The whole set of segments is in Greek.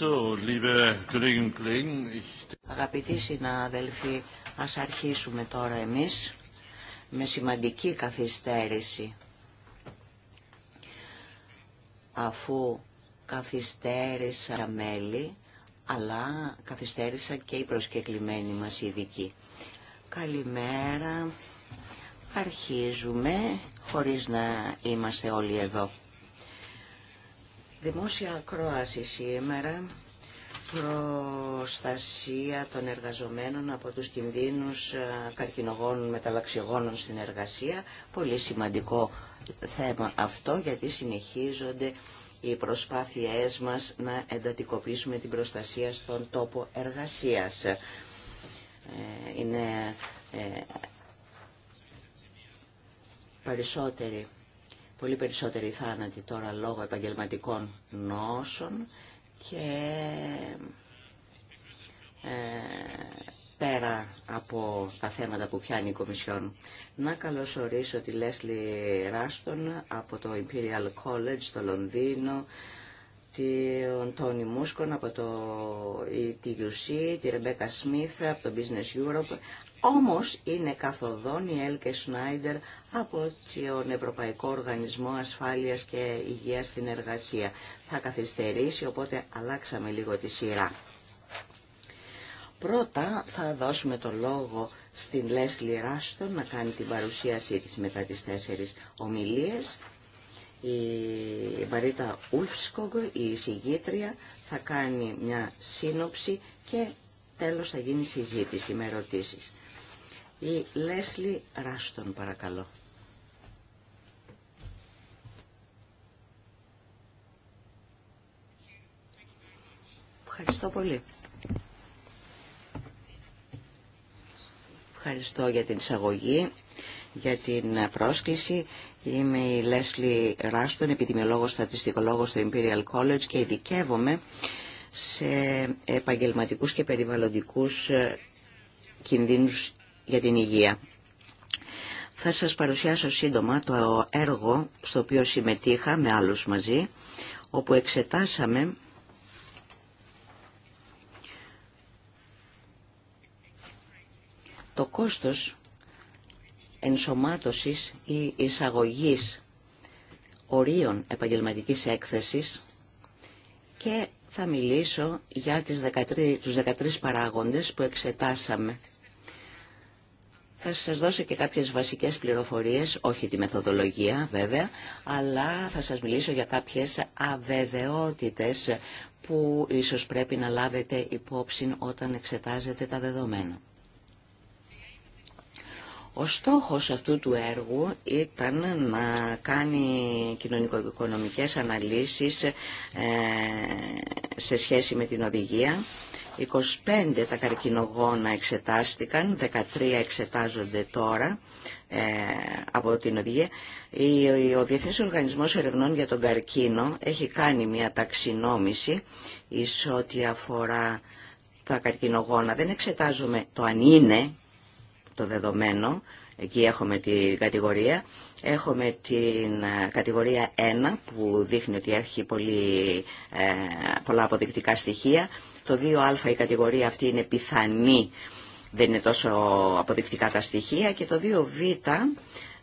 So, liebe Αγαπητοί συνάδελφοι, ας αρχίσουμε τώρα εμείς με σημαντική καθυστέρηση αφού καθυστέρησα μέλη αλλά καθυστέρησα και η προσκεκλημένοι μας ειδικοί. Καλημέρα, αρχίζουμε χωρίς να είμαστε όλοι εδώ. Δημόσια ακρόαση σήμερα, προστασία των εργαζομένων από τους κινδύνους ε, καρκινογόνων μεταλλαξιογόνων στην εργασία. Πολύ σημαντικό θέμα αυτό γιατί συνεχίζονται οι προσπάθειές μας να εντατικοποιήσουμε την προστασία στον τόπο εργασίας. Ε, είναι ε, περισσότεροι πολύ περισσότεροι θάνατοι τώρα λόγω επαγγελματικών νόσων και ε, πέρα από τα θέματα που πιάνει η Κομισιόν. Να καλωσορίσω τη Λέσλι Ράστον από το Imperial College στο Λονδίνο, τον Τόνι Μούσκον από το ETUC, τη Ρεμπέκα Σμίθ από το Business Europe, όμως είναι καθοδόν η Έλκε Σνάιντερ από τον Ευρωπαϊκό Οργανισμό Ασφάλειας και Υγείας στην Εργασία. Θα καθυστερήσει, οπότε αλλάξαμε λίγο τη σειρά. Πρώτα θα δώσουμε το λόγο στην Λέσλι Ράστον να κάνει την παρουσίασή της μετά τις τέσσερις ομιλίες. Η Μπαρίτα Ουλφσκογκ, η εισηγήτρια, θα κάνει μια σύνοψη και τέλος θα γίνει συζήτηση με ερωτήσεις. Η Λέσλι Ράστον παρακαλώ. Ευχαριστώ πολύ. Ευχαριστώ για την εισαγωγή, για την πρόσκληση. Είμαι η Λέσλι Ράστον, επιδημιολόγος στατιστικολόγος στο Imperial College και ειδικεύομαι σε επαγγελματικούς και περιβαλλοντικούς ε, κινδύνους για την υγεία. Θα σας παρουσιάσω σύντομα το έργο στο οποίο συμμετείχα με άλλους μαζί, όπου εξετάσαμε το κόστος ενσωμάτωσης ή εισαγωγής ορίων επαγγελματικής έκθεσης και θα μιλήσω για τις 13, τους 13 παράγοντες που εξετάσαμε θα σας δώσω και κάποιες βασικές πληροφορίες, όχι τη μεθοδολογία βέβαια, αλλά θα σας μιλήσω για κάποιες αβεβαιότητες που ίσως πρέπει να λάβετε υπόψη όταν εξετάζετε τα δεδομένα. Ο στόχος αυτού του έργου ήταν να κάνει κοινωνικο-οικονομικές αναλύσεις ε, σε σχέση με την οδηγία 25 τα καρκινογόνα εξετάστηκαν, 13 εξετάζονται τώρα ε, από την οδηγία. Ο Διεθνής Οργανισμός Ερευνών για τον Καρκίνο έχει κάνει μια ταξινόμηση εις ό,τι αφορά τα καρκινογόνα. Δεν εξετάζουμε το αν είναι το δεδομένο, εκεί έχουμε την κατηγορία. Έχουμε την ε, κατηγορία 1 που δείχνει ότι έχει πολύ, ε, πολλά αποδεικτικά στοιχεία το 2α η κατηγορία αυτή είναι πιθανή, δεν είναι τόσο αποδεικτικά τα στοιχεία και το 2β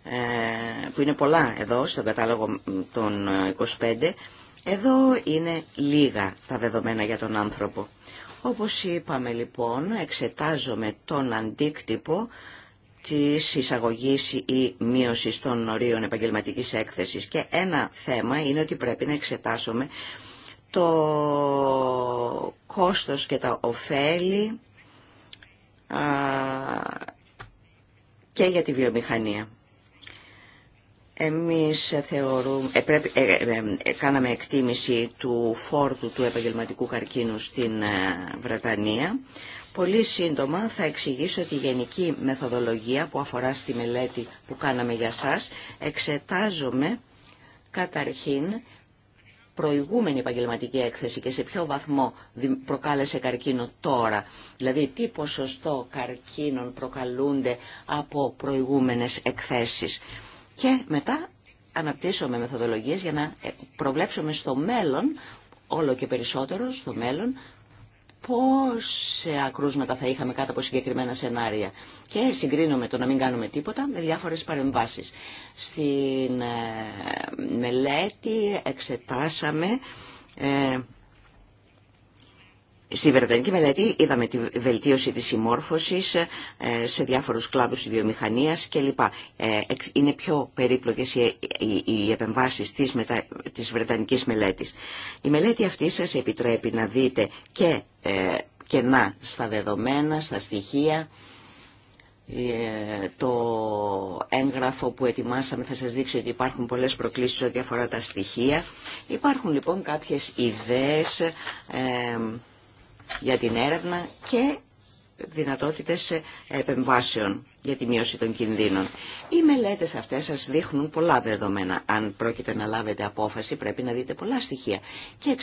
ε, που είναι πολλά εδώ στον κατάλογο των 25, εδώ είναι λίγα τα δεδομένα για τον άνθρωπο. Όπως είπαμε λοιπόν, εξετάζομαι τον αντίκτυπο της εισαγωγής ή μείωσης των ορίων επαγγελματικής έκθεσης και ένα θέμα είναι ότι πρέπει να εξετάσουμε το κόστος και τα ωφέλη και για τη βιομηχανία. Εμείς θεωρούμε, ε, κάναμε εκτίμηση του φόρτου του επαγγελματικού καρκίνου στην Βρετανία. Πολύ σύντομα θα εξηγήσω τη γενική μεθοδολογία που αφορά στη μελέτη που κάναμε για σας. Εξετάζομαι καταρχήν προηγούμενη επαγγελματική έκθεση και σε ποιο βαθμό προκάλεσε καρκίνο τώρα. Δηλαδή τι ποσοστό καρκίνων προκαλούνται από προηγούμενες εκθέσεις. Και μετά αναπτύσσουμε μεθοδολογίες για να ε, προβλέψουμε στο μέλλον, όλο και περισσότερο στο μέλλον, πόσα ακρούσματα θα είχαμε κάτω από συγκεκριμένα σενάρια. Και συγκρίνουμε το να μην κάνουμε τίποτα με διάφορες παρεμβάσεις. Στην ε, μελέτη εξετάσαμε ε, Στη Βρετανική μελέτη είδαμε τη βελτίωση της συμμόρφωσης ε, σε διάφορους κλάδους της βιομηχανίας κλπ. Ε, είναι πιο περίπλοκες οι επεμβάσεις της, μετα... της Βρετανικής μελέτης. Η μελέτη αυτή σας επιτρέπει να δείτε και ε, κενά στα δεδομένα, στα στοιχεία. Το έγγραφο που ετοιμάσαμε θα σας δείξει ότι υπάρχουν πολλές προκλήσεις ό,τι αφορά τα στοιχεία. Υπάρχουν λοιπόν κάποιες ιδέες για την έρευνα και δυνατότητες επεμβάσεων για τη μείωση των κινδύνων. Οι μελέτες αυτές σας δείχνουν πολλά δεδομένα. Αν πρόκειται να λάβετε απόφαση πρέπει να δείτε πολλά στοιχεία. Και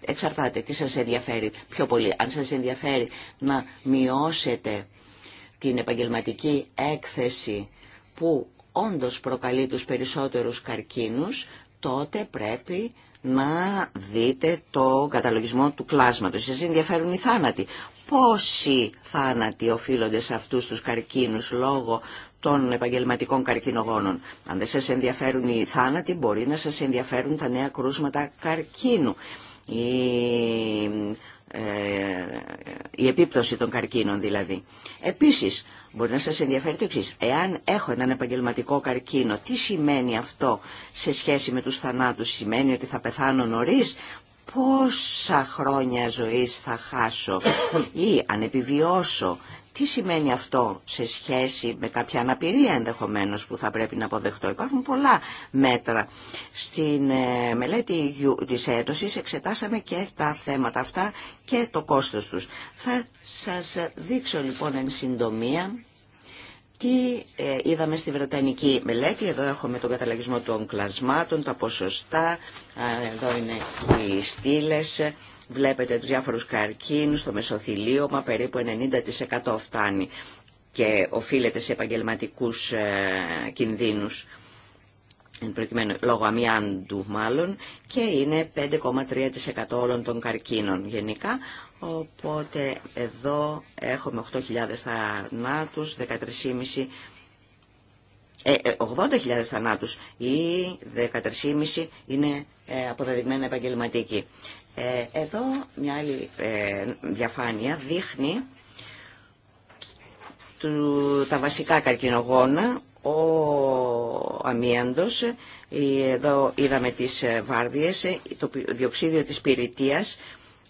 εξαρτάται, τι σας ενδιαφέρει πιο πολύ. Αν σας ενδιαφέρει να μειώσετε την επαγγελματική έκθεση που όντως προκαλεί τους περισσότερους καρκίνους, τότε πρέπει να δείτε το καταλογισμό του κλάσματος. Σας ενδιαφέρουν οι θάνατοι. Πόσοι θάνατοι οφείλονται σε αυτούς τους καρκίνους λόγω των επαγγελματικών καρκινογόνων. Αν δεν σας ενδιαφέρουν οι θάνατοι, μπορεί να σας ενδιαφέρουν τα νέα κρούσματα καρκίνου. Η, ε, η επίπτωση των καρκίνων δηλαδή. Επίσης, Μπορεί να σας ενδιαφέρει το εξή, Εάν έχω έναν επαγγελματικό καρκίνο, τι σημαίνει αυτό σε σχέση με τους θανάτους. Σημαίνει ότι θα πεθάνω νωρίς. Πόσα χρόνια ζωής θα χάσω ή αν επιβιώσω τι σημαίνει αυτό σε σχέση με κάποια αναπηρία ενδεχομένως που θα πρέπει να αποδεχτώ. Υπάρχουν πολλά μέτρα. Στην ε, μελέτη της έντοσης εξετάσαμε και τα θέματα αυτά και το κόστος τους. Θα σας δείξω λοιπόν εν συντομία τι ε, είδαμε στη Βρετανική μελέτη. Εδώ έχουμε τον καταλαγισμό των κλασμάτων, τα ποσοστά, ε, εδώ είναι οι στήλες Βλέπετε τους διάφορους καρκίνους, στο μεσοθυλίωμα περίπου 90% φτάνει και οφείλεται σε επαγγελματικούς ε, κινδύνους προκειμένου λόγω αμοιάντου μάλλον και είναι 5,3% όλων των καρκίνων γενικά οπότε εδώ έχουμε 8.000 θανάτους 13,5 80.000 ε, ε, θανάτους ή 13,5 είναι αποδεδειγμένα επαγγελματικοί. Ε, εδώ μια άλλη ε, διαφάνεια δείχνει τα βασικά καρκινογόνα, ο αμίαντος, εδώ είδαμε τις ε, βάρδιες, το διοξίδιο της πυρητίας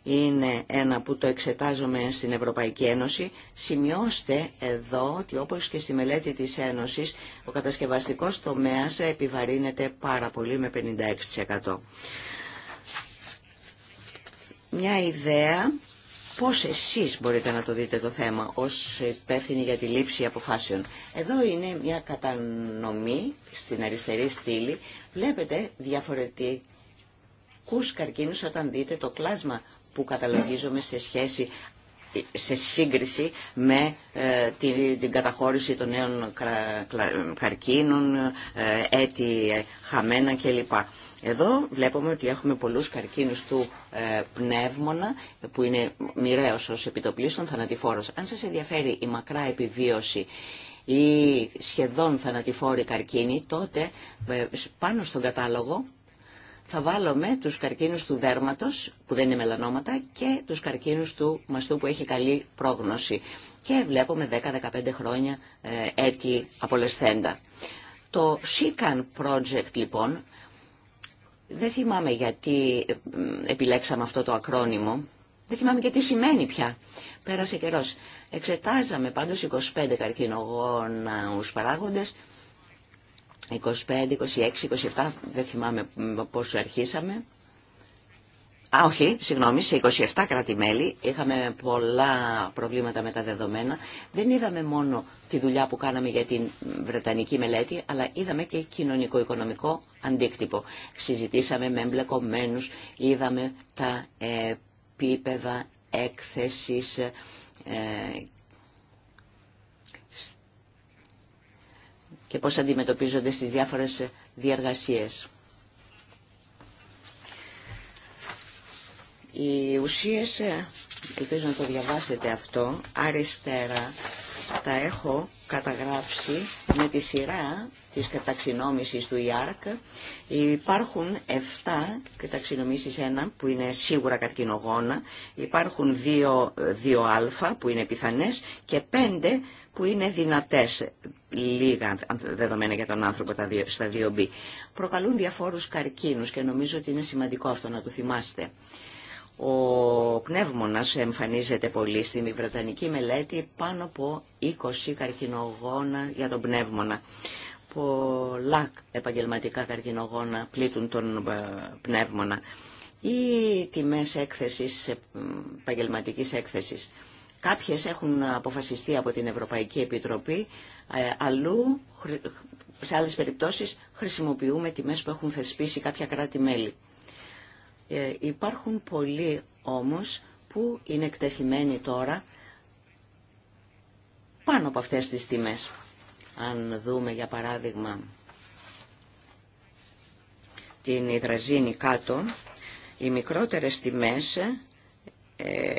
είναι ένα που το εξετάζουμε στην Ευρωπαϊκή Ένωση. Σημειώστε εδώ ότι όπως και στη μελέτη της Ένωσης, ο κατασκευαστικός τομέας επιβαρύνεται πάρα πολύ με 56% μια ιδέα πώς εσείς μπορείτε να το δείτε το θέμα ως υπεύθυνοι για τη λήψη αποφάσεων. Εδώ είναι μια κατανομή στην αριστερή στήλη. Βλέπετε διαφορετικούς καρκίνους όταν δείτε το κλάσμα που καταλογίζουμε σε σχέση σε σύγκριση με ε, την, την καταχώρηση των νέων καρκίνων, ε, έτη ε, χαμένα κλπ. Εδώ βλέπουμε ότι έχουμε πολλούς καρκίνους του ε, πνεύμονα που είναι μοιραίος ως των θανατηφόρος. Αν σας ενδιαφέρει η μακρά επιβίωση ή σχεδόν θανατηφόροι καρκίνοι, τότε ε, πάνω στον κατάλογο θα βάλουμε τους καρκίνους του δέρματος, που δεν είναι μελανόματα, και τους καρκίνους του μαστού που έχει καλή πρόγνωση. Και βλέπουμε 10-15 χρόνια ε, έτη απολεσθέντα. Το SICAN Project, λοιπόν, δεν θυμάμαι γιατί επιλέξαμε αυτό το ακρόνιμο. Δεν θυμάμαι και τι σημαίνει πια. Πέρασε καιρός. Εξετάζαμε πάντως 25 καρκινογόνους παράγοντες. 25, 26, 27, δεν θυμάμαι πόσο αρχίσαμε. Α, όχι, συγγνώμη, σε 27 κράτη-μέλη είχαμε πολλά προβλήματα με τα δεδομένα. Δεν είδαμε μόνο τη δουλειά που κάναμε για την Βρετανική μελέτη, αλλά είδαμε και κοινωνικό-οικονομικό αντίκτυπο. Συζητήσαμε με εμπλεκομένους, είδαμε τα επίπεδα έκθεσης ε, και πώς αντιμετωπίζονται στις διάφορες διαργασίες. Οι ουσίες, ε, ελπίζω να το διαβάσετε αυτό, αριστερά τα έχω καταγράψει με τη σειρά της καταξινόμησης του ΙΑΡΚ. Υπάρχουν 7 καταξινομήσεις 1 που είναι σίγουρα καρκινογόνα, υπάρχουν 2, α που είναι πιθανές και 5 που είναι δυνατές, λίγα δεδομένα για τον άνθρωπο τα δύο, στα 2B. Προκαλούν διαφόρους καρκίνους και νομίζω ότι είναι σημαντικό αυτό να το θυμάστε. Ο πνεύμονας εμφανίζεται πολύ στην Βρετανική μελέτη πάνω από 20 καρκινογόνα για τον πνεύμονα. Πολλά επαγγελματικά καρκινογόνα πλήττουν τον ε, πνεύμονα. Ή τιμές έκθεσης, ε, επαγγελματικής έκθεσης. Κάποιες έχουν αποφασιστεί από την Ευρωπαϊκή Επιτροπή, ε, αλλού σε άλλες περιπτώσεις χρησιμοποιούμε τιμές που έχουν θεσπίσει κάποια κράτη-μέλη. Ε, υπάρχουν πολλοί όμως που είναι εκτεθειμένοι τώρα πάνω από αυτές τις τιμές. Αν δούμε για παράδειγμα την υδραζίνη κάτω, οι μικρότερες τιμές ε,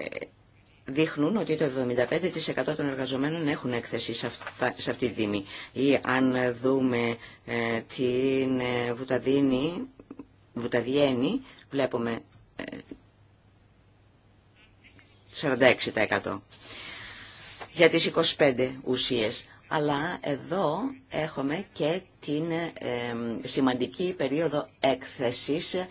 δείχνουν ότι το 75% των εργαζομένων έχουν έκθεση σε, σε αυτή τη δήμη. Ή αν δούμε ε, την βουταδίνη, βουταδιένη, βλέπουμε 46% ε, για τις 25 ουσίες. Αλλά εδώ έχουμε και την ε, σημαντική περίοδο έκθεσης ε,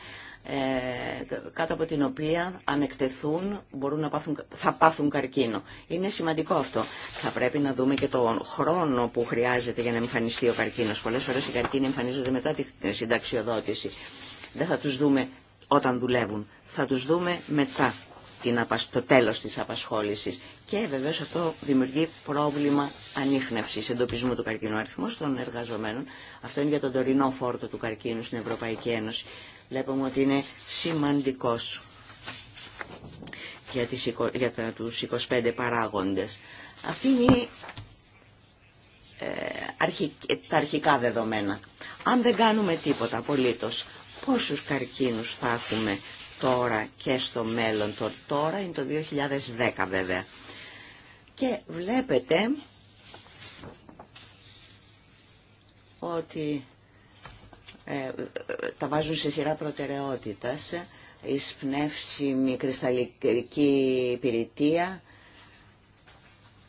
κάτω από την οποία αν εκτεθούν μπορούν να πάθουν, θα πάθουν καρκίνο. Είναι σημαντικό αυτό. Θα πρέπει να δούμε και τον χρόνο που χρειάζεται για να εμφανιστεί ο καρκίνος. Πολλές φορές οι καρκίνοι εμφανίζονται μετά τη συνταξιοδότηση. Δεν θα τους δούμε όταν δουλεύουν. Θα τους δούμε μετά την, το τέλος της απασχόλησης. Και βεβαίως αυτό δημιουργεί πρόβλημα ανείχνευσης, εντοπισμού του καρκίνου. αριθμού των εργαζομένων, αυτό είναι για τον τωρινό φόρτο του καρκίνου στην Ευρωπαϊκή Ένωση. Βλέπουμε ότι είναι σημαντικός για, τις, για τους 25 παράγοντες. Αυτή είναι η, ε, τα αρχικά δεδομένα. Αν δεν κάνουμε τίποτα απολύτως, πόσους καρκίνους θα έχουμε τώρα και στο μέλλον. Το τώρα είναι το 2010 βέβαια. Και βλέπετε ότι ε, τα βάζουν σε σειρά προτεραιότητας η σπνεύσιμη κρυσταλλική πυρητεία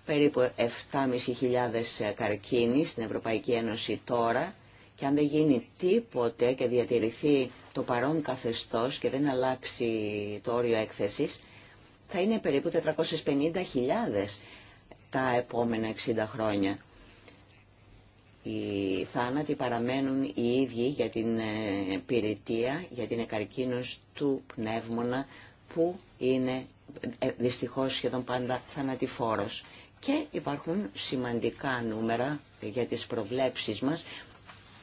περίπου 7.500 καρκίνοι στην Ευρωπαϊκή Ένωση τώρα και αν δεν γίνει τίποτε και διατηρηθεί το παρόν καθεστώς και δεν αλλάξει το όριο έκθεσης, θα είναι περίπου 450.000 τα επόμενα 60 χρόνια. Οι θάνατοι παραμένουν οι ίδιοι για την ε, πυρητεία, για την εκαρκίνωση του πνεύμονα που είναι ε, δυστυχώς σχεδόν πάντα θανατηφόρος. Και υπάρχουν σημαντικά νούμερα για τις προβλέψεις μας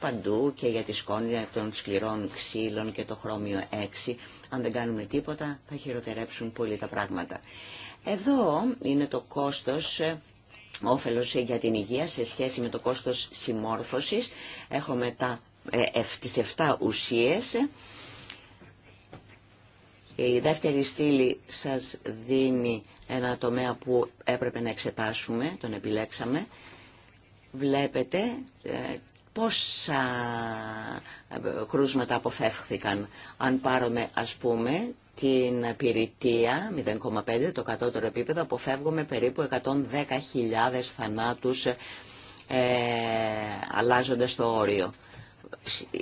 παντού και για τη σκόνη των σκληρών ξύλων και το χρώμιο 6. Αν δεν κάνουμε τίποτα θα χειροτερέψουν πολύ τα πράγματα. Εδώ είναι το κόστος ε, όφελος για την υγεία σε σχέση με το κόστος συμμόρφωσης. Έχουμε τα, ε, 7 ουσίες. Η δεύτερη στήλη σας δίνει ένα τομέα που έπρεπε να εξετάσουμε, τον επιλέξαμε. Βλέπετε ε, πόσα ε, κρούσματα αποφεύχθηκαν. Αν πάρουμε ας πούμε την πυρητεία 0,5 το κατώτερο επίπεδο αποφεύγουμε περίπου 110.000 θανάτους ε, αλλάζοντας το όριο.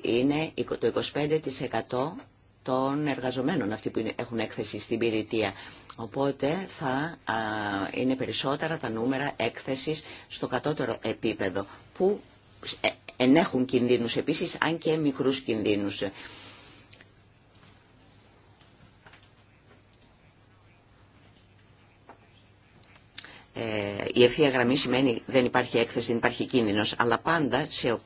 Είναι το 25% των εργαζομένων αυτοί που έχουν έκθεση στην πυρητεία. Οπότε θα είναι περισσότερα τα νούμερα έκθεσης στο κατώτερο επίπεδο που ε, ενέχουν κινδύνους επίσης, αν και μικρούς κινδύνους. Ε, η ευθεία γραμμή σημαίνει δεν υπάρχει έκθεση, δεν υπάρχει κίνδυνος, αλλά πάντα σε,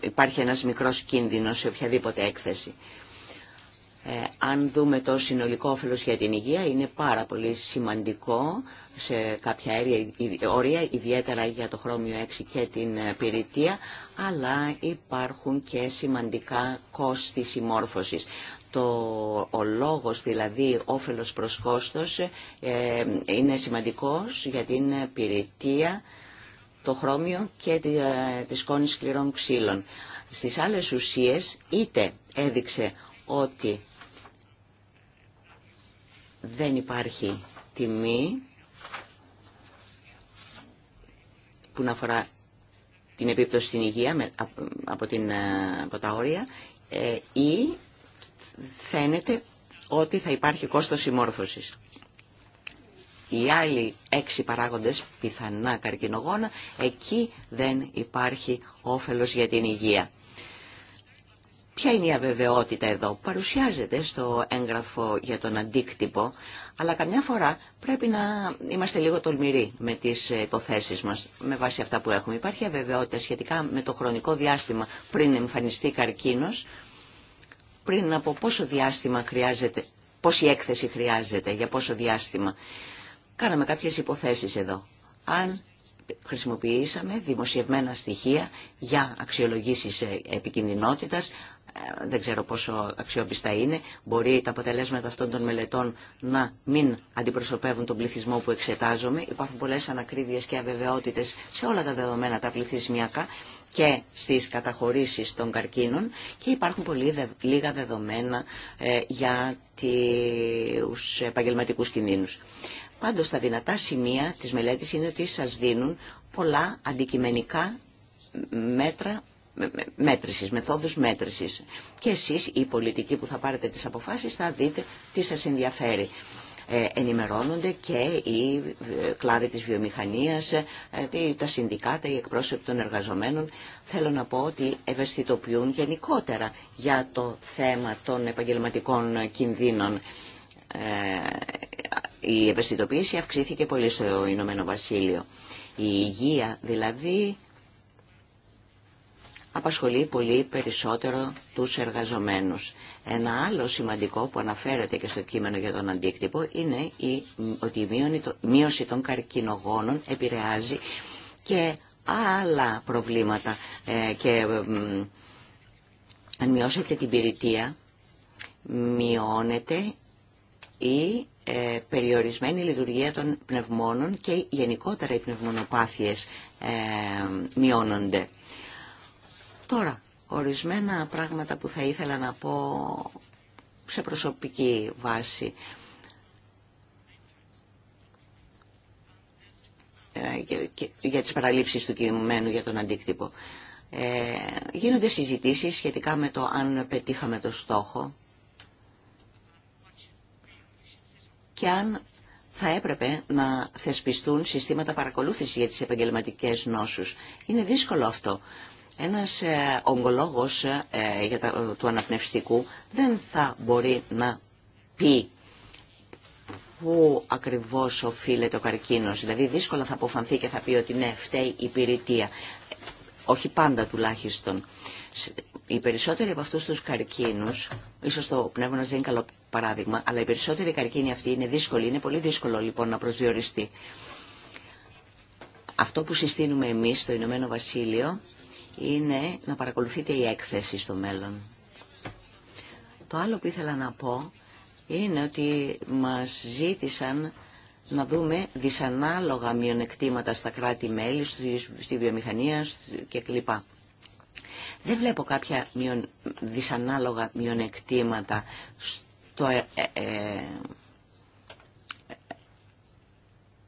υπάρχει ένας μικρός κίνδυνος σε οποιαδήποτε έκθεση. Ε, αν δούμε το συνολικό όφελος για την υγεία, είναι πάρα πολύ σημαντικό σε κάποια αέρια όρια, ιδιαίτερα για το χρώμιο 6 και την ε, πυρητεία, αλλά υπάρχουν και σημαντικά κόστη συμμόρφωσης. Το, ο λόγος δηλαδή όφελος προς κόστος ε, είναι σημαντικός για την πυρητεία, το χρώμιο και τη, ε, τη σκληρών ξύλων. Στις άλλες ουσίες είτε έδειξε ότι δεν υπάρχει τιμή που να αφορά την επίπτωση στην υγεία από, την, ε, από τα όρια ε, ή φαίνεται ότι θα υπάρχει κόστος συμμόρφωσης. Οι άλλοι έξι παράγοντες, πιθανά καρκινογόνα, εκεί δεν υπάρχει όφελος για την υγεία. Ποια είναι η αβεβαιότητα εδώ. Παρουσιάζεται στο έγγραφο για τον αντίκτυπο, αλλά καμιά φορά πρέπει να είμαστε λίγο τολμηροί με τις υποθέσεις μας, με βάση αυτά που έχουμε. Υπάρχει αβεβαιότητα σχετικά με το χρονικό διάστημα πριν εμφανιστεί καρκίνος, πριν από πόσο διάστημα χρειάζεται, πόση έκθεση χρειάζεται, για πόσο διάστημα. Κάναμε κάποιες υποθέσεις εδώ. Αν χρησιμοποιήσαμε δημοσιευμένα στοιχεία για αξιολογήσεις επικινδυνότητας, ε, δεν ξέρω πόσο αξιόπιστα είναι, μπορεί τα αποτελέσματα αυτών των μελετών να μην αντιπροσωπεύουν τον πληθυσμό που εξετάζομαι. Υπάρχουν πολλές ανακρίβειες και αβεβαιότητες σε όλα τα δεδομένα τα πληθυσμιακά και στις καταχωρήσεις των καρκίνων και υπάρχουν πολύ λίγα δεδομένα ε, για τους επαγγελματικούς κίνδυνου. Πάντως τα δυνατά σημεία της μελέτης είναι ότι σας δίνουν πολλά αντικειμενικά μέτρα μέτρησης, μεθόδους μέτρησης. Και εσείς, οι πολιτικοί που θα πάρετε τις αποφάσεις, θα δείτε τι σας ενδιαφέρει. Ε, ενημερώνονται και οι ε, κλάδοι της βιομηχανίας, ε, τα συνδικάτα, οι εκπρόσωποι των εργαζομένων. Θέλω να πω ότι ευαισθητοποιούν γενικότερα για το θέμα των επαγγελματικών κινδύνων. η ευαισθητοποίηση αυξήθηκε πολύ στο Ηνωμένο Βασίλειο. Η υγεία δηλαδή απασχολεί πολύ περισσότερο τους εργαζομένους. Ένα άλλο σημαντικό που αναφέρεται και στο κείμενο για τον αντίκτυπο είναι η, ότι η μείωση των καρκινογόνων επηρεάζει και άλλα προβλήματα ε, και αν μειώσετε την πυρητεία μειώνεται η ε, περιορισμένη λειτουργία των πνευμόνων και γενικότερα οι πνευμονοπάθειες ε, μειώνονται. Τώρα, ορισμένα πράγματα που θα ήθελα να πω σε προσωπική βάση. Ε, για τις παραλήψεις του κειμένου για τον αντίκτυπο. Ε, γίνονται συζητήσεις σχετικά με το αν πετύχαμε το στόχο και αν θα έπρεπε να θεσπιστούν συστήματα παρακολούθησης για τις επαγγελματικές νόσους. Είναι δύσκολο αυτό. Ένας ε, ογκολόγος ε, ε, του αναπνευστικού δεν θα μπορεί να πει πού ακριβώς οφείλεται ο καρκίνος. Δηλαδή δύσκολα θα αποφανθεί και θα πει ότι ναι, φταίει η πυρητεία. Όχι πάντα τουλάχιστον. Οι περισσότεροι από αυτούς τους καρκίνους, ίσως το πνεύμονας δεν είναι καλό παράδειγμα, αλλά οι περισσότεροι καρκίνοι αυτοί είναι δύσκολοι. Είναι πολύ δύσκολο λοιπόν να προσδιοριστεί. Αυτό που συστήνουμε εμείς στο Ηνωμένο Βασίλειο είναι να παρακολουθείτε η έκθεση στο μέλλον. Το άλλο που ήθελα να πω είναι ότι μας ζήτησαν να δούμε δυσανάλογα μειονεκτήματα στα κράτη-μέλη, στη βιομηχανία και κλπ. Δεν βλέπω κάποια δυσανάλογα μειονεκτήματα στο ε, ε, ε,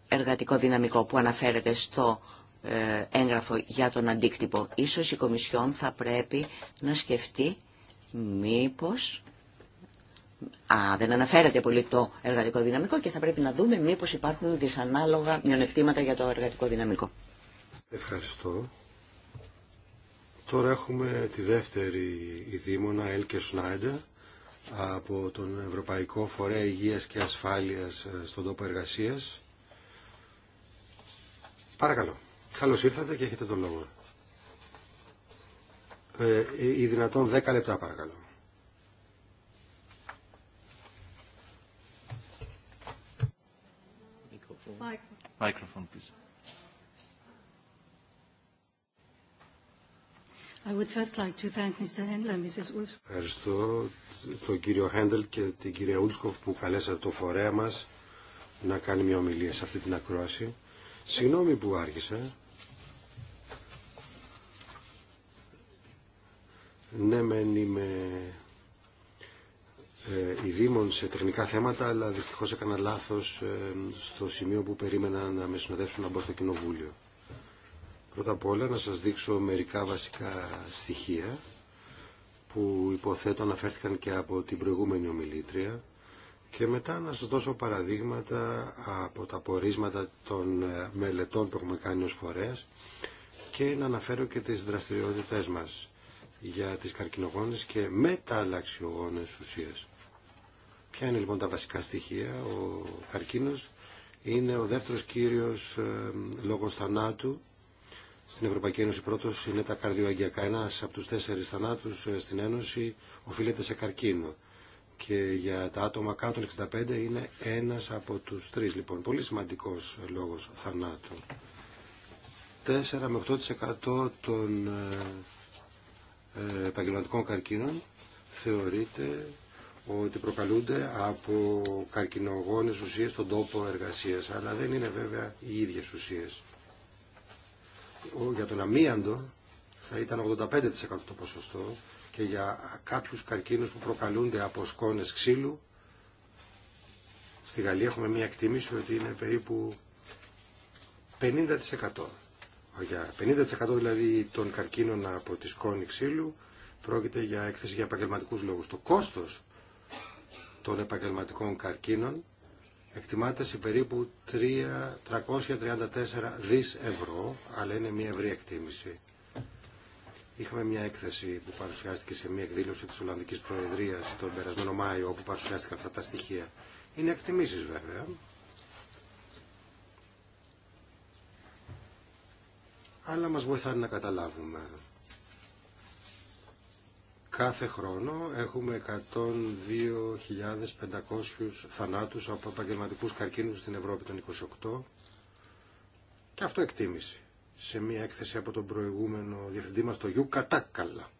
εργατικό δυναμικό που αναφέρεται στο ε, έγγραφο για τον αντίκτυπο. Ίσως η Κομισιόν θα πρέπει να σκεφτεί μήπως... Α, δεν αναφέρεται πολύ το εργατικό δυναμικό και θα πρέπει να δούμε μήπως υπάρχουν δυσανάλογα μειονεκτήματα για το εργατικό δυναμικό. Ευχαριστώ. Τώρα έχουμε τη δεύτερη ειδήμονα, Έλκε Σνάιντερ, από τον Ευρωπαϊκό Φορέα Υγείας και Ασφάλειας ε, στον τόπο εργασίας. Παρακαλώ. Καλώς ήρθατε και έχετε τον λόγο. Ε, ε η δυνατόν 10 λεπτά παρακαλώ. Microphone, I would first like to thank Mr. Handel and Mrs. Ευχαριστώ τον κύριο Χέντελ και την κυρία Ούλσκοφ που καλέσατε το φορέα μας να κάνει μια ομιλία σε αυτή την ακρόαση. Συγγνώμη που άρχισα, Ναι, μεν είμαι ε, ειδήμων σε τεχνικά θέματα, αλλά δυστυχώς έκανα λάθος ε, στο σημείο που περίμενα να με συνοδεύσουν να μπω στο Κοινοβούλιο. Πρώτα απ' όλα να σας δείξω μερικά βασικά στοιχεία που υποθέτω αναφέρθηκαν και από την προηγούμενη ομιλήτρια και μετά να σας δώσω παραδείγματα από τα πορίσματα των ε, μελετών που έχουμε κάνει ως φορέας και να αναφέρω και τις δραστηριότητες μας για τις καρκινογόνες και μεταλλαξιογόνες ουσίες. Ποια είναι λοιπόν τα βασικά στοιχεία. Ο καρκίνος είναι ο δεύτερος κύριος ε, λόγος θανάτου στην Ευρωπαϊκή Ένωση πρώτος είναι τα καρδιοαγγειακά. Ένα από τους τέσσερις θανάτους ε, στην Ένωση οφείλεται σε καρκίνο. Και για τα άτομα κάτω των 65 είναι ένας από τους τρεις. Λοιπόν, πολύ σημαντικός λόγος θανάτου. 4 με 8% των ε, ε, επαγγελματικών καρκίνων θεωρείται ότι προκαλούνται από καρκινογόνες ουσίες στον τόπο εργασίας, αλλά δεν είναι βέβαια οι ίδιες ουσίες. Για τον αμίαντο θα ήταν 85% το ποσοστό και για κάποιους καρκίνους που προκαλούνται από σκόνες ξύλου, στη Γαλλία έχουμε μία εκτίμηση ότι είναι περίπου 50% για 50% δηλαδή των καρκίνων από τη σκόνη ξύλου πρόκειται για έκθεση για επαγγελματικούς λόγους. Το κόστος των επαγγελματικών καρκίνων εκτιμάται σε περίπου 334 δις ευρώ, αλλά είναι μια ευρή εκτίμηση. Είχαμε μια έκθεση που παρουσιάστηκε σε μια εκδήλωση της Ολλανδικής Προεδρίας τον περασμένο Μάιο, όπου παρουσιάστηκαν αυτά τα στοιχεία. Είναι εκτιμήσεις βέβαια, αλλά μας βοηθάνε να καταλάβουμε. Κάθε χρόνο έχουμε 102.500 θανάτους από επαγγελματικού καρκίνους στην Ευρώπη των 28 και αυτό εκτίμηση σε μια έκθεση από τον προηγούμενο διευθυντή μας, το Γιου Κατάκαλα.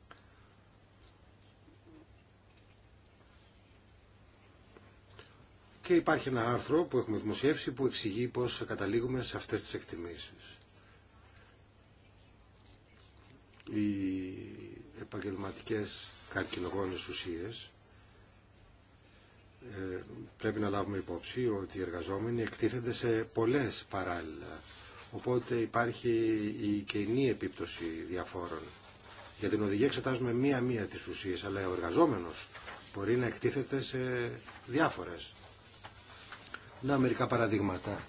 Και υπάρχει ένα άρθρο που έχουμε δημοσιεύσει που εξηγεί πώς καταλήγουμε σε αυτές τις εκτιμήσεις. οι επαγγελματικές καρκινογόνες ουσίες ε, πρέπει να λάβουμε υπόψη ότι οι εργαζόμενοι εκτίθενται σε πολλές παράλληλα. Οπότε υπάρχει η κενή επίπτωση διαφόρων. Για την οδηγία εξετάζουμε μία-μία τις ουσίες, αλλά ο εργαζόμενος μπορεί να εκτίθεται σε διάφορες. Να μερικά παραδείγματα.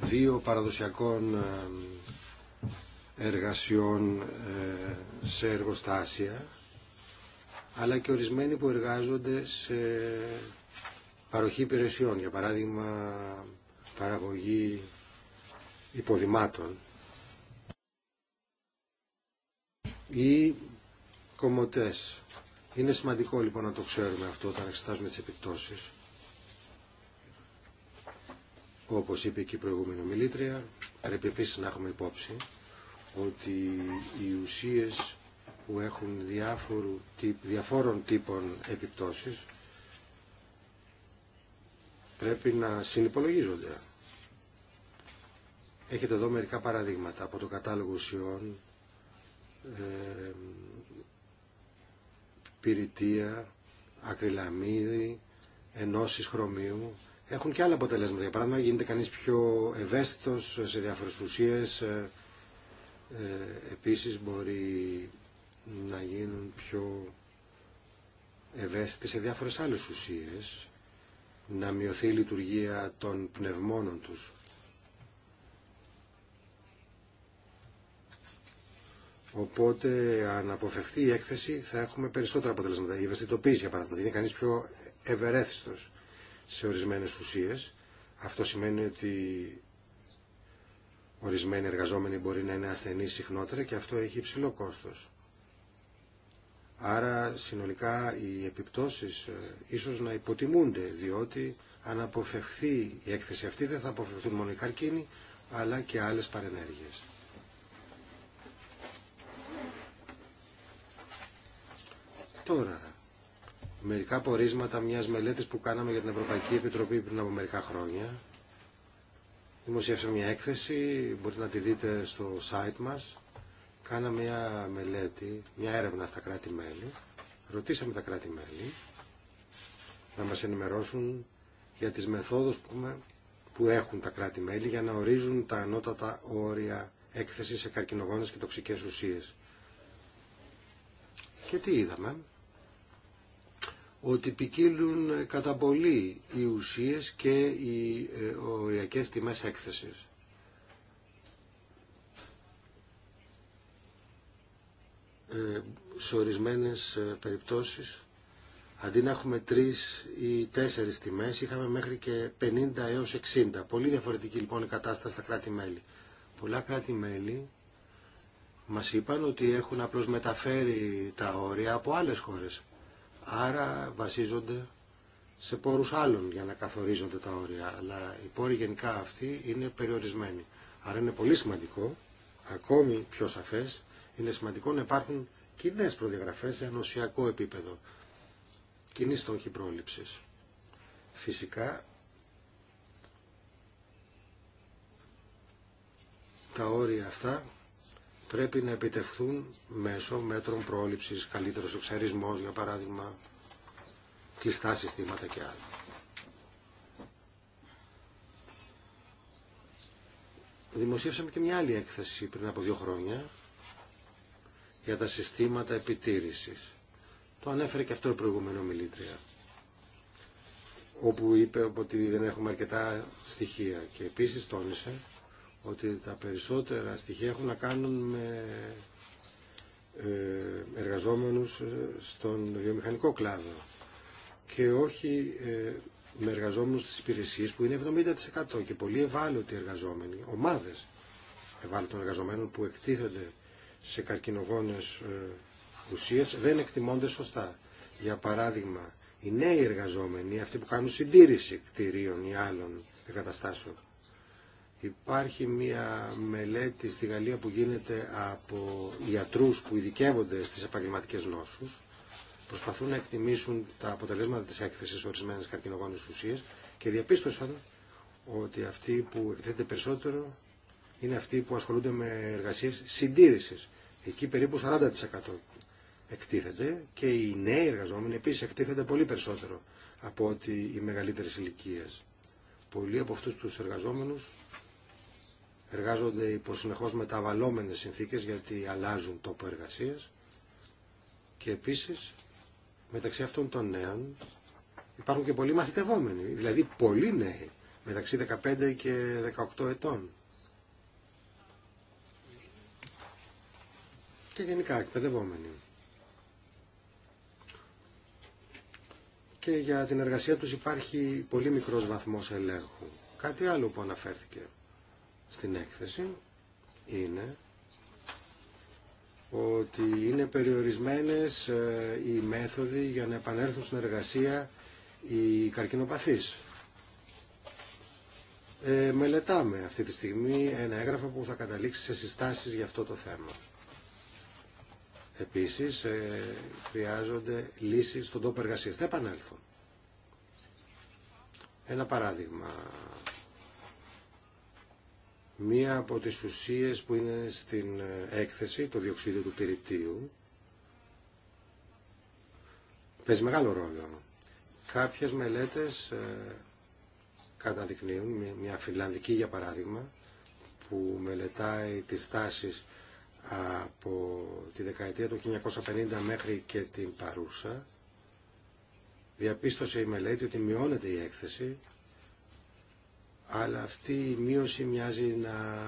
Δύο παραδοσιακών ε, εργασιών ε, σε εργοστάσια, αλλά και ορισμένοι που εργάζονται σε παροχή υπηρεσιών, για παράδειγμα παραγωγή υποδημάτων ή κομμωτές. Είναι σημαντικό λοιπόν να το ξέρουμε αυτό όταν εξετάζουμε τις επιπτώσεις. Όπως είπε και η προηγούμενη ομιλήτρια, πρέπει επίσης να έχουμε υπόψη ότι οι ουσίες που έχουν διαφόρων τύπων επιπτώσεις πρέπει να συνυπολογίζονται. Έχετε εδώ μερικά παραδείγματα από το κατάλογο ουσιών, ε, πυρητεία, ακριλαμίδι, ενώσεις χρωμίου. Έχουν και άλλα αποτελέσματα. Για παράδειγμα, γίνεται κανείς πιο ευαίσθητος σε διάφορες ουσίες, ε, ε, επίσης μπορεί να γίνουν πιο ευαίσθητοι σε διάφορες άλλες ουσίες, να μειωθεί η λειτουργία των πνευμόνων τους. Οπότε αν αποφευχθεί η έκθεση θα έχουμε περισσότερα αποτελέσματα. Η ευαισθητοποίηση για παράδειγμα είναι κανείς πιο ευερέθιστος σε ορισμένες ουσίες. Αυτό σημαίνει ότι Ορισμένοι εργαζόμενοι μπορεί να είναι ασθενείς συχνότερα και αυτό έχει υψηλό κόστος. Άρα συνολικά οι επιπτώσεις ε, ίσως να υποτιμούνται, διότι αν αποφευχθεί η έκθεση αυτή δεν θα αποφευχθούν μόνο οι καρκίνοι, αλλά και άλλες παρενέργειες. Τώρα, μερικά πορίσματα μιας μελέτης που κάναμε για την Ευρωπαϊκή Επιτροπή πριν από μερικά χρόνια, Δημοσιεύσαμε μια έκθεση, μπορείτε να τη δείτε στο site μας. Κάναμε μια μελέτη, μια έρευνα στα κράτη-μέλη. Ρωτήσαμε τα κράτη-μέλη να μας ενημερώσουν για τις μεθόδους πούμε, που έχουν τα κράτη-μέλη για να ορίζουν τα ανώτατα όρια έκθεσης σε καρκινογόνες και τοξικές ουσίες. Και τι είδαμε ότι ποικίλουν κατά πολύ οι ουσίες και οι ε, οριακές τιμές έκθεσης. Ε, σε ορισμένες ε, περιπτώσεις, αντί να έχουμε τρεις ή τέσσερις τιμές, είχαμε μέχρι και 50 έως 60. Πολύ διαφορετική λοιπόν η κατάσταση στα κράτη-μέλη. Πολλά κράτη-μέλη μας είπαν ότι έχουν απλώς μεταφέρει τα όρια από άλλες χώρες άρα βασίζονται σε πόρους άλλων για να καθορίζονται τα όρια, αλλά οι πόροι γενικά αυτοί είναι περιορισμένοι. Άρα είναι πολύ σημαντικό, ακόμη πιο σαφές, είναι σημαντικό να υπάρχουν κοινέ προδιαγραφές σε ανοσιακό επίπεδο, κοινή στόχη πρόληψης. Φυσικά, τα όρια αυτά πρέπει να επιτευχθούν μέσω μέτρων πρόληψης, καλύτερος εξαρισμός, για παράδειγμα, κλειστά συστήματα και άλλα. Δημοσίευσαμε και μια άλλη έκθεση πριν από δύο χρόνια για τα συστήματα επιτήρησης. Το ανέφερε και αυτό η προηγούμενη ομιλήτρια όπου είπε ότι δεν έχουμε αρκετά στοιχεία και επίσης τόνισε ότι τα περισσότερα στοιχεία έχουν να κάνουν με ε, εργαζόμενους ε, στον βιομηχανικό κλάδο και όχι ε, με εργαζόμενους στις υπηρεσίες που είναι 70% και πολύ ευάλωτοι εργαζόμενοι, ομάδες ευάλωτων εργαζομένων που εκτίθενται σε καρκινογόνες ουσίες δεν εκτιμώνται σωστά. Για παράδειγμα, οι νέοι εργαζόμενοι, αυτοί που κάνουν συντήρηση κτηρίων ή άλλων εγκαταστάσεων, Υπάρχει μια μελέτη στη Γαλλία που γίνεται από ιατρούς που ειδικεύονται στις επαγγελματικές νόσους. Προσπαθούν να εκτιμήσουν τα αποτελέσματα της έκθεσης ορισμένες καρκινογόνες ουσίες και διαπίστωσαν ότι αυτοί που εκτίθεται περισσότερο είναι αυτοί που ασχολούνται με εργασίες συντήρησης. Εκεί περίπου 40% εκτίθεται και οι νέοι εργαζόμενοι επίσης εκτίθεται πολύ περισσότερο από ότι οι μεγαλύτερες ηλικίε. Πολλοί από αυτούς τους εργαζόμενους εργάζονται υπό συνεχώς μεταβαλλόμενες συνθήκες γιατί αλλάζουν τόπο εργασίας και επίσης μεταξύ αυτών των νέων υπάρχουν και πολλοί μαθητευόμενοι, δηλαδή πολλοί νέοι μεταξύ 15 και 18 ετών. Και γενικά εκπαιδευόμενοι. Και για την εργασία τους υπάρχει πολύ μικρός βαθμός ελέγχου. Κάτι άλλο που αναφέρθηκε στην έκθεση είναι ότι είναι περιορισμένες ε, οι μέθοδοι για να επανέλθουν στην εργασία οι καρκινοπαθείς. Ε, μελετάμε αυτή τη στιγμή ένα έγγραφο που θα καταλήξει σε συστάσεις για αυτό το θέμα. Επίσης, ε, χρειάζονται λύσεις στον τόπο εργασίας. Θα επανέλθω. Ένα παράδειγμα μία από τις ουσίες που είναι στην ε, έκθεση, το διοξείδιο του πυρητίου, παίζει μεγάλο ρόλο. Κάποιες μελέτες ε, καταδεικνύουν, μια φιλανδική για παράδειγμα, που μελετάει τις τάσεις από τη δεκαετία του 1950 μέχρι και την παρούσα, διαπίστωσε η μελέτη ότι μειώνεται η έκθεση αλλά αυτή η μείωση μοιάζει να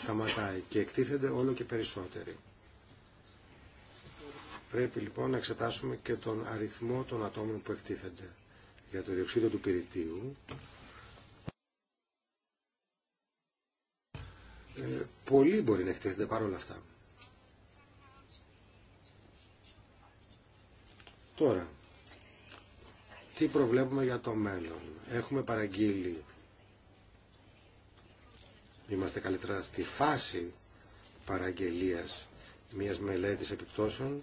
σταματάει και εκτίθενται όλο και περισσότεροι. Πρέπει λοιπόν να εξετάσουμε και τον αριθμό των ατόμων που εκτίθενται για το διοξείδιο του πυρητίου. Ε, πολλοί μπορεί να εκτίθενται παρόλα αυτά. Τώρα, τι προβλέπουμε για το μέλλον. Έχουμε παραγγείλει είμαστε καλύτερα στη φάση παραγγελίας μιας μελέτης επιπτώσεων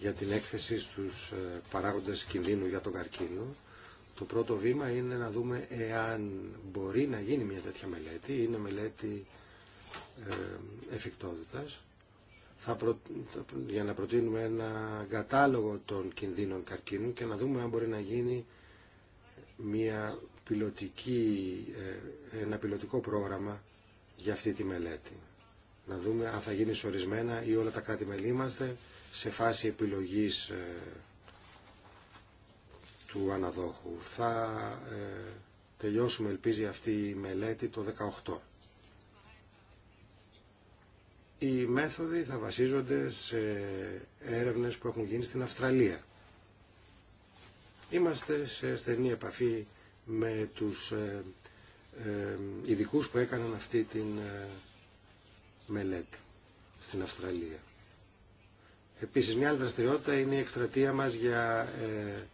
για την έκθεση στους ε, παράγοντες κινδύνου για τον καρκίνο. Το πρώτο βήμα είναι να δούμε εάν μπορεί να γίνει μια τέτοια μελέτη. Είναι μελέτη ε, εφικτότητας θα για να προτείνουμε ένα κατάλογο των κινδύνων καρκίνου και να δούμε αν μπορεί να γίνει μια πιλωτική, ε, ένα πιλωτικό πρόγραμμα για αυτή τη μελέτη. Να δούμε αν θα γίνει του αναδόχου. Θα τελειώσουμε ελπίζω για αυτή τη μελέτη το δεκαοχτώ. ή όλα τα κράτη-μέλη είμαστε σε φάση επιλογής ε, του αναδόχου. Θα ε, τελειώσουμε, ελπίζει, αυτή η μελέτη το 18. Οι μέθοδοι θα βασίζονται σε έρευνες που έχουν γίνει στην Αυστραλία. Είμαστε σε στενή επαφή με τους ε, ειδικού που έκαναν αυτή την ε, μελέτη στην Αυστραλία. Επίσης μια άλλη δραστηριότητα είναι η εκστρατεία μας για ε,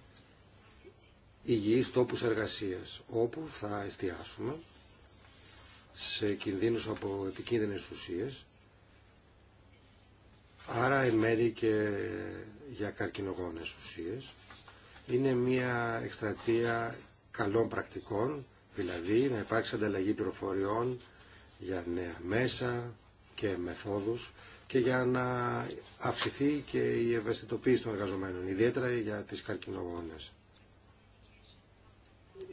υγιείς τόπους εργασίας, όπου θα εστιάσουμε σε κινδύνους από επικίνδυνες ουσίες, άρα εν μέρη και για καρκινογόνες ουσίες. Είναι μια εκστρατεία καλών πρακτικών Δηλαδή να υπάρξει ανταλλαγή πληροφοριών για νέα μέσα και μεθόδους και για να αυξηθεί και η ευαισθητοποίηση των εργαζομένων, ιδιαίτερα για τις καρκινογόνες.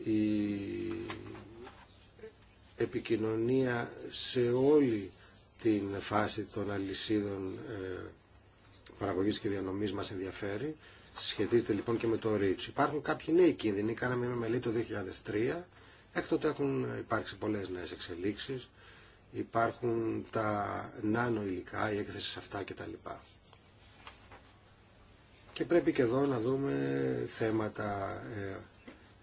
Η επικοινωνία σε όλη την φάση των αλυσίδων ε, παραγωγής και διανομής μας ενδιαφέρει. Σχετίζεται λοιπόν και με το REACH. Υπάρχουν κάποιοι νέοι κίνδυνοι. Κάναμε μια μελέτη το 2003 Έκτοτε έχουν υπάρξει πολλές νέες εξελίξεις, υπάρχουν τα νάνο υλικά, η έκθεση σε αυτά κτλ. Και πρέπει και εδώ να δούμε θέματα ε,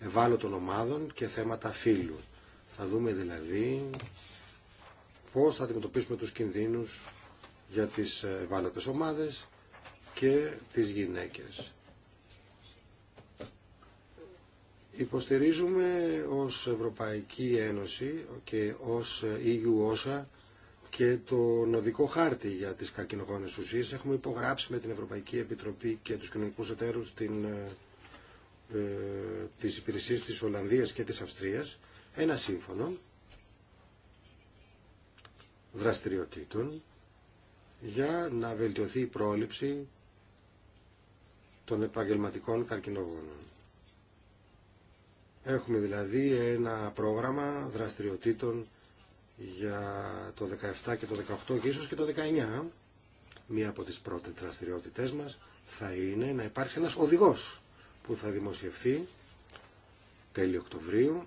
ευάλωτων ομάδων και θέματα φύλου. Θα δούμε δηλαδή πώς θα αντιμετωπίσουμε τους κινδύνους για τις ε, ευάλωτες ομάδες και τις γυναίκες. Υποστηρίζουμε ως Ευρωπαϊκή Ένωση και ως EU όσα και το νοδικό χάρτη για τις κακινογόνες ουσίες. Έχουμε υπογράψει με την Ευρωπαϊκή Επιτροπή και τους κοινωνικούς εταίρους την, ε, της υπηρεσίας της Ολλανδίας και της Αυστρίας ένα σύμφωνο δραστηριοτήτων για να βελτιωθεί η πρόληψη των επαγγελματικών καρκινογόνων. Έχουμε δηλαδή ένα πρόγραμμα δραστηριοτήτων για το 17 και το 18 και ίσως και το 19. Μία από τις πρώτες δραστηριότητές μας θα είναι να υπάρχει ένας οδηγός που θα δημοσιευθεί τέλη Οκτωβρίου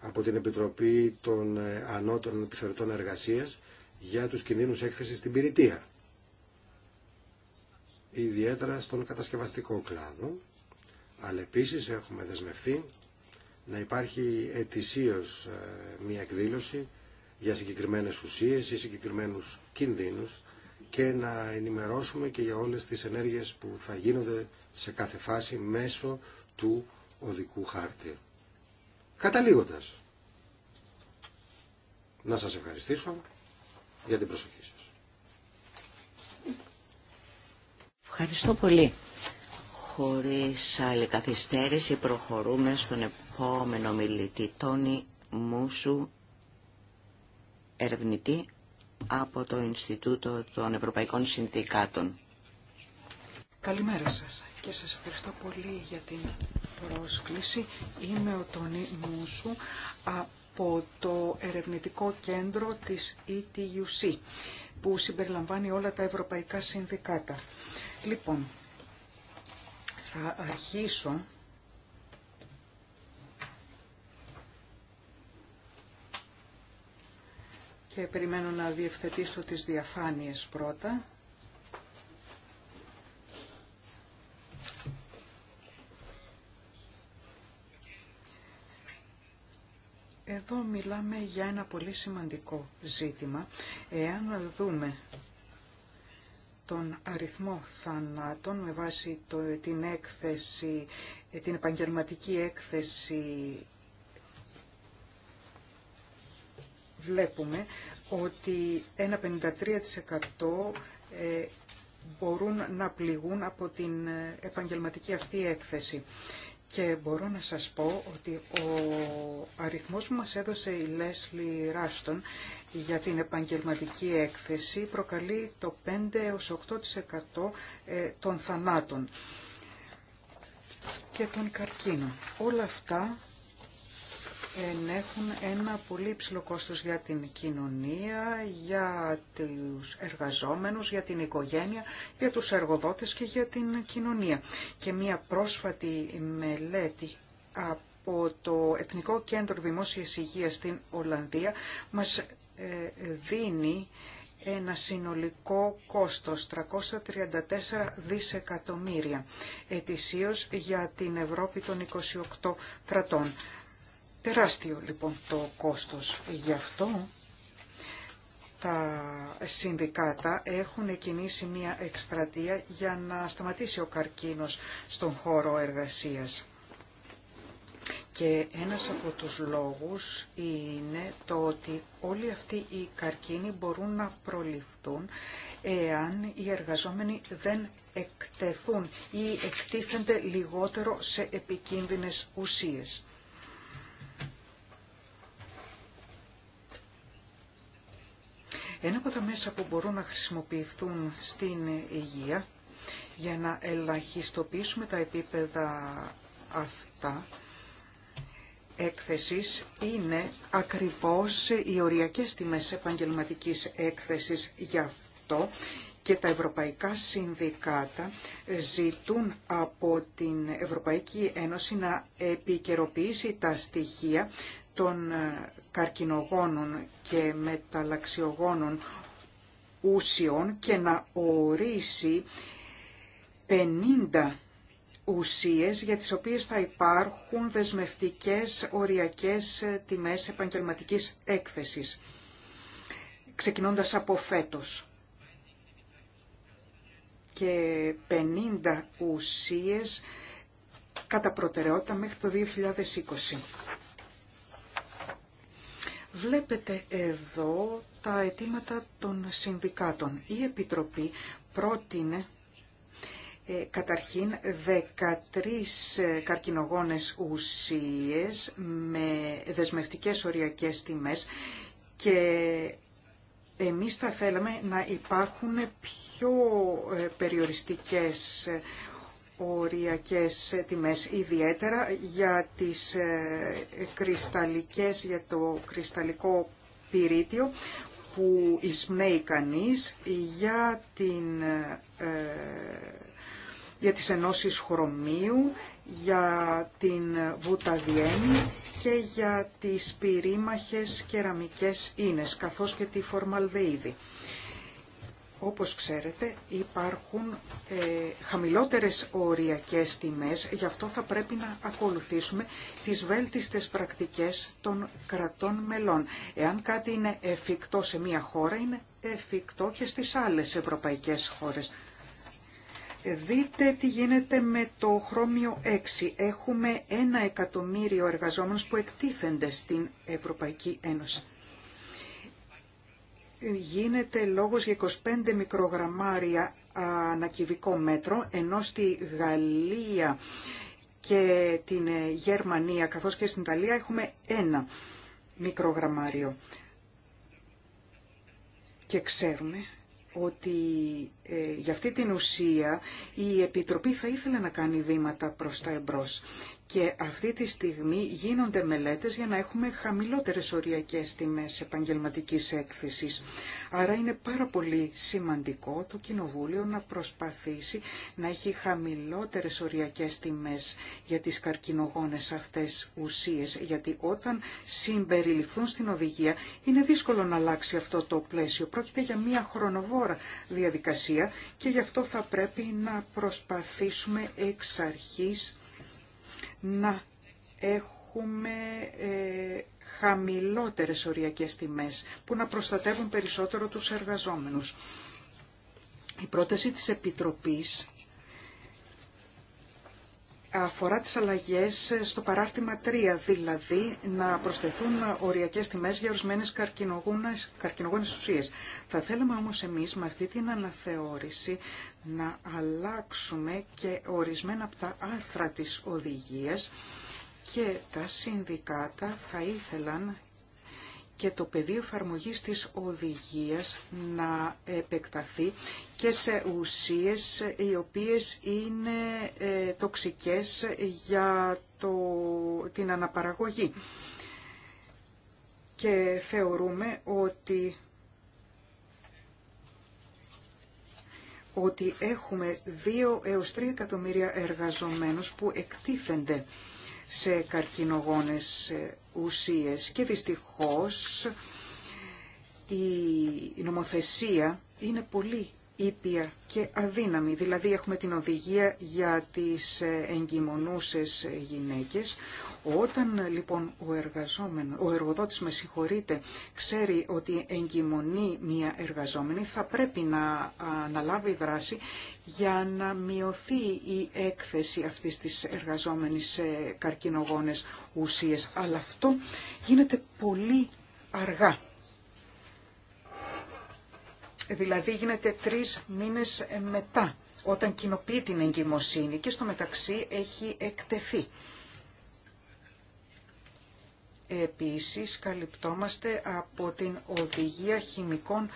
από την Επιτροπή των ε, Ανώτερων Επιθεωρητών Εργασίας για τους κινδύνους έκθεσης στην Πυρητία. Ιδιαίτερα στον κατασκευαστικό κλάδο αλλά επίσης έχουμε δεσμευθεί να υπάρχει ετησίως ε, μια εκδήλωση για συγκεκριμένες ουσίες ή συγκεκριμένους κινδύνους και να ενημερώσουμε και για όλες τις ενέργειες που θα γίνονται σε κάθε φάση μέσω του οδικού χάρτη. Καταλήγοντας, να σας ευχαριστήσω για την προσοχή σας. Ευχαριστώ πολύ. Χωρίς άλλη καθυστέρηση προχωρούμε στον επόμενο μιλητή Τόνι Μούσου, ερευνητή από το Ινστιτούτο των Ευρωπαϊκών Συνδικάτων. Καλημέρα σας και σας ευχαριστώ πολύ για την πρόσκληση. Είμαι ο Τόνι Μούσου από το Ερευνητικό Κέντρο της ETUC που συμπεριλαμβάνει όλα τα ευρωπαϊκά συνδικάτα. Λοιπόν, θα αρχίσω και περιμένω να διευθετήσω τις διαφάνειες πρώτα. Εδώ μιλάμε για ένα πολύ σημαντικό ζήτημα. Εάν δούμε τον αριθμό θανάτων με βάση το, την έκθεση, την επαγγελματική έκθεση βλέπουμε ότι ένα 53% ε, μπορούν να πληγούν από την ε, επαγγελματική αυτή έκθεση και μπορώ να σας πω ότι ο αριθμός που μας έδωσε η Λέσλι Ράστον για την επαγγελματική έκθεση προκαλεί το 5 8% ε, των θανάτων και των καρκίνων. Όλα αυτά ενέχουν ένα πολύ υψηλό κόστος για την κοινωνία, για τους εργαζόμενους, για την οικογένεια, για τους εργοδότες και για την κοινωνία. Και μία πρόσφατη μελέτη από το Εθνικό Κέντρο Δημόσιας Υγείας στην Ολλανδία μας ε, δίνει ένα συνολικό κόστος 334 δισεκατομμύρια ετησίως για την Ευρώπη των 28 κρατών τεράστιο λοιπόν το κόστος. Γι' αυτό τα συνδικάτα έχουν κινήσει μία εκστρατεία για να σταματήσει ο καρκίνος στον χώρο εργασίας. Και ένας από τους λόγους είναι το ότι όλοι αυτοί οι καρκίνοι μπορούν να προληφθούν εάν οι εργαζόμενοι δεν εκτεθούν ή εκτίθενται λιγότερο σε επικίνδυνες ουσίες. Ένα από τα μέσα που μπορούν να χρησιμοποιηθούν στην υγεία για να ελαχιστοποιήσουμε τα επίπεδα αυτά έκθεσης είναι ακριβώς οι οριακές τιμές επαγγελματικής έκθεσης γι' αυτό και τα ευρωπαϊκά συνδικάτα ζητούν από την Ευρωπαϊκή Ένωση να επικαιροποιήσει τα στοιχεία των καρκινογόνων και μεταλλαξιογόνων ουσιών και να ορίσει 50 ουσίες για τις οποίες θα υπάρχουν δεσμευτικές οριακές τιμές επαγγελματικής έκθεσης, ξεκινώντας από φέτος. Και 50 ουσίες κατά προτεραιότητα μέχρι το 2020. Βλέπετε εδώ τα αιτήματα των συνδικάτων. Η Επιτροπή πρότεινε ε, καταρχήν 13 ε, καρκινογόνες ουσίες με δεσμευτικές οριακές τιμές και εμείς θα θέλαμε να υπάρχουν πιο ε, περιοριστικές οριακές τιμές, ιδιαίτερα για τις ε, κρυσταλλικές, για το κρυσταλλικό πυρίτιο που εισπνέει κανείς για, την, ε, για τις ενώσεις χρωμίου, για την βουταδιένη και για τις πυρήμαχες κεραμικές ίνες, καθώς και τη φορμαλδεΐδη. Όπως ξέρετε υπάρχουν ε, χαμηλότερες οριακές τιμές, γι' αυτό θα πρέπει να ακολουθήσουμε τις βέλτιστες πρακτικές των κρατών μελών. Εάν κάτι είναι εφικτό σε μία χώρα, είναι εφικτό και στις άλλες ευρωπαϊκές χώρες. Δείτε τι γίνεται με το χρώμιο 6. Έχουμε ένα εκατομμύριο εργαζόμενους που εκτίθενται στην Ευρωπαϊκή Ένωση γίνεται λόγος για 25 μικρογραμμάρια ανακυβικό μέτρο, ενώ στη Γαλλία και την ε, Γερμανία, καθώς και στην Ιταλία, έχουμε ένα μικρογραμμάριο. Και ξέρουμε ότι ε, για αυτή την ουσία η Επιτροπή θα ήθελε να κάνει βήματα προς τα εμπρός. Και αυτή τη στιγμή γίνονται μελέτες για να έχουμε χαμηλότερες οριακές τιμές επαγγελματικής έκθεσης. Άρα είναι πάρα πολύ σημαντικό το Κοινοβούλιο να προσπαθήσει να έχει χαμηλότερες οριακές τιμές για τις καρκινογόνες αυτές ουσίες. Γιατί όταν συμπεριληφθούν στην οδηγία είναι δύσκολο να αλλάξει αυτό το πλαίσιο. Πρόκειται για μια χρονοβόρα διαδικασία και γι' αυτό θα πρέπει να προσπαθήσουμε εξ αρχής να έχουμε ε, χαμηλότερες οριακές τιμές που να προστατεύουν περισσότερο τους εργαζόμενους. Η πρόταση της Επιτροπής αφορά τις αλλαγές στο παράρτημα 3, δηλαδή να προσθεθούν οριακές τιμές για ορισμένες καρκινογόνες ουσίες. Θα θέλαμε όμως εμείς με αυτή την αναθεώρηση να αλλάξουμε και ορισμένα από τα άρθρα της οδηγίας και τα συνδικάτα θα ήθελαν και το πεδίο εφαρμογή της οδηγίας να επεκταθεί και σε ουσίες οι οποίες είναι ε, τοξικές για το, την αναπαραγωγή. Και θεωρούμε ότι ότι έχουμε 2 έως 3 εκατομμύρια εργαζομένους που εκτίθενται σε καρκινογόνες ουσίες και δυστυχώς η νομοθεσία είναι πολύ ήπια και αδύναμη. Δηλαδή έχουμε την οδηγία για τις εγκυμονούσες γυναίκες, όταν λοιπόν ο, εργαζόμενος, ο εργοδότης με ξέρει ότι εγκυμονεί μία εργαζόμενη, θα πρέπει να αναλάβει δράση για να μειωθεί η έκθεση αυτής της εργαζόμενης σε καρκινογόνες ουσίες. Αλλά αυτό γίνεται πολύ αργά. Δηλαδή γίνεται τρεις μήνες μετά όταν κοινοποιεί την εγκυμοσύνη και στο μεταξύ έχει εκτεθεί. Επίσης, καλυπτόμαστε από την οδηγία χημικών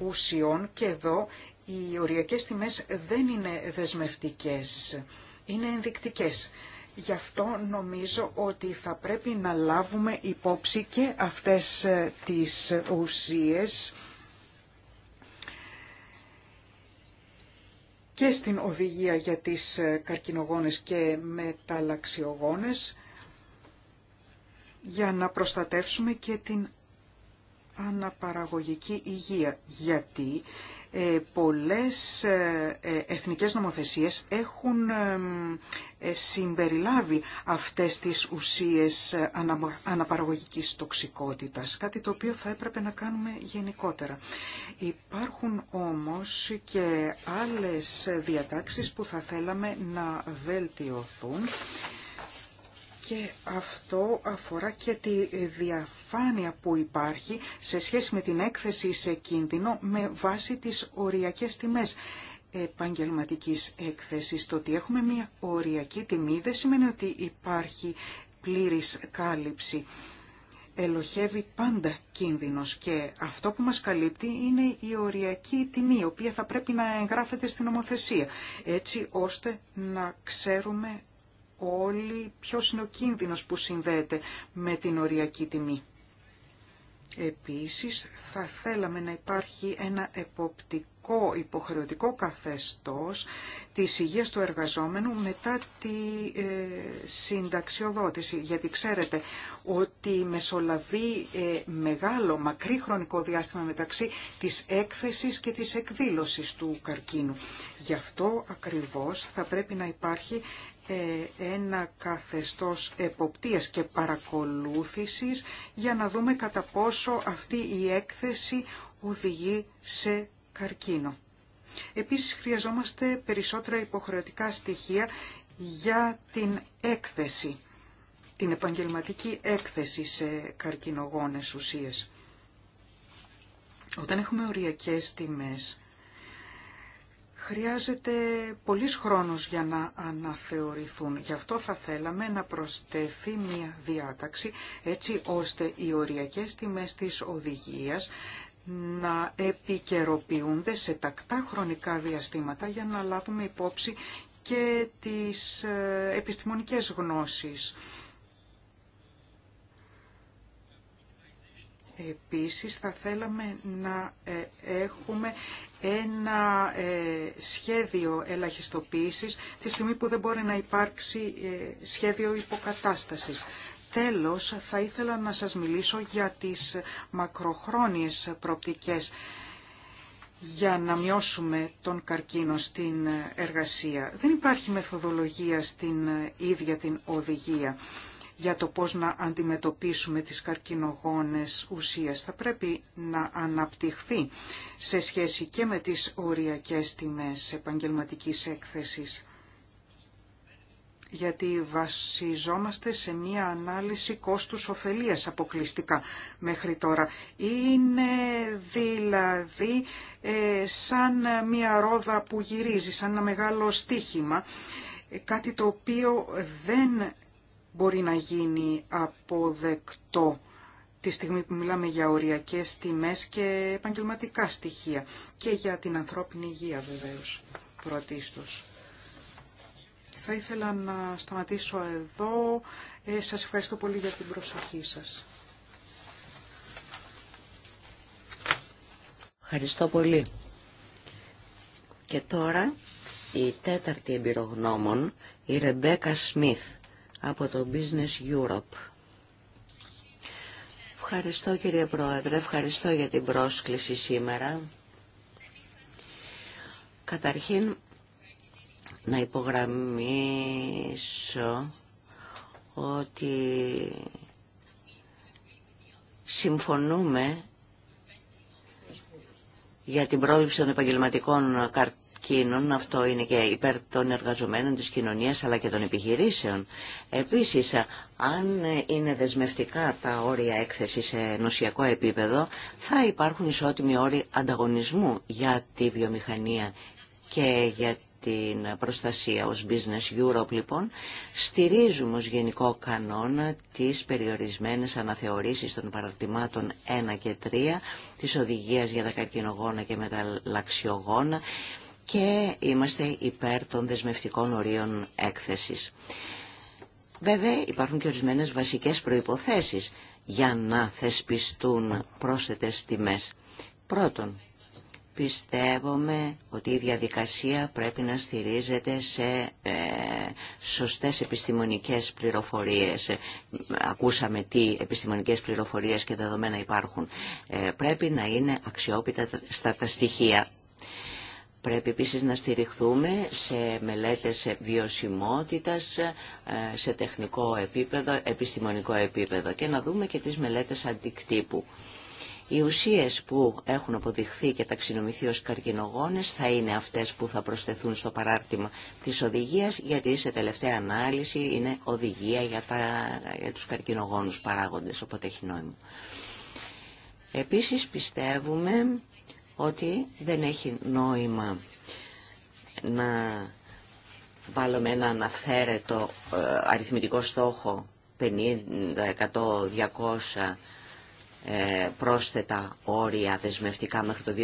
ουσιών και εδώ οι οριακές τιμές δεν είναι δεσμευτικές, είναι ενδεικτικές. Γι' αυτό νομίζω ότι θα πρέπει να λάβουμε υπόψη και αυτές ε, τις ουσίες και στην οδηγία για τις ε, καρκινογόνες και μεταλλαξιογόνες για να προστατεύσουμε και την αναπαραγωγική υγεία. Γιατί ε, πολλές ε, ε εθνικές νομοθεσίες έχουν ε, συμπεριλάβει αυτές τις ουσίες ε, ανα, αναπαραγωγικής τοξικότητας, κάτι το οποίο θα έπρεπε να κάνουμε γενικότερα. Υπάρχουν όμως και άλλες διατάξεις που θα θέλαμε να βελτιωθούν και αυτό αφορά και τη διαφάνεια που υπάρχει σε σχέση με την έκθεση σε κίνδυνο με βάση τις οριακές τιμές επαγγελματικής έκθεσης. Το ότι έχουμε μια οριακή τιμή δεν σημαίνει ότι υπάρχει πλήρης κάλυψη. Ελοχεύει πάντα κίνδυνος και αυτό που μας καλύπτει είναι η οριακή τιμή, η οποία θα πρέπει να εγγράφεται στην νομοθεσία, έτσι ώστε να ξέρουμε όλοι ποιος είναι ο κίνδυνος που συνδέεται με την οριακή τιμή. Επίσης, θα θέλαμε να υπάρχει ένα εποπτικό υποχρεωτικό καθεστώς της υγείας του εργαζόμενου μετά τη ε, συνταξιοδότηση. Γιατί ξέρετε ότι μεσολαβεί μεγάλο, μακρύ χρονικό διάστημα μεταξύ της έκθεσης και της εκδήλωσης του καρκίνου. Γι' αυτό ακριβώς θα πρέπει να υπάρχει ε, ένα καθεστώς εποπτείας και παρακολούθησης για να δούμε κατά πόσο αυτή η έκθεση οδηγεί σε καρκίνο. Επίσης χρειαζόμαστε περισσότερα υποχρεωτικά στοιχεία για την έκθεση, την επαγγελματική έκθεση σε καρκινογόνες ουσίες. Όταν έχουμε οριακές τιμές, χρειάζεται πολλής χρόνος για να αναθεωρηθούν. Γι' αυτό θα θέλαμε να προσθεθεί μια διάταξη έτσι ώστε οι οριακές τιμές της οδηγίας να επικαιροποιούνται σε τακτά χρονικά διαστήματα για να λάβουμε υπόψη και τις ε, επιστημονικές γνώσεις. Επίσης θα θέλαμε να ε, έχουμε ένα ε, σχέδιο ελαχιστοποίησης τη στιγμή που δεν μπορεί να υπάρξει ε, σχέδιο υποκατάστασης. Τέλος, θα ήθελα να σας μιλήσω για τις μακροχρόνιες προοπτικές για να μειώσουμε τον καρκίνο στην εργασία. Δεν υπάρχει μεθοδολογία στην ε, ίδια την οδηγία για το πώς να αντιμετωπίσουμε τις καρκινογόνες ουσίες. Θα πρέπει να αναπτυχθεί σε σχέση και με τις οριακές τιμές επαγγελματικής έκθεσης γιατί βασιζόμαστε σε μία ανάλυση κόστους ωφελίας αποκλειστικά μέχρι τώρα. Είναι δηλαδή ε, σαν μία ρόδα που γυρίζει, σαν ένα μεγάλο στίχημα, κάτι το οποίο δεν μπορεί να γίνει αποδεκτό τη στιγμή που μιλάμε για οριακές τιμές και επαγγελματικά στοιχεία και για την ανθρώπινη υγεία βεβαίως πρωτίστως. Θα ήθελα να σταματήσω εδώ. Ε, σας ευχαριστώ πολύ για την προσοχή σας. Ευχαριστώ πολύ. Και τώρα η τέταρτη εμπειρογνώμων, η Ρεμπέκα Σμιθ από το Business Europe. Ευχαριστώ κύριε Πρόεδρε, ευχαριστώ για την πρόσκληση σήμερα. Καταρχήν να υπογραμμίσω ότι συμφωνούμε για την πρόληψη των επαγγελματικών εκείνων, αυτό είναι και υπέρ των εργαζομένων της κοινωνίας αλλά και των επιχειρήσεων. Επίσης, αν είναι δεσμευτικά τα όρια έκθεση σε νοσιακό επίπεδο, θα υπάρχουν ισότιμοι όροι ανταγωνισμού για τη βιομηχανία και για την προστασία ως Business Europe λοιπόν. στηρίζουμε ως γενικό κανόνα τις περιορισμένες αναθεωρήσεις των παραρτημάτων 1 και 3 της οδηγίας για τα καρκινογόνα και μεταλλαξιογόνα και είμαστε υπέρ των δεσμευτικών ορίων έκθεσης. Βέβαια υπάρχουν και ορισμένες βασικές προϋποθέσεις για να θεσπιστούν πρόσθετες τιμές. Πρώτον, πιστεύουμε ότι η διαδικασία πρέπει να στηρίζεται σε ε, σωστές επιστημονικές πληροφορίες. Ε, ακούσαμε τι επιστημονικές πληροφορίες και δεδομένα υπάρχουν. Ε, πρέπει να είναι αξιόπιτα στα τα στοιχεία Πρέπει επίσης να στηριχθούμε σε μελέτες βιωσιμότητας, ε, σε τεχνικό επίπεδο, επιστημονικό επίπεδο και να δούμε και τις μελέτες αντικτύπου. Οι ουσίες που έχουν αποδειχθεί και ταξινομηθεί ως καρκινογόνες θα είναι αυτές που θα προσθεθούν στο παράρτημα της οδηγίας γιατί σε τελευταία ανάλυση είναι οδηγία για, τα, για τους καρκινογόνους παράγοντες, οπότε έχει νόημα. Επίσης πιστεύουμε ότι δεν έχει νόημα να βάλουμε ένα το ε, αριθμητικό στόχο 50, 100, 200 πρόσθετα όρια δεσμευτικά μέχρι το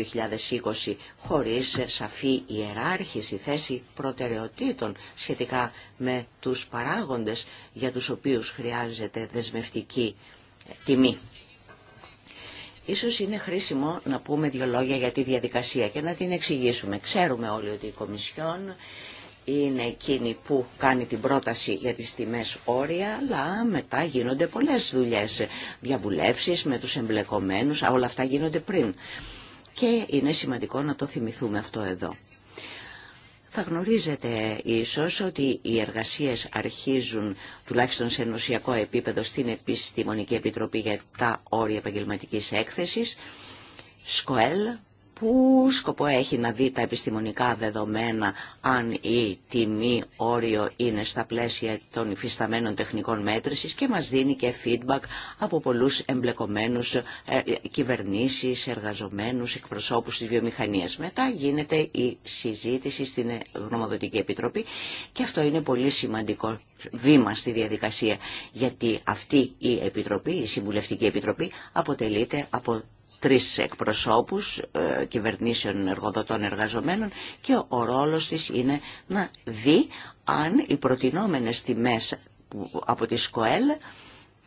2020 χωρίς σαφή ιεράρχηση, θέση προτεραιοτήτων σχετικά με τους παράγοντες για τους οποίους χρειάζεται δεσμευτική τιμή. Ίσως είναι χρήσιμο να πούμε δύο λόγια για τη διαδικασία και να την εξηγήσουμε. Ξέρουμε όλοι ότι η Κομισιόν είναι εκείνη που κάνει την πρόταση για τις τιμές όρια, αλλά μετά γίνονται πολλές δουλειές, διαβουλεύσεις με τους εμπλεκομένους, όλα αυτά γίνονται πριν. Και είναι σημαντικό να το θυμηθούμε αυτό εδώ. Θα γνωρίζετε ίσως ότι οι εργασίες αρχίζουν τουλάχιστον σε ενωσιακό επίπεδο στην Επιστημονική Επιτροπή για τα όρια επαγγελματική έκθεσης, ΣΚΟΕΛ, που σκοπό έχει να δει τα επιστημονικά δεδομένα αν η τιμή όριο είναι στα πλαίσια των υφισταμένων τεχνικών μέτρησης και μας δίνει και feedback από πολλούς εμπλεκομένους ε, κυβερνήσεις, εργαζομένους, εκπροσώπους της βιομηχανίας. Μετά γίνεται η συζήτηση στην Γνωμοδοτική Επιτροπή και αυτό είναι πολύ σημαντικό βήμα στη διαδικασία γιατί αυτή η Επιτροπή, η Συμβουλευτική Επιτροπή αποτελείται από τρεις εκπροσώπους ε, κυβερνήσεων εργοδοτών εργαζομένων και ο ρόλος της είναι να δει αν οι προτινόμενες τιμές από τη ΣΚΟΕΛ,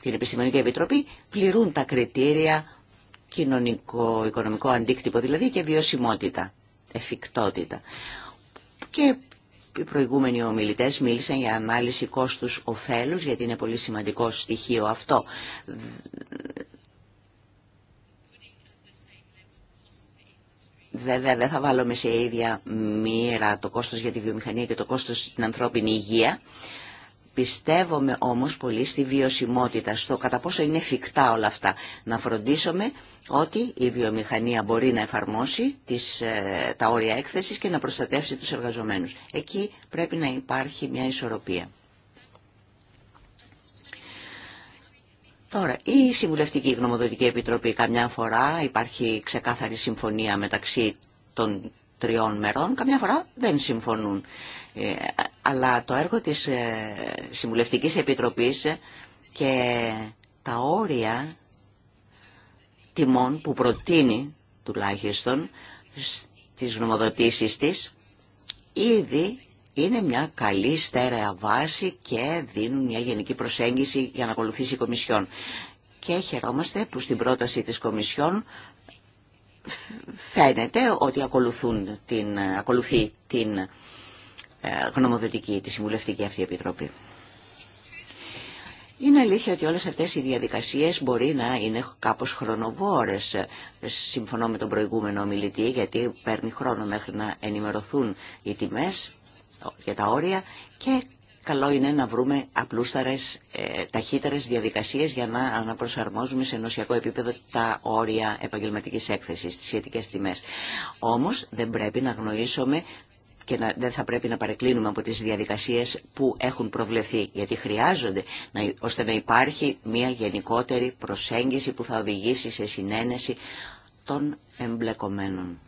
την Επιστημονική Επιτροπή, πληρούν τα κριτήρια κοινωνικό-οικονομικό αντίκτυπο, δηλαδή και βιωσιμότητα, εφικτότητα. Και οι προηγούμενοι ομιλητέ μίλησαν για ανάλυση κόστους οφέλους, γιατί είναι πολύ σημαντικό στοιχείο αυτό. Βέβαια δεν θα βάλουμε σε ίδια μοίρα το κόστος για τη βιομηχανία και το κόστος στην ανθρώπινη υγεία. Πιστεύουμε όμως πολύ στη βιωσιμότητα, στο κατά πόσο είναι εφικτά όλα αυτά. Να φροντίσουμε ότι η βιομηχανία μπορεί να εφαρμόσει τις, ε, τα όρια έκθεσης και να προστατεύσει τους εργαζομένους. Εκεί πρέπει να υπάρχει μια ισορροπία. Τώρα, η Συμβουλευτική Γνωμοδοτική Επιτροπή καμιά φορά υπάρχει ξεκάθαρη συμφωνία μεταξύ των τριών μερών, καμιά φορά δεν συμφωνούν. Ε, αλλά το έργο της ε, Συμβουλευτικής Επιτροπής και τα όρια τιμών που προτείνει τουλάχιστον στις γνωμοδοτήσεις της ήδη είναι μια καλή στέρεα βάση και δίνουν μια γενική προσέγγιση για να ακολουθήσει η Κομισιόν. Και χαιρόμαστε που στην πρόταση της Κομισιόν φαίνεται ότι ακολουθούν την, ακολουθεί την ε, γνωμοδοτική, τη συμβουλευτική αυτή επιτροπή. Είναι αλήθεια ότι όλες αυτές οι διαδικασίες μπορεί να είναι κάπως χρονοβόρες, συμφωνώ με τον προηγούμενο ομιλητή, γιατί παίρνει χρόνο μέχρι να ενημερωθούν οι τιμές για τα όρια και καλό είναι να βρούμε απλούσταρες, ε, ταχύτερες διαδικασίες για να αναπροσαρμόζουμε σε νοσιακό επίπεδο τα όρια επαγγελματικής έκθεσης, τις σχετικές τιμές. Όμως δεν πρέπει να γνωρίσουμε και να, δεν θα πρέπει να παρεκκλίνουμε από τις διαδικασίες που έχουν προβλεφθεί, γιατί χρειάζονται, να, ώστε να υπάρχει μια γενικότερη προσέγγιση που θα οδηγήσει σε συνένεση των εμπλεκομένων.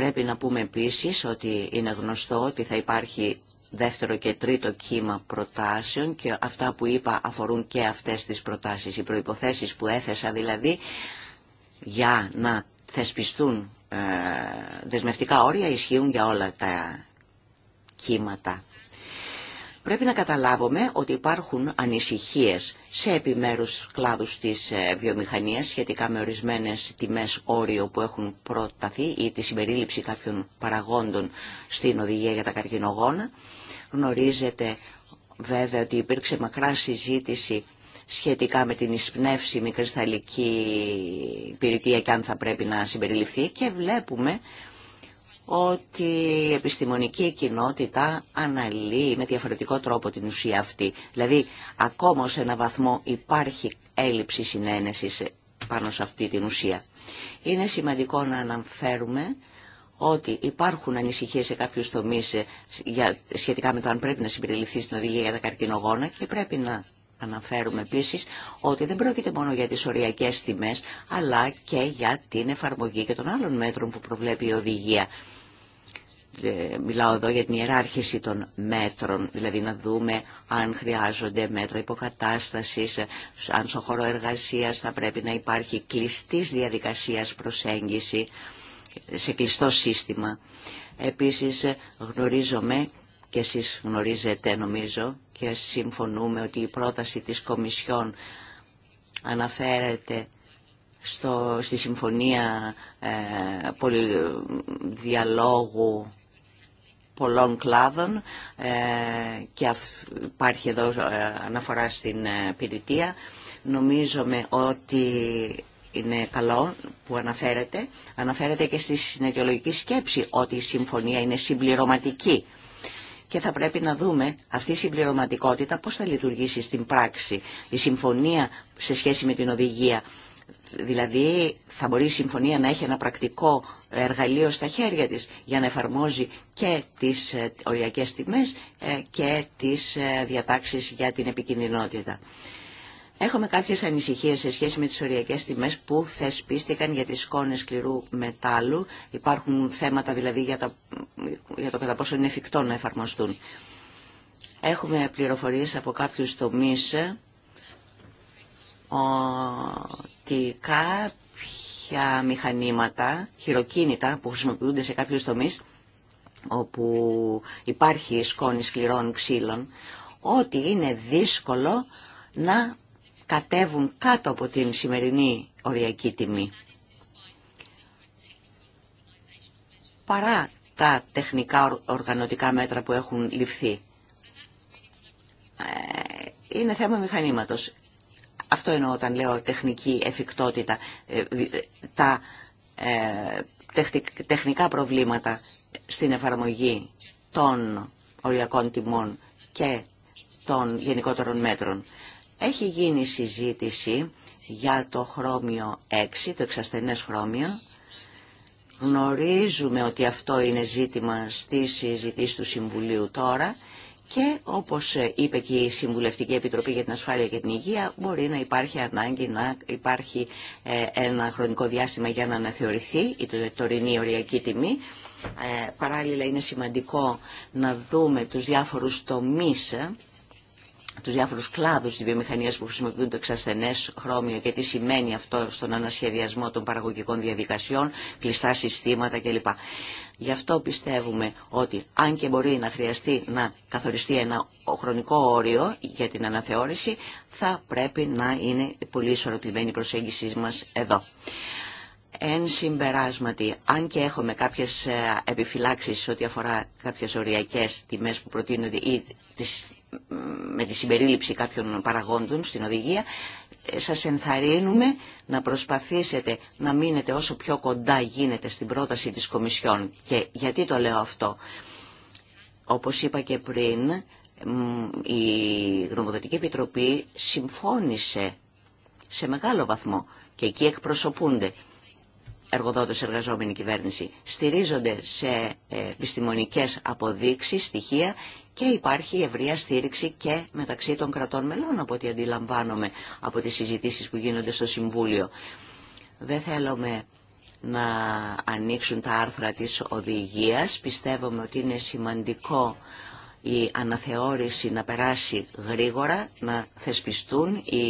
Πρέπει να πούμε επίσης ότι είναι γνωστό ότι θα υπάρχει δεύτερο και τρίτο κύμα προτάσεων και αυτά που είπα αφορούν και αυτές τις προτάσεις. Οι προϋποθέσεις που έθεσα δηλαδή για να θεσπιστούν ε, δεσμευτικά όρια ισχύουν για όλα τα κύματα Πρέπει να καταλάβουμε ότι υπάρχουν ανησυχίες σε επιμέρους κλάδους της ε, βιομηχανίας σχετικά με ορισμένες τιμές όριο που έχουν προταθεί ή τη συμπερίληψη κάποιων παραγόντων στην οδηγία για τα καρκινογόνα. Γνωρίζετε βέβαια ότι υπήρξε μακρά συζήτηση σχετικά με την μικρή κρυσταλλική πυρητία και αν θα πρέπει να συμπεριληφθεί και βλέπουμε ότι η επιστημονική κοινότητα αναλύει με διαφορετικό τρόπο την ουσία αυτή. Δηλαδή, ακόμα σε ένα βαθμό υπάρχει έλλειψη συνένεσης πάνω σε αυτή την ουσία. Είναι σημαντικό να αναφέρουμε ότι υπάρχουν ανησυχίες σε κάποιους τομείς ε, σχετικά με το αν πρέπει να συμπεριληφθεί στην οδηγία για τα καρκινογόνα και πρέπει να Αναφέρουμε επίση ότι δεν πρόκειται μόνο για τις οριακές τιμέ, αλλά και για την εφαρμογή και των άλλων μέτρων που προβλέπει η οδηγία. Ε, μιλάω εδώ για την ιεράρχηση των μέτρων, δηλαδή να δούμε αν χρειάζονται μέτρα υποκατάστασης, αν στο χώρο εργασίας θα πρέπει να υπάρχει κλειστής διαδικασίας προσέγγιση σε κλειστό σύστημα. Επίσης γνωρίζομαι και εσείς γνωρίζετε νομίζω και συμφωνούμε ότι η πρόταση της Κομισιόν αναφέρεται στο, στη συμφωνία ε, πολλών κλάδων ε, και υπάρχει εδώ ε, αναφορά στην ε, πυρητεία. νομίζομαι ότι είναι καλό που αναφέρεται. Αναφέρεται και στη συνεργολογική σκέψη ότι η συμφωνία είναι συμπληρωματική. Και θα πρέπει να δούμε αυτή η συμπληρωματικότητα πώς θα λειτουργήσει στην πράξη η συμφωνία σε σχέση με την οδηγία. Δηλαδή θα μπορεί η συμφωνία να έχει ένα πρακτικό εργαλείο στα χέρια της για να εφαρμόζει και τις ε, οριακές τιμές ε, και τις ε, διατάξεις για την επικινδυνότητα. Έχουμε κάποιες ανησυχίες σε σχέση με τις οριακές τιμές που θεσπίστηκαν για τις σκόνες σκληρού μετάλλου. Υπάρχουν θέματα δηλαδή για, τα, για το κατά πόσο είναι εφικτό να εφαρμοστούν. Έχουμε πληροφορίες από κάποιους τομείς ότι κάποια μηχανήματα, χειροκίνητα που χρησιμοποιούνται σε κάποιους τομείς, όπου υπάρχει σκόνη σκληρών ξύλων, ότι είναι δύσκολο να κατέβουν κάτω από την σημερινή οριακή τιμή. Παρά τα τεχνικά οργανωτικά μέτρα που έχουν ληφθεί. Ε, είναι θέμα μηχανήματος. Αυτό εννοώ όταν λέω τεχνική εφικτότητα. Ε, ε, τα τεχνικά προβλήματα στην εφαρμογή των οριακών τιμών και των γενικότερων μέτρων. Έχει γίνει συζήτηση για το χρώμιο 6, το εξασθενές χρώμιο. Γνωρίζουμε ότι αυτό είναι ζήτημα στη συζήτηση του Συμβουλίου τώρα και όπως είπε και η Συμβουλευτική Επιτροπή για την Ασφάλεια και την Υγεία μπορεί να υπάρχει ανάγκη να υπάρχει ε, ένα χρονικό διάστημα για να αναθεωρηθεί η τωρινή οριακή τιμή ε, παράλληλα είναι σημαντικό να δούμε τους διάφορους τομείς ε, τους διάφορους κλάδους της βιομηχανίας που χρησιμοποιούν το εξασθενές χρώμιο και τι σημαίνει αυτό στον ανασχεδιασμό των παραγωγικών διαδικασιών, κλειστά συστήματα κλπ. Γι' αυτό πιστεύουμε ότι αν και μπορεί να χρειαστεί να καθοριστεί ένα χρονικό όριο για την αναθεώρηση, θα πρέπει να είναι πολύ ισορροπημένη η προσέγγιση μας εδώ εν συμπεράσματι, αν και έχουμε κάποιες ε, επιφυλάξεις ό,τι αφορά κάποιες οριακές τιμές που προτείνονται ή με τη συμπερίληψη κάποιων παραγόντων στην οδηγία, ε, σας ενθαρρύνουμε να προσπαθήσετε να μείνετε όσο πιο κοντά γίνεται στην πρόταση της Κομισιόν. Και γιατί το λέω αυτό. Όπως είπα και πριν, η Γνωμοδοτική Επιτροπή συμφώνησε σε μεγάλο βαθμό και εκεί εκπροσωπούνται εργοδότες εργαζόμενη κυβέρνηση. Στηρίζονται σε ε, επιστημονικές αποδείξεις, στοιχεία και υπάρχει ευρεία στήριξη και μεταξύ των κρατών μελών από ό,τι αντιλαμβάνομαι από τις συζητήσεις που γίνονται στο Συμβούλιο. Δεν θέλουμε να ανοίξουν τα άρθρα της οδηγίας. Πιστεύουμε ότι είναι σημαντικό η αναθεώρηση να περάσει γρήγορα, να θεσπιστούν οι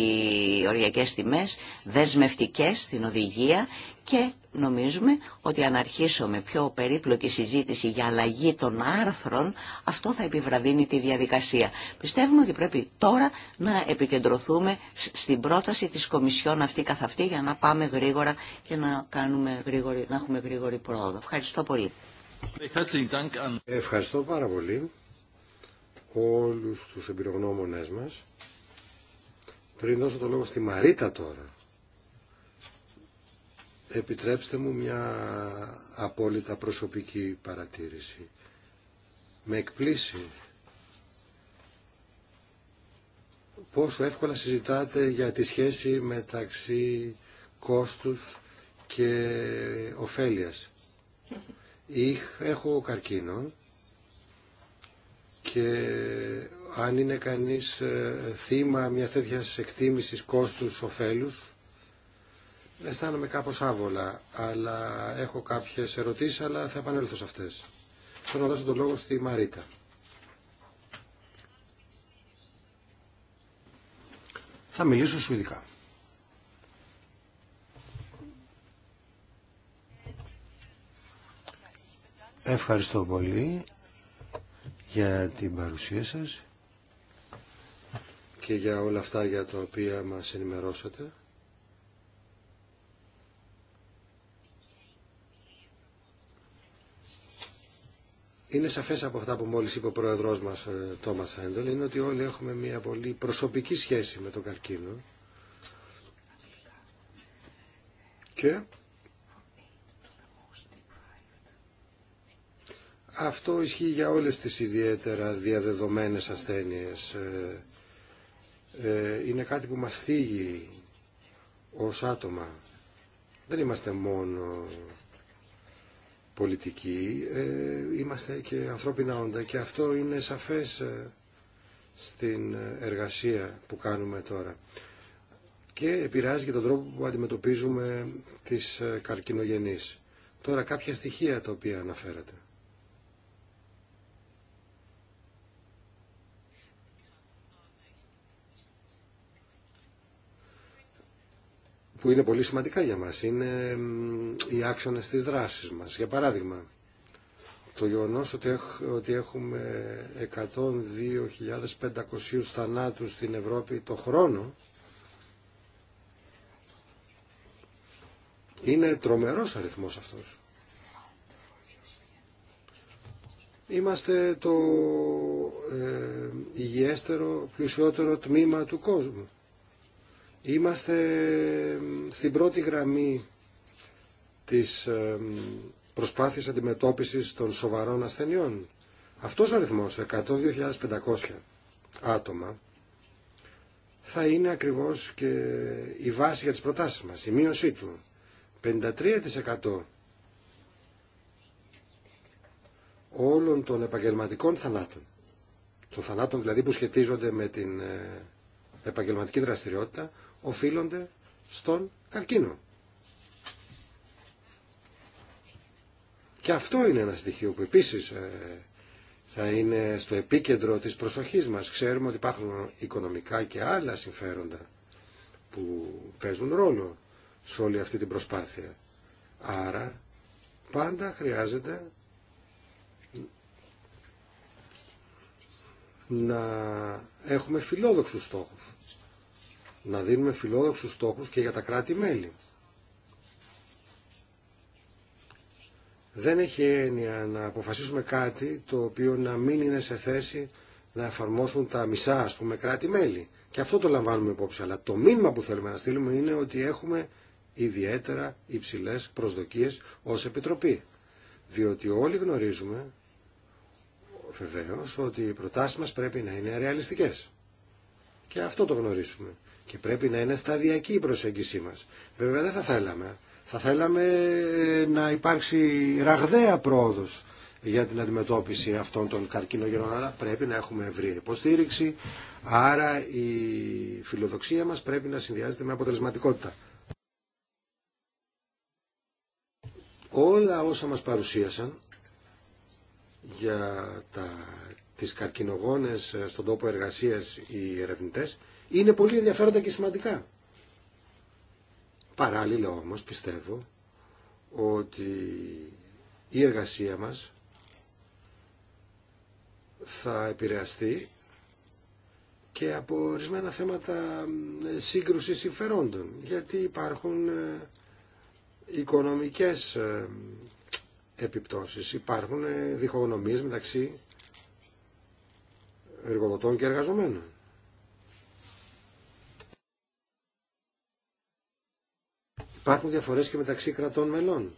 οριακές τιμές δεσμευτικές στην οδηγία και νομίζουμε ότι αν αρχίσουμε πιο περίπλοκη συζήτηση για αλλαγή των άρθρων, αυτό θα επιβραδύνει τη διαδικασία. Πιστεύουμε ότι πρέπει τώρα να επικεντρωθούμε στην πρόταση της Κομισιόν αυτή καθ' αυτή για να πάμε γρήγορα και να, να έχουμε γρήγορη πρόοδο. Ευχαριστώ πολύ. Ευχαριστώ πάρα πολύ όλους τους εμπειρογνώμονές μας. Πριν δώσω το λόγο στη Μαρίτα τώρα, επιτρέψτε μου μια απόλυτα προσωπική παρατήρηση. Με εκπλήσει πόσο εύκολα συζητάτε για τη σχέση μεταξύ κόστους και ωφέλειας. Έχω καρκίνο και αν είναι κανείς ε, θύμα μιας τέτοιας εκτίμησης κόστους ωφέλους αισθάνομαι κάπως άβολα αλλά έχω κάποιες ερωτήσεις αλλά θα επανέλθω σε αυτές θέλω να δώσω τον λόγο στη Μαρίτα θα μιλήσω σουηδικά Ευχαριστώ πολύ για την παρουσία σας και για όλα αυτά για τα οποία μας ενημερώσατε. Είναι σαφές από αυτά που μόλις είπε ο πρόεδρός μας ε, Τόμας Έντολ, είναι ότι όλοι έχουμε μια πολύ προσωπική σχέση με τον καρκίνο και Αυτό ισχύει για όλες τις ιδιαίτερα διαδεδομένες ασθένειες. Ε, ε, είναι κάτι που μας θίγει ως άτομα. Δεν είμαστε μόνο πολιτικοί, ε, είμαστε και ανθρώπινα όντα και αυτό είναι σαφές στην εργασία που κάνουμε τώρα. Και επηρεάζει και τον τρόπο που αντιμετωπίζουμε τις καρκινογενείς. Τώρα κάποια στοιχεία τα οποία αναφέρατε. που είναι πολύ σημαντικά για μας. Είναι οι άξονες της δράσης μας. Για παράδειγμα, το γεγονό ότι έχουμε 102.500 θανάτους στην Ευρώπη το χρόνο είναι τρομερός αριθμός αυτός. Είμαστε το ε, υγιέστερο, πλουσιότερο τμήμα του κόσμου. Είμαστε στην πρώτη γραμμή της ε, προσπάθειας αντιμετώπισης των σοβαρών ασθενειών. Αυτός ο αριθμός, 102.500 άτομα, θα είναι ακριβώς και η βάση για τις προτάσεις μας, η μείωσή του. 53% όλων των επαγγελματικών θανάτων, των θανάτων δηλαδή που σχετίζονται με την ε, επαγγελματική δραστηριότητα, οφείλονται στον καρκίνο. Και αυτό είναι ένα στοιχείο που επίσης ε, θα είναι στο επίκεντρο της προσοχής μας. Ξέρουμε ότι υπάρχουν οικονομικά και άλλα συμφέροντα που παίζουν ρόλο σε όλη αυτή την προσπάθεια. Άρα πάντα χρειάζεται να έχουμε φιλόδοξους στόχους να δίνουμε φιλόδοξους στόχους και για τα κράτη-μέλη. Δεν έχει έννοια να αποφασίσουμε κάτι το οποίο να μην είναι σε θέση να εφαρμόσουν τα μισά, ας πούμε, κράτη-μέλη. Και αυτό το λαμβάνουμε υπόψη. Αλλά το μήνυμα που θέλουμε να στείλουμε είναι ότι έχουμε ιδιαίτερα υψηλέ προσδοκίες ως Επιτροπή. Διότι όλοι γνωρίζουμε, βεβαίω, ότι οι προτάσεις μας πρέπει να είναι ρεαλιστικές. Και αυτό το γνωρίζουμε. Και πρέπει να είναι σταδιακή η προσέγγιση Βέβαια δεν θα θέλαμε. Θα θέλαμε να υπάρξει ραγδαία πρόοδος για την αντιμετώπιση αυτών των καρκινογενών, αλλά πρέπει να έχουμε ευρία υποστήριξη, άρα η φιλοδοξία μας πρέπει να συνδυάζεται με αποτελεσματικότητα. Όλα όσα μας παρουσίασαν για τα, τις καρκινογόνες ε, στον τόπο εργασίας οι ερευνητές είναι πολύ ενδιαφέροντα και σημαντικά. Παράλληλα όμως πιστεύω ότι η εργασία μας θα επηρεαστεί και από ορισμένα θέματα σύγκρουσης συμφερόντων γιατί υπάρχουν ε, οικονομικές ε, επιπτώσεις, υπάρχουν ε, διχογνωμίες μεταξύ εργοδοτών και εργαζομένων. Υπάρχουν διαφορές και μεταξύ κρατών μελών.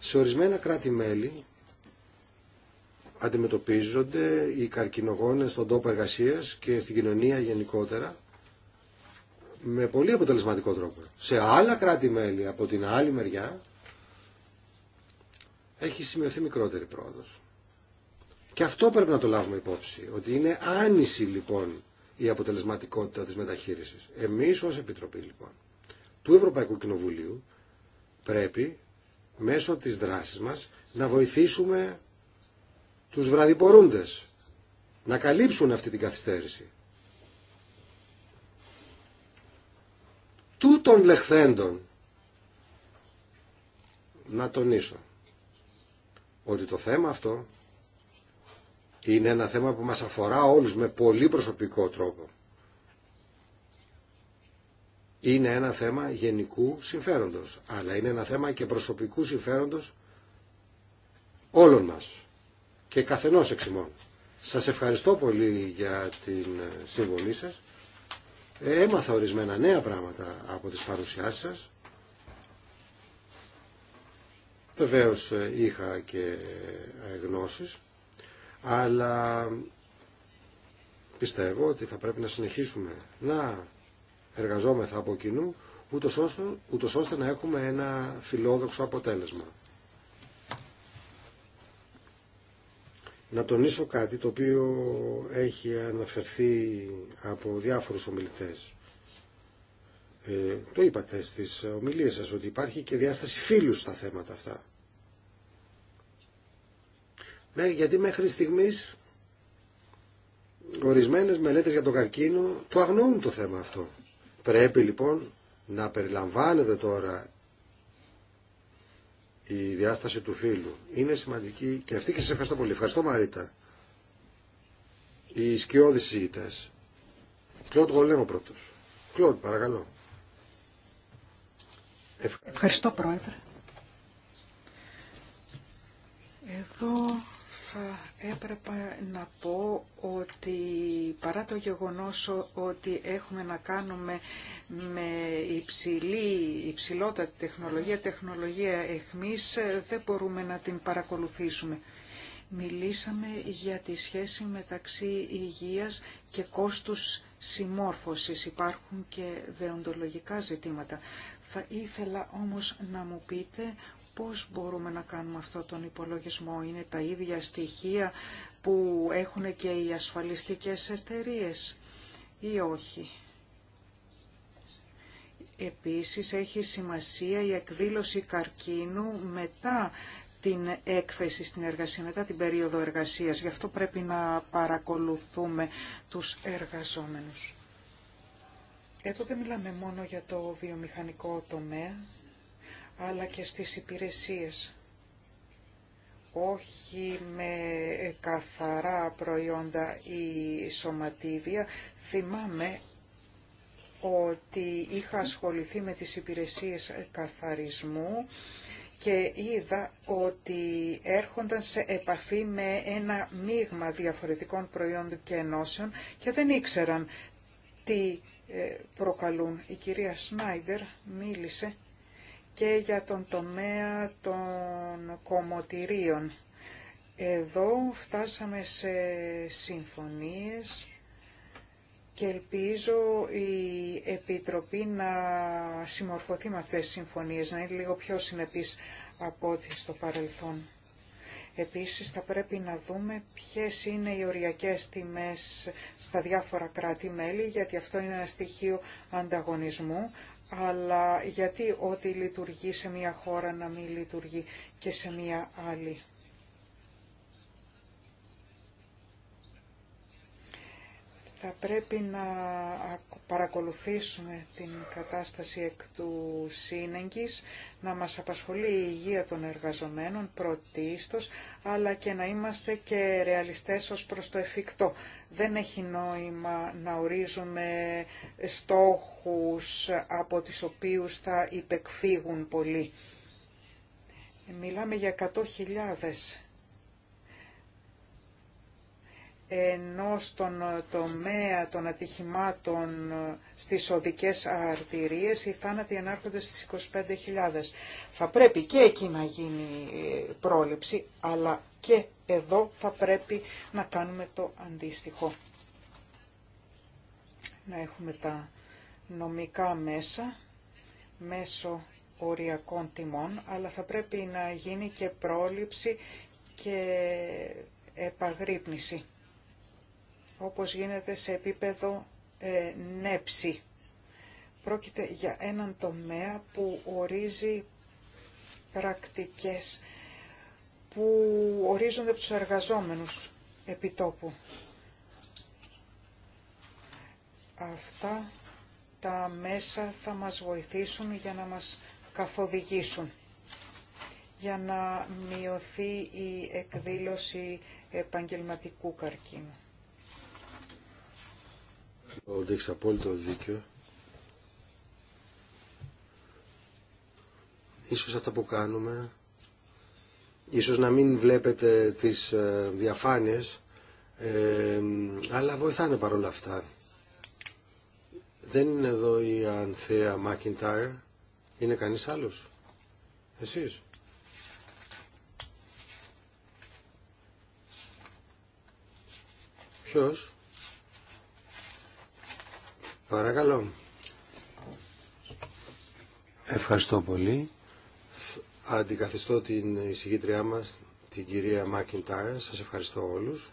Σε ορισμένα κράτη-μέλη αντιμετωπίζονται οι καρκινογόνες στον τόπο εργασία και στην κοινωνία γενικότερα με πολύ αποτελεσματικό τρόπο. Σε άλλα κράτη-μέλη από την άλλη μεριά έχει σημειωθεί μικρότερη πρόοδος. Και αυτό πρέπει να το λάβουμε υπόψη, ότι είναι άνηση λοιπόν η αποτελεσματικότητα της μεταχείρισης. Εμείς ως Επιτροπή λοιπόν του Ευρωπαϊκού Κοινοβουλίου πρέπει μέσω της δράσης μας να βοηθήσουμε τους βραδιπορούντες να καλύψουν αυτή την καθυστέρηση. Τούτων λεχθέντων να τονίσω ότι το θέμα αυτό είναι ένα θέμα που μας αφορά όλους με πολύ προσωπικό τρόπο. Είναι ένα θέμα γενικού συμφέροντος, αλλά είναι ένα θέμα και προσωπικού συμφέροντος όλων μας και καθενός εξημών. Σας ευχαριστώ πολύ για την συμβολή σας. Έμαθα ορισμένα νέα πράγματα από τις παρουσιάσεις σας. Βεβαίω ε, είχα και ε, γνώσεις αλλά πιστεύω ότι θα πρέπει να συνεχίσουμε να εργαζόμεθα από κοινού, ούτως ώστε, να έχουμε ένα φιλόδοξο αποτέλεσμα. Να τονίσω κάτι το οποίο έχει αναφερθεί από διάφορους ομιλητές. Ε, το είπατε στις ομιλίες σας ότι υπάρχει και διάσταση φίλους στα θέματα αυτά. Γιατί μέχρι στιγμής ορισμένες μελέτες για τον καρκίνο το αγνοούν το θέμα αυτό. Πρέπει λοιπόν να περιλαμβάνεται τώρα η διάσταση του φύλου. Είναι σημαντική και αυτή και σε ευχαριστώ πολύ. Ευχαριστώ Μαρίτα. Οι σκιώδεις συζητητές. Κλοντ Γολέμο πρώτος. Κλοντ παρακαλώ. Ευχαριστώ Πρόεδρε. Εδώ θα έπρεπε να πω ότι παρά το γεγονός ότι έχουμε να κάνουμε με υψηλή, υψηλότατη τεχνολογία, τεχνολογία εχμής, δεν μπορούμε να την παρακολουθήσουμε. Μιλήσαμε για τη σχέση μεταξύ υγείας και κόστους συμμόρφωσης. Υπάρχουν και δεοντολογικά ζητήματα. Θα ήθελα όμως να μου πείτε Πώς μπορούμε να κάνουμε αυτό τον υπολογισμό. Είναι τα ίδια στοιχεία που έχουν και οι ασφαλιστικές εταιρείε ή όχι. Επίσης έχει σημασία η εκδήλωση καρκίνου μετά την έκθεση στην εργασία, μετά την περίοδο εργασίας. Γι' αυτό πρέπει να παρακολουθούμε τους εργαζόμενους. Εδώ δεν μιλάμε μόνο για το βιομηχανικό τομέα, αλλά και στις υπηρεσίες. Όχι με καθαρά προϊόντα ή σωματίδια. Θυμάμαι ότι είχα ασχοληθεί με τις υπηρεσίες καθαρισμού και είδα ότι έρχονταν σε επαφή με ένα μείγμα διαφορετικών προϊόντων και ενώσεων και δεν ήξεραν τι ε, προκαλούν. Η κυρία Σνάιντερ μίλησε και για τον τομέα των κομμωτηρίων. Εδώ φτάσαμε σε συμφωνίες και ελπίζω η Επιτροπή να συμμορφωθεί με αυτές τις συμφωνίες, να είναι λίγο πιο συνεπής από ό,τι στο παρελθόν. Επίσης θα πρέπει να δούμε ποιες είναι οι οριακές τιμές στα διάφορα κράτη-μέλη, γιατί αυτό είναι ένα στοιχείο ανταγωνισμού, αλλά γιατί ό,τι λειτουργεί σε μια χώρα να μην λειτουργεί και σε μια άλλη. θα πρέπει να παρακολουθήσουμε την κατάσταση εκ του να μας απασχολεί η υγεία των εργαζομένων πρωτίστως, αλλά και να είμαστε και ρεαλιστές ως προς το εφικτό. Δεν έχει νόημα να ορίζουμε στόχους από τις οποίους θα υπεκφύγουν πολλοί. Μιλάμε για 100.000 ενώ στον τομέα των ατυχημάτων στις οδικές αρτηρίες οι θάνατοι ανάρχονται στις 25.000. Θα πρέπει και εκεί να γίνει ε, πρόληψη, αλλά και εδώ θα πρέπει να κάνουμε το αντίστοιχο. Να έχουμε τα νομικά μέσα, μέσω οριακών τιμών, αλλά θα πρέπει να γίνει και πρόληψη και επαγρύπνηση όπως γίνεται σε επίπεδο ε, νέψη. Πρόκειται για έναν τομέα που ορίζει πρακτικές που ορίζονται από τους εργαζόμενους επιτόπου. Αυτά τα μέσα θα μας βοηθήσουν για να μας καθοδηγήσουν, για να μειωθεί η εκδήλωση επαγγελματικού καρκίνου ότι έχεις απόλυτο δίκιο. Ίσως αυτά που κάνουμε, ίσως να μην βλέπετε τις ε, διαφάνειες, ε, αλλά βοηθάνε παρόλα αυτά. Δεν είναι εδώ η Ανθέα Μάκιντάρ, είναι κανείς άλλος. Εσείς. Ποιος. Παρακαλώ. Ευχαριστώ πολύ. Αντικαθιστώ την εισηγήτριά μας, την κυρία Μάκιντάρ. Σας ευχαριστώ όλους.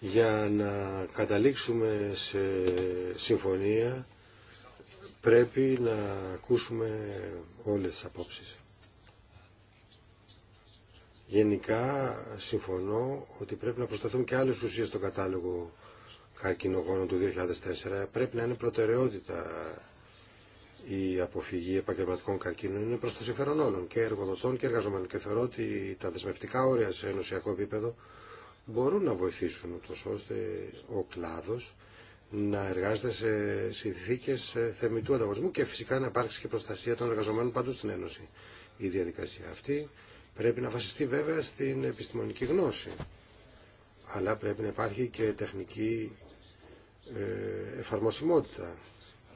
Για να καταλήξουμε σε συμφωνία πρέπει να ακούσουμε όλες τις απόψεις. Γενικά συμφωνώ ότι πρέπει να προσταθούν και άλλες ουσίες στον κατάλογο καρκινογόνων του 2004. Πρέπει να είναι προτεραιότητα η αποφυγή επαγγελματικών καρκίνων. Είναι προς το συμφέρον όλων και εργοδοτών και εργαζομένων. Και θεωρώ ότι τα δεσμευτικά όρια σε ενωσιακό επίπεδο μπορούν να βοηθήσουν ούτως ώστε ο κλάδος να εργάζεται σε συνθήκε ε, θεμητού ανταγωνισμού και φυσικά να υπάρξει και προστασία των εργαζομένων παντού στην Ένωση. Η διαδικασία αυτή Πρέπει να βασιστεί βέβαια στην επιστημονική γνώση, αλλά πρέπει να υπάρχει και τεχνική ε, εφαρμοσιμότητα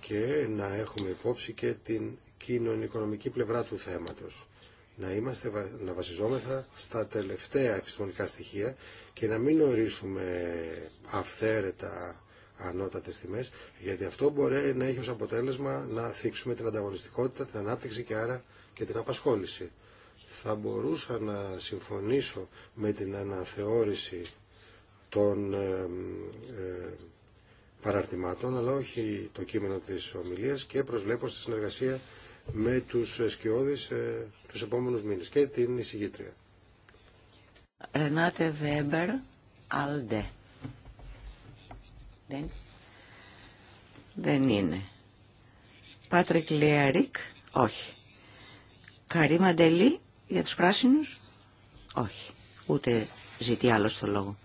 και να έχουμε υπόψη και την κοινωνικονομική πλευρά του θέματος. Να, είμαστε, να βασιζόμεθα στα τελευταία επιστημονικά στοιχεία και να μην ορίσουμε αυθαίρετα ανώτατες τιμές, γιατί αυτό μπορεί να έχει ως αποτέλεσμα να θίξουμε την ανταγωνιστικότητα, την ανάπτυξη και άρα και την απασχόληση θα μπορούσα να συμφωνήσω με την αναθεώρηση των ε, παραρτημάτων, αλλά όχι το κείμενο της ομιλίας και προσβλέπω στη συνεργασία με τους σκιώδεις ε, τους επόμενους μήνες και την εισηγήτρια. Δεν. είναι. Πάτρικ όχι. Καρίμα Ντελή, για τους πράσινους, όχι. Ούτε ζητεί άλλο το λόγο.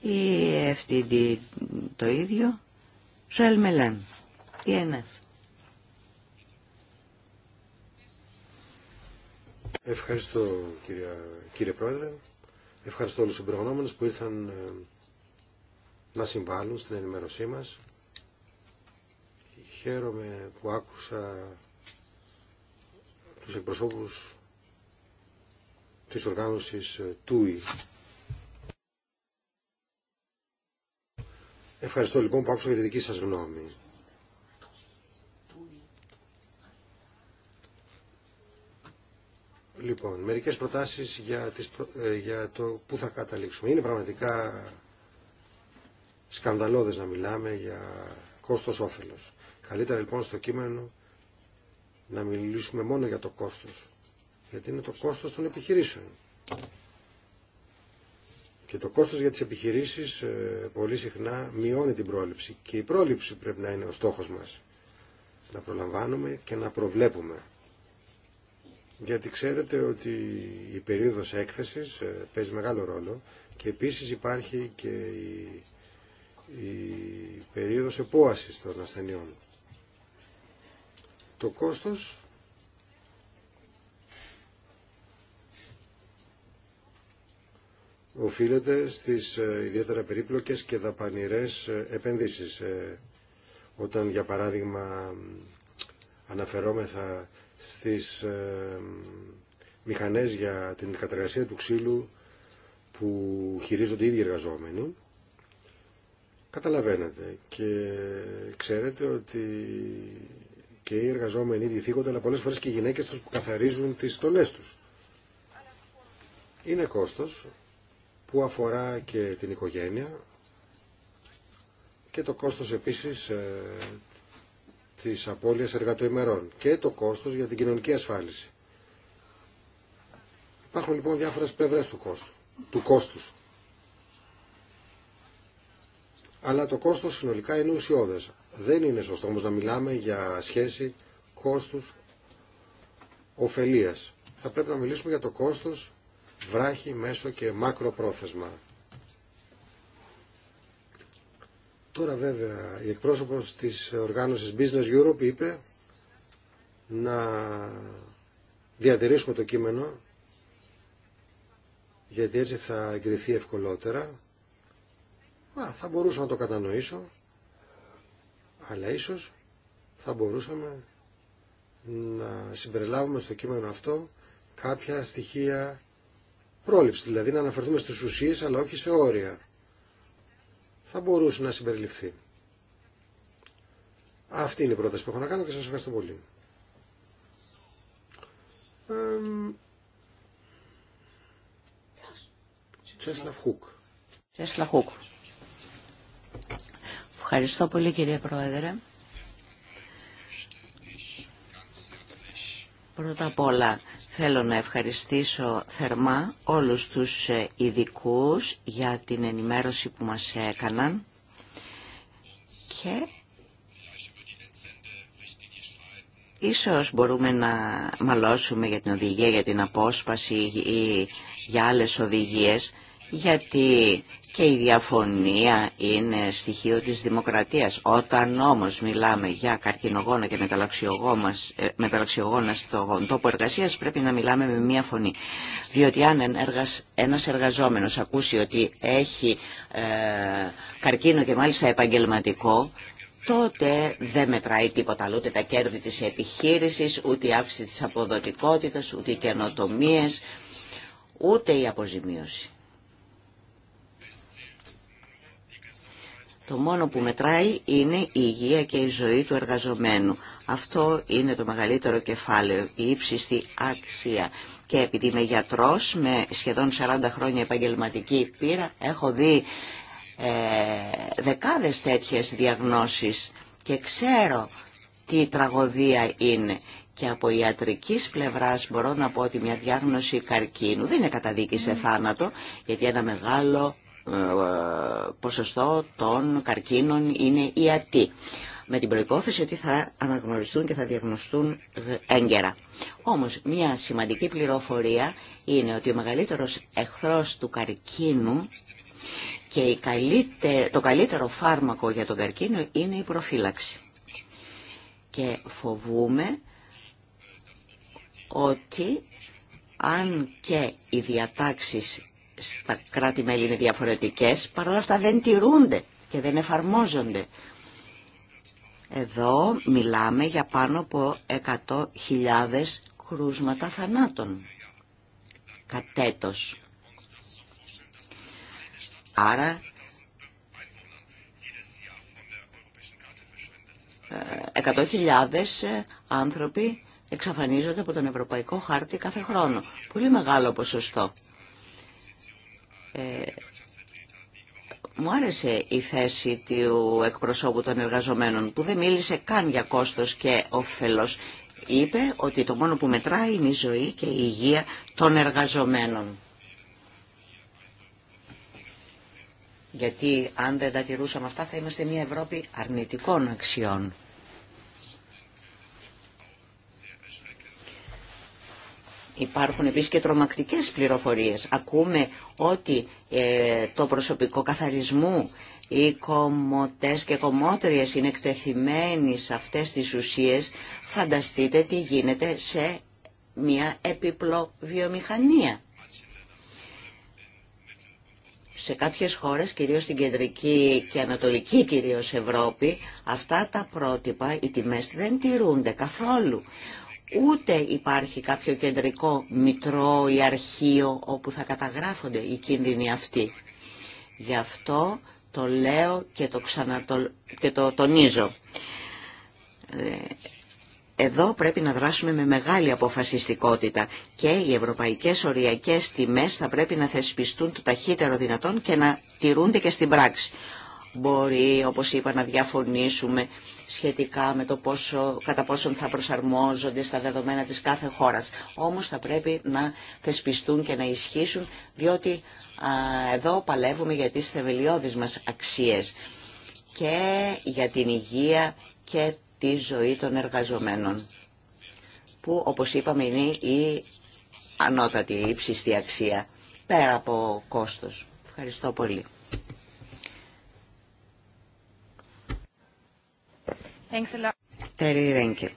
Η FTD το ίδιο. Σουέλ Μελέν. Τι είναι; Ευχαριστώ κύριε, κύριε Πρόεδρε. Ευχαριστώ όλους τους προγνώμενους που ήρθαν ε, να συμβάλλουν στην ενημέρωσή μας. Χαίρομαι που άκουσα τους εκπροσώπους της οργάνωσης ε, ΤΟΥΙ. Ευχαριστώ λοιπόν που άκουσα για τη δική σας γνώμη. Λοιπόν, μερικές προτάσεις για, ε, το πού θα καταλήξουμε. Είναι πραγματικά σκανδαλώδες να μιλάμε για κόστος όφελος. Καλύτερα λοιπόν στο κείμενο να μιλήσουμε μόνο για το κόστος γιατί είναι το κόστος των επιχειρήσεων. Και το κόστος για τις επιχειρήσεις ε, πολύ συχνά μειώνει την πρόληψη. Και η πρόληψη πρέπει να είναι ο στόχος μας. Να προλαμβάνουμε και να προβλέπουμε. Γιατί ξέρετε ότι η περίοδος έκθεσης ε, παίζει μεγάλο ρόλο και επίσης υπάρχει και η, η περίοδος επόασης των ασθενειών. Το κόστος οφείλεται στις ε, ιδιαίτερα περίπλοκες και δαπανηρές ε, επενδύσεις. Ε, όταν, για παράδειγμα, αναφερόμεθα στις μηχανές για την καταργασία του ξύλου που χειρίζονται οι ίδιοι εργαζόμενοι, καταλαβαίνετε και ξέρετε ότι και οι εργαζόμενοι ήδη αλλά πολλές φορές και οι γυναίκες τους που καθαρίζουν τις στολές τους. Είναι κόστος, που αφορά και την οικογένεια και το κόστος επίσης ε, της απώλειας εργατοημερών και το κόστος για την κοινωνική ασφάλιση. Υπάρχουν λοιπόν διάφορες πλευρές του κόστου. Του κόστους. Αλλά το κόστος συνολικά είναι ουσιώδες. Δεν είναι σωστό όμως να μιλάμε για σχέση κόστους ωφελίας. Θα πρέπει να μιλήσουμε για το κόστος βράχη, μέσο και μάκρο πρόθεσμα. Τώρα βέβαια η εκπρόσωπος της οργάνωσης Business Europe είπε να διατηρήσουμε το κείμενο γιατί έτσι θα εγκριθεί ευκολότερα. Α, θα μπορούσα να το κατανοήσω αλλά ίσως θα μπορούσαμε να συμπεριλάβουμε στο κείμενο αυτό κάποια στοιχεία πρόληψη, δηλαδή να αναφερθούμε στις ουσίες αλλά όχι σε όρια. Θα μπορούσε να συμπεριληφθεί. Αυτή είναι η πρόταση που έχω να κάνω και σας ευχαριστώ πολύ. Χουκ. Ευχαριστώ πολύ κύριε Πρόεδρε. Πρώτα απ' όλα Θέλω να ευχαριστήσω θερμά όλους τους ε, ειδικού για την ενημέρωση που μας έκαναν και ίσως μπορούμε να μαλώσουμε για την οδηγία, για την απόσπαση ή για άλλες οδηγίες γιατί και η διαφωνία είναι στοιχείο της δημοκρατίας. Όταν όμως μιλάμε για καρκινογόνα και ε, μεταλλαξιογόνα στον τόπο εργασίας πρέπει να μιλάμε με μία φωνή. Διότι αν ένας εργαζόμενος ακούσει ότι έχει ε, καρκίνο και μάλιστα επαγγελματικό τότε δεν μετράει τίποτα άλλο, ούτε τα κέρδη της επιχείρησης, ούτε η αύξηση της αποδοτικότητας, ούτε οι καινοτομίες, ούτε η αποζημίωση. Το μόνο που μετράει είναι η υγεία και η ζωή του εργαζομένου. Αυτό είναι το μεγαλύτερο κεφάλαιο, η ύψιστη άξια. Και επειδή είμαι γιατρός, με σχεδόν 40 χρόνια επαγγελματική πείρα, έχω δει ε, δεκάδες τέτοιες διαγνώσεις και ξέρω τι τραγωδία είναι. Και από ιατρικής πλευράς μπορώ να πω ότι μια διάγνωση καρκίνου δεν είναι καταδίκη σε ναι. θάνατο, γιατί ένα μεγάλο ε, ε, ποσοστό των καρκίνων είναι ιατή με την προϋπόθεση ότι θα αναγνωριστούν και θα διαγνωστούν έγκαιρα. Όμως, μια σημαντική πληροφορία είναι ότι ο μεγαλύτερος εχθρός του καρκίνου και το καλύτερο φάρμακο για τον καρκίνο είναι η προφύλαξη. Και φοβούμε ότι αν και οι διατάξεις στα κράτη-μέλη είναι διαφορετικές, παρόλα αυτά δεν τηρούνται και δεν εφαρμόζονται. Εδώ μιλάμε για πάνω από 100.000 κρούσματα θανάτων κατέτος. Άρα 100.000 ε, ε, άνθρωποι εξαφανίζονται από τον Ευρωπαϊκό Χάρτη κάθε χρόνο. Πολύ μεγάλο ποσοστό. Ε, μου άρεσε η θέση του εκπροσώπου των εργαζομένων που δεν μίλησε καν για κόστος και όφελος. Είπε ότι το μόνο που μετράει είναι η ζωή και η υγεία των εργαζομένων. Γιατί αν δεν τα αυτά θα είμαστε μια Ευρώπη αρνητικών αξιών. Υπάρχουν επίσης και τρομακτικές πληροφορίες. Ακούμε ότι ε, το προσωπικό καθαρισμού, οι κομμωτές και κομμότριες είναι εκτεθειμένοι σε αυτές τις ουσίες. Φανταστείτε τι γίνεται σε μια βιομηχανία. Σε κάποιες χώρες, κυρίως στην κεντρική και ανατολική κυρίως Ευρώπη, αυτά τα πρότυπα, οι τιμές δεν τηρούνται καθόλου ούτε υπάρχει κάποιο κεντρικό μητρό ή αρχείο όπου θα καταγράφονται οι κίνδυνοι αυτοί. Γι' αυτό το λέω και το, και το τονίζω. Ε, εδώ πρέπει να δράσουμε με μεγάλη αποφασιστικότητα και οι ευρωπαϊκές οριακές τιμές θα πρέπει να θεσπιστούν το ταχύτερο δυνατόν και να τηρούνται και στην πράξη. Μπορεί, όπως είπα, να διαφωνήσουμε σχετικά με το πόσο, κατά πόσον θα προσαρμόζονται στα δεδομένα της κάθε χώρας. Όμως θα πρέπει να θεσπιστούν και να ισχύσουν, διότι εδώ παλεύουμε για τις θεμελιώδεις μας αξίες και για την υγεία και τη ζωή των εργαζομένων, που όπως είπαμε είναι η ανώτατη ύψιστη αξία, πέρα από κόστος. Ευχαριστώ πολύ.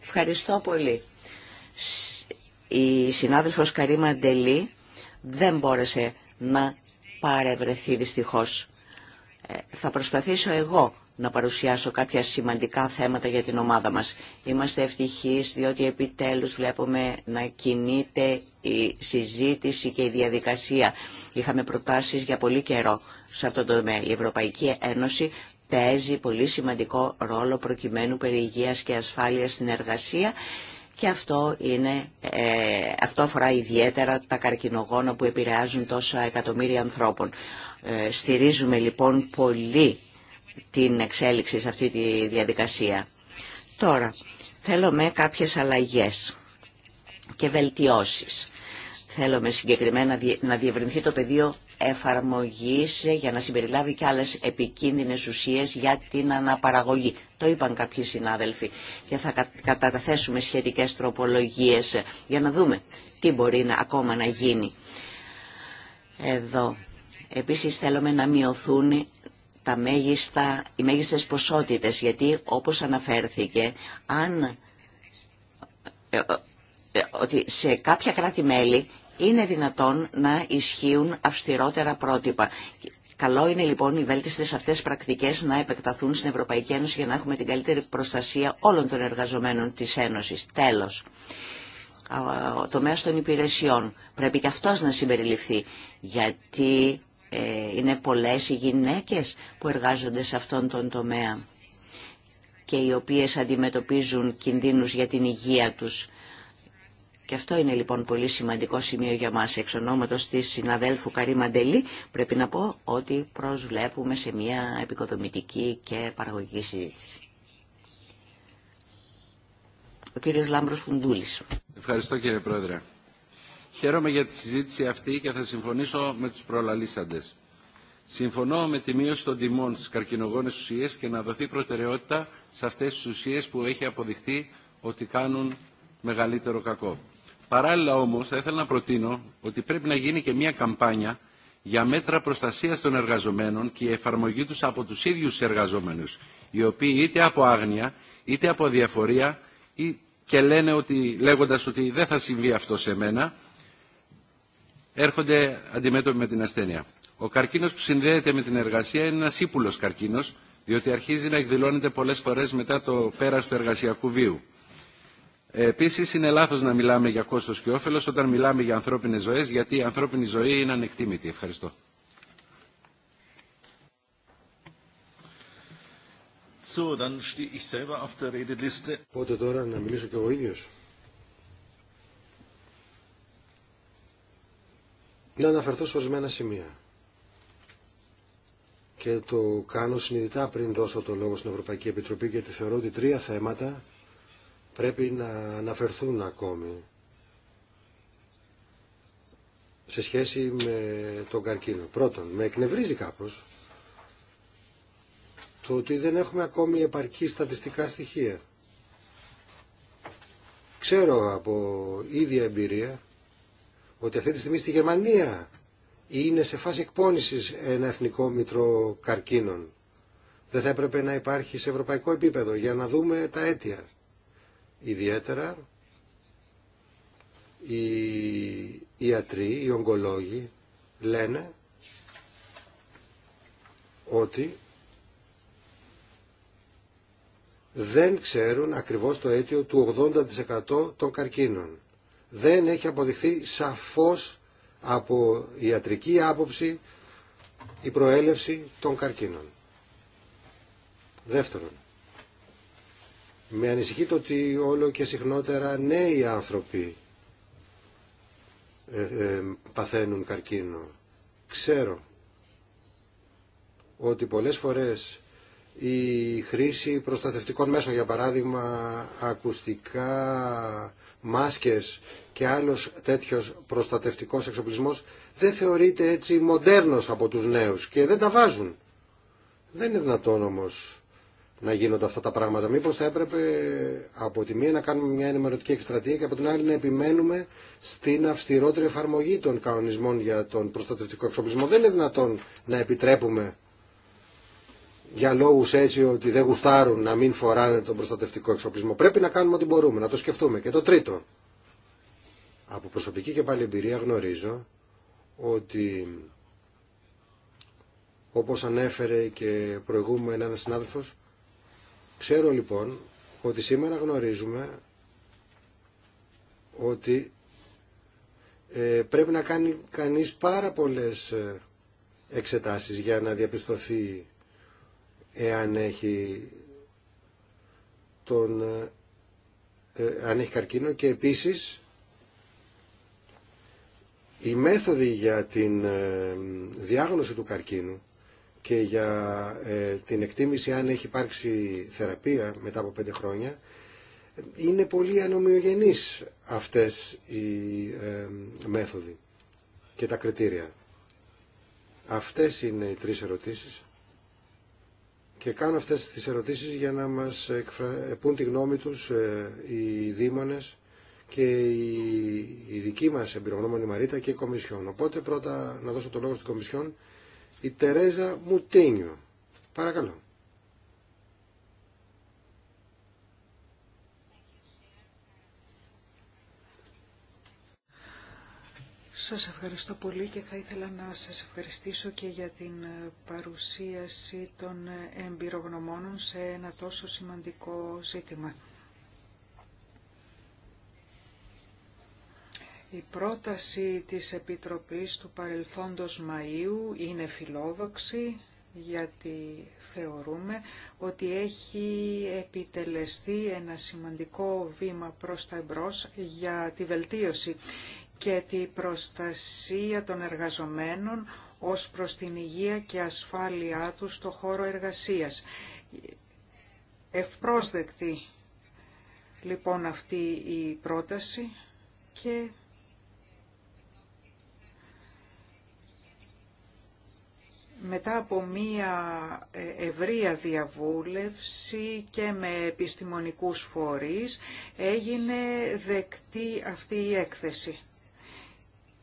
Ευχαριστώ πολύ. Η συνάδελφος Καρίμα Ντελή δεν μπόρεσε να παρευρεθεί δυστυχώς. Ε, θα προσπαθήσω εγώ να παρουσιάσω κάποια σημαντικά θέματα για την ομάδα μας. Είμαστε ευτυχείς διότι επιτέλους βλέπουμε να κινείται η συζήτηση και η διαδικασία. Είχαμε προτάσεις για πολύ καιρό σε αυτό το τομέα. Η Ευρωπαϊκή Ένωση παίζει πολύ σημαντικό ρόλο προκειμένου περί υγείας και ασφάλειας στην εργασία και αυτό, είναι, ε, αυτό αφορά ιδιαίτερα τα καρκινογόνα που επηρεάζουν τόσα εκατομμύρια ανθρώπων. Ε, στηρίζουμε λοιπόν πολύ την εξέλιξη σε αυτή τη διαδικασία. Τώρα, θέλουμε κάποιες αλλαγές και βελτιώσεις. Θέλουμε συγκεκριμένα να διευρυνθεί το πεδίο εφαρμογής για να συμπεριλάβει και άλλες επικίνδυνες ουσίες για την αναπαραγωγή. Το είπαν κάποιοι συνάδελφοι και θα καταθέσουμε σχετικές τροπολογίες για να δούμε τι μπορεί να, ακόμα να γίνει. Εδώ. Επίσης θέλουμε να μειωθούν τα μέγιστα, οι μέγιστες ποσότητες, γιατί όπως αναφέρθηκε, αν ε, ε, ε, ότι σε κάποια κράτη-μέλη είναι δυνατόν να ισχύουν αυστηρότερα πρότυπα. Καλό είναι λοιπόν οι βέλτιστε αυτέ πρακτικέ να επεκταθούν στην Ευρωπαϊκή Ένωση για να έχουμε την καλύτερη προστασία όλων των εργαζομένων τη Ένωση. Τέλο, ο τομέα των υπηρεσιών πρέπει και αυτό να συμπεριληφθεί, γιατί ε, είναι πολλέ οι γυναίκε που εργάζονται σε αυτόν τον τομέα και οι οποίες αντιμετωπίζουν κινδύνους για την υγεία τους. Και αυτό είναι λοιπόν πολύ σημαντικό σημείο για μας. Εξ ονόματος της συναδέλφου Καρή Μαντελή πρέπει να πω ότι προσβλέπουμε σε μια επικοδομητική και παραγωγική συζήτηση. Ο κύριος Λάμπρος Φουντούλης. Ευχαριστώ κύριε Πρόεδρε. Χαίρομαι για τη συζήτηση αυτή και θα συμφωνήσω με τους προλαλήσαντες. Συμφωνώ με τη μείωση των τιμών στις καρκινογόνες ουσίες και να δοθεί προτεραιότητα σε αυτές τις ουσίες που έχει αποδειχτεί ότι κάνουν μεγαλύτερο κακό. Παράλληλα όμως θα ήθελα να προτείνω ότι πρέπει να γίνει και μια καμπάνια για μέτρα προστασίας των εργαζομένων και η εφαρμογή τους από τους ίδιους εργαζόμενους, οι οποίοι είτε από άγνοια, είτε από διαφορία ή και λένε ότι, λέγοντας ότι δεν θα συμβεί αυτό σε μένα, έρχονται αντιμέτωποι με την ασθένεια. Ο καρκίνος που συνδέεται με την εργασία είναι ένα ύπουλος καρκίνος, διότι αρχίζει να εκδηλώνεται πολλές φορές μετά το πέρας του εργασιακού βίου. Ε, Επίση, είναι λάθο να μιλάμε για κόστο και όφελο όταν μιλάμε για ανθρώπινε ζωέ, γιατί η ανθρώπινη ζωή είναι ανεκτήμητη. Ευχαριστώ. So, dann stehe ich selber auf der Redeliste. Πότε τώρα να μιλήσω και εγώ ίδιος. Να αναφερθώ σε ορισμένα σημεία. Και το κάνω συνειδητά πριν δώσω το λόγο στην Ευρωπαϊκή Επιτροπή γιατί θεωρώ ότι τρία θέματα πρέπει να αναφερθούν ακόμη σε σχέση με τον καρκίνο. Πρώτον, με εκνευρίζει κάπως το ότι δεν έχουμε ακόμη επαρκή στατιστικά στοιχεία. Ξέρω από ίδια εμπειρία ότι αυτή τη στιγμή στη Γερμανία είναι σε φάση εκπόνησης ένα εθνικό μητρό καρκίνων. Δεν θα έπρεπε να υπάρχει σε ευρωπαϊκό επίπεδο για να δούμε τα αίτια. Ιδιαίτερα οι ιατροί, οι ογκολόγοι λένε ότι δεν ξέρουν ακριβώς το αίτιο του 80% των καρκίνων. Δεν έχει αποδειχθεί σαφώς από ιατρική άποψη η προέλευση των καρκίνων. Δεύτερον, με ανησυχεί το ότι όλο και συχνότερα νέοι άνθρωποι ε, ε, παθαίνουν καρκίνο. Ξέρω ότι πολλές φορές η χρήση προστατευτικών μέσων, για παράδειγμα ακουστικά, μάσκες και άλλος τέτοιος προστατευτικός εξοπλισμός δεν θεωρείται έτσι μοντέρνος από τους νέους και δεν τα βάζουν. Δεν είναι δυνατόν όμως να γίνονται αυτά τα πράγματα. Μήπως θα έπρεπε από τη μία να κάνουμε μια ενημερωτική εκστρατεία και από την άλλη να επιμένουμε στην αυστηρότερη εφαρμογή των κανονισμών για τον προστατευτικό εξοπλισμό. Δεν είναι δυνατόν να επιτρέπουμε για λόγου έτσι ότι δεν γουστάρουν να μην φοράνε τον προστατευτικό εξοπλισμό. Πρέπει να κάνουμε ό,τι μπορούμε, να το σκεφτούμε. Και το τρίτο. Από προσωπική και πάλι εμπειρία γνωρίζω ότι όπως ανέφερε και προηγούμενο ένας συνάδελφος Ξέρω λοιπόν ότι σήμερα γνωρίζουμε ότι ε, πρέπει να κάνει κανείς πάρα πολλές ε, εξετάσεις για να διαπιστωθεί εάν έχει τον ε, αν έχει καρκίνο και επίσης η μέθοδοι για την διάγνωση του καρκίνου και για ε, την εκτίμηση αν έχει υπάρξει θεραπεία μετά από πέντε χρόνια είναι πολύ ανομοιογενείς αυτές οι ε, μέθοδοι και τα κριτήρια. Αυτές είναι οι τρεις ερωτήσεις και κάνω αυτές τις ερωτήσεις για να μας ε, πούν τη γνώμη τους οι δήμονες και η δική μας εμπειρογνώμονη Μαρίτα και η Κομισιόν. Οπότε πρώτα να δώσω το λόγο στην Κομισιόν η Τερέζα Μουτίνιο. Παρακαλώ. Σας ευχαριστώ πολύ και θα ήθελα να σας ευχαριστήσω και για την ε, παρουσίαση των ε, εμπειρογνωμόνων σε ένα τόσο σημαντικό ζήτημα. Η πρόταση της Επιτροπής του παρελθόντος Μαΐου είναι φιλόδοξη γιατί θεωρούμε ότι έχει επιτελεστεί ένα σημαντικό βήμα προς τα εμπρός για τη βελτίωση και τη προστασία των εργαζομένων ως προς την υγεία και ασφάλειά τους στο χώρο εργασίας. Ευπρόσδεκτη λοιπόν αυτή η πρόταση και μετά από μία ε, ευρεία διαβούλευση και με επιστημονικούς φορείς έγινε δεκτή αυτή η έκθεση.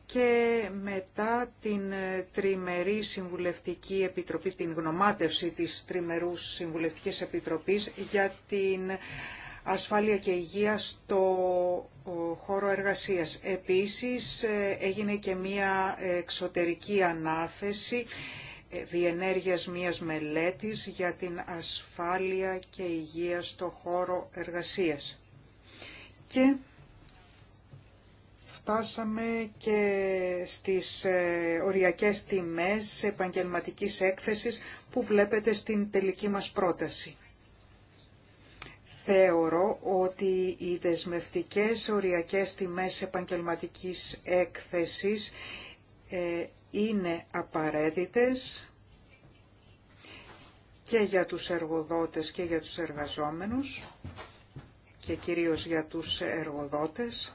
Και μετά την ε, τριμερή συμβουλευτική επιτροπή, την γνωμάτευση της τριμερούς συμβουλευτικής επιτροπής για την ασφάλεια και υγεία στο χώρο εργασίας. Επίσης ε, έγινε και μία εξωτερική ανάθεση ε, διενέργειας μιας μελέτης για την ασφάλεια και υγεία στο χώρο εργασίας. Και φτάσαμε και στις ε, οριακές τιμές επαγγελματικής έκθεσης που βλέπετε στην τελική μας πρόταση. Θεωρώ ότι οι δεσμευτικές οριακές τιμές επαγγελματικής έκθεσης ε, είναι απαραίτητες και για τους εργοδότες και για τους εργαζόμενους και κυρίως για τους εργοδότες,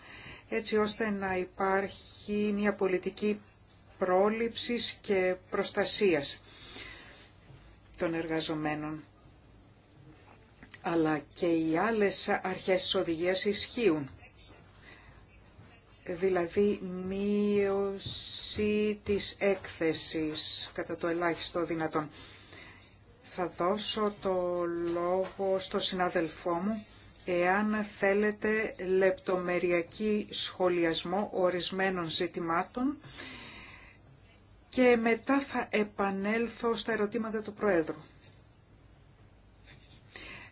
έτσι ώστε να υπάρχει μια πολιτική πρόληψης και προστασίας των εργαζομένων. Αλλά και οι άλλες αρχές της οδηγίας ισχύουν δηλαδή μείωση της έκθεσης κατά το ελάχιστο δυνατόν. Θα δώσω το λόγο στο συνάδελφό μου εάν θέλετε λεπτομεριακή σχολιασμό ορισμένων ζητημάτων και μετά θα επανέλθω στα ερωτήματα του Προέδρου.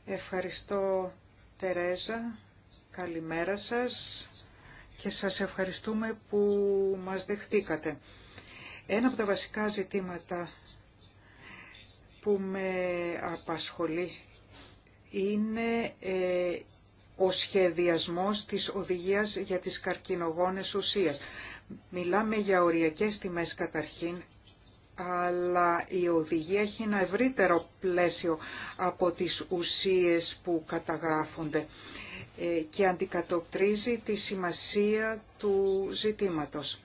Ευχαριστώ Τερέζα. Καλημέρα σας και σας ευχαριστούμε που μας δεχτήκατε. Ένα από τα βασικά ζητήματα που με απασχολεί είναι ε, ο σχεδιασμός της οδηγίας για τις καρκινογόνες ουσίες. Μιλάμε για οριακές τιμές καταρχήν, αλλά η οδηγία έχει ένα ευρύτερο πλαίσιο από τις ουσίες που καταγράφονται. Ε, και αντικατοπτρίζει τη σημασία του ζητήματος.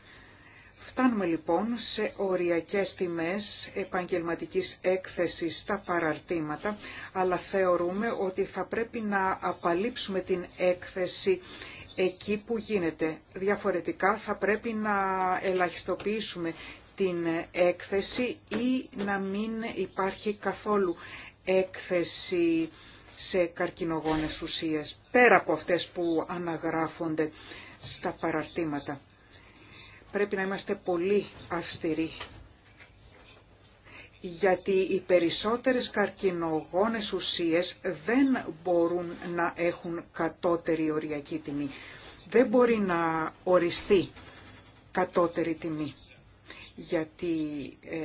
Φτάνουμε λοιπόν σε οριακές τιμές επαγγελματικής έκθεσης στα παραρτήματα, αλλά θεωρούμε ότι θα πρέπει να απαλείψουμε την έκθεση εκεί που γίνεται. Διαφορετικά θα πρέπει να ελαχιστοποιήσουμε την έκθεση ή να μην υπάρχει καθόλου έκθεση σε καρκινογόνες ουσίες, πέρα από αυτές που αναγράφονται στα παραρτήματα. Πρέπει να είμαστε πολύ αυστηροί, γιατί οι περισσότερες καρκινογόνες ουσίες δεν μπορούν να έχουν κατώτερη οριακή τιμή. Δεν μπορεί να οριστεί κατώτερη τιμή γιατί ε,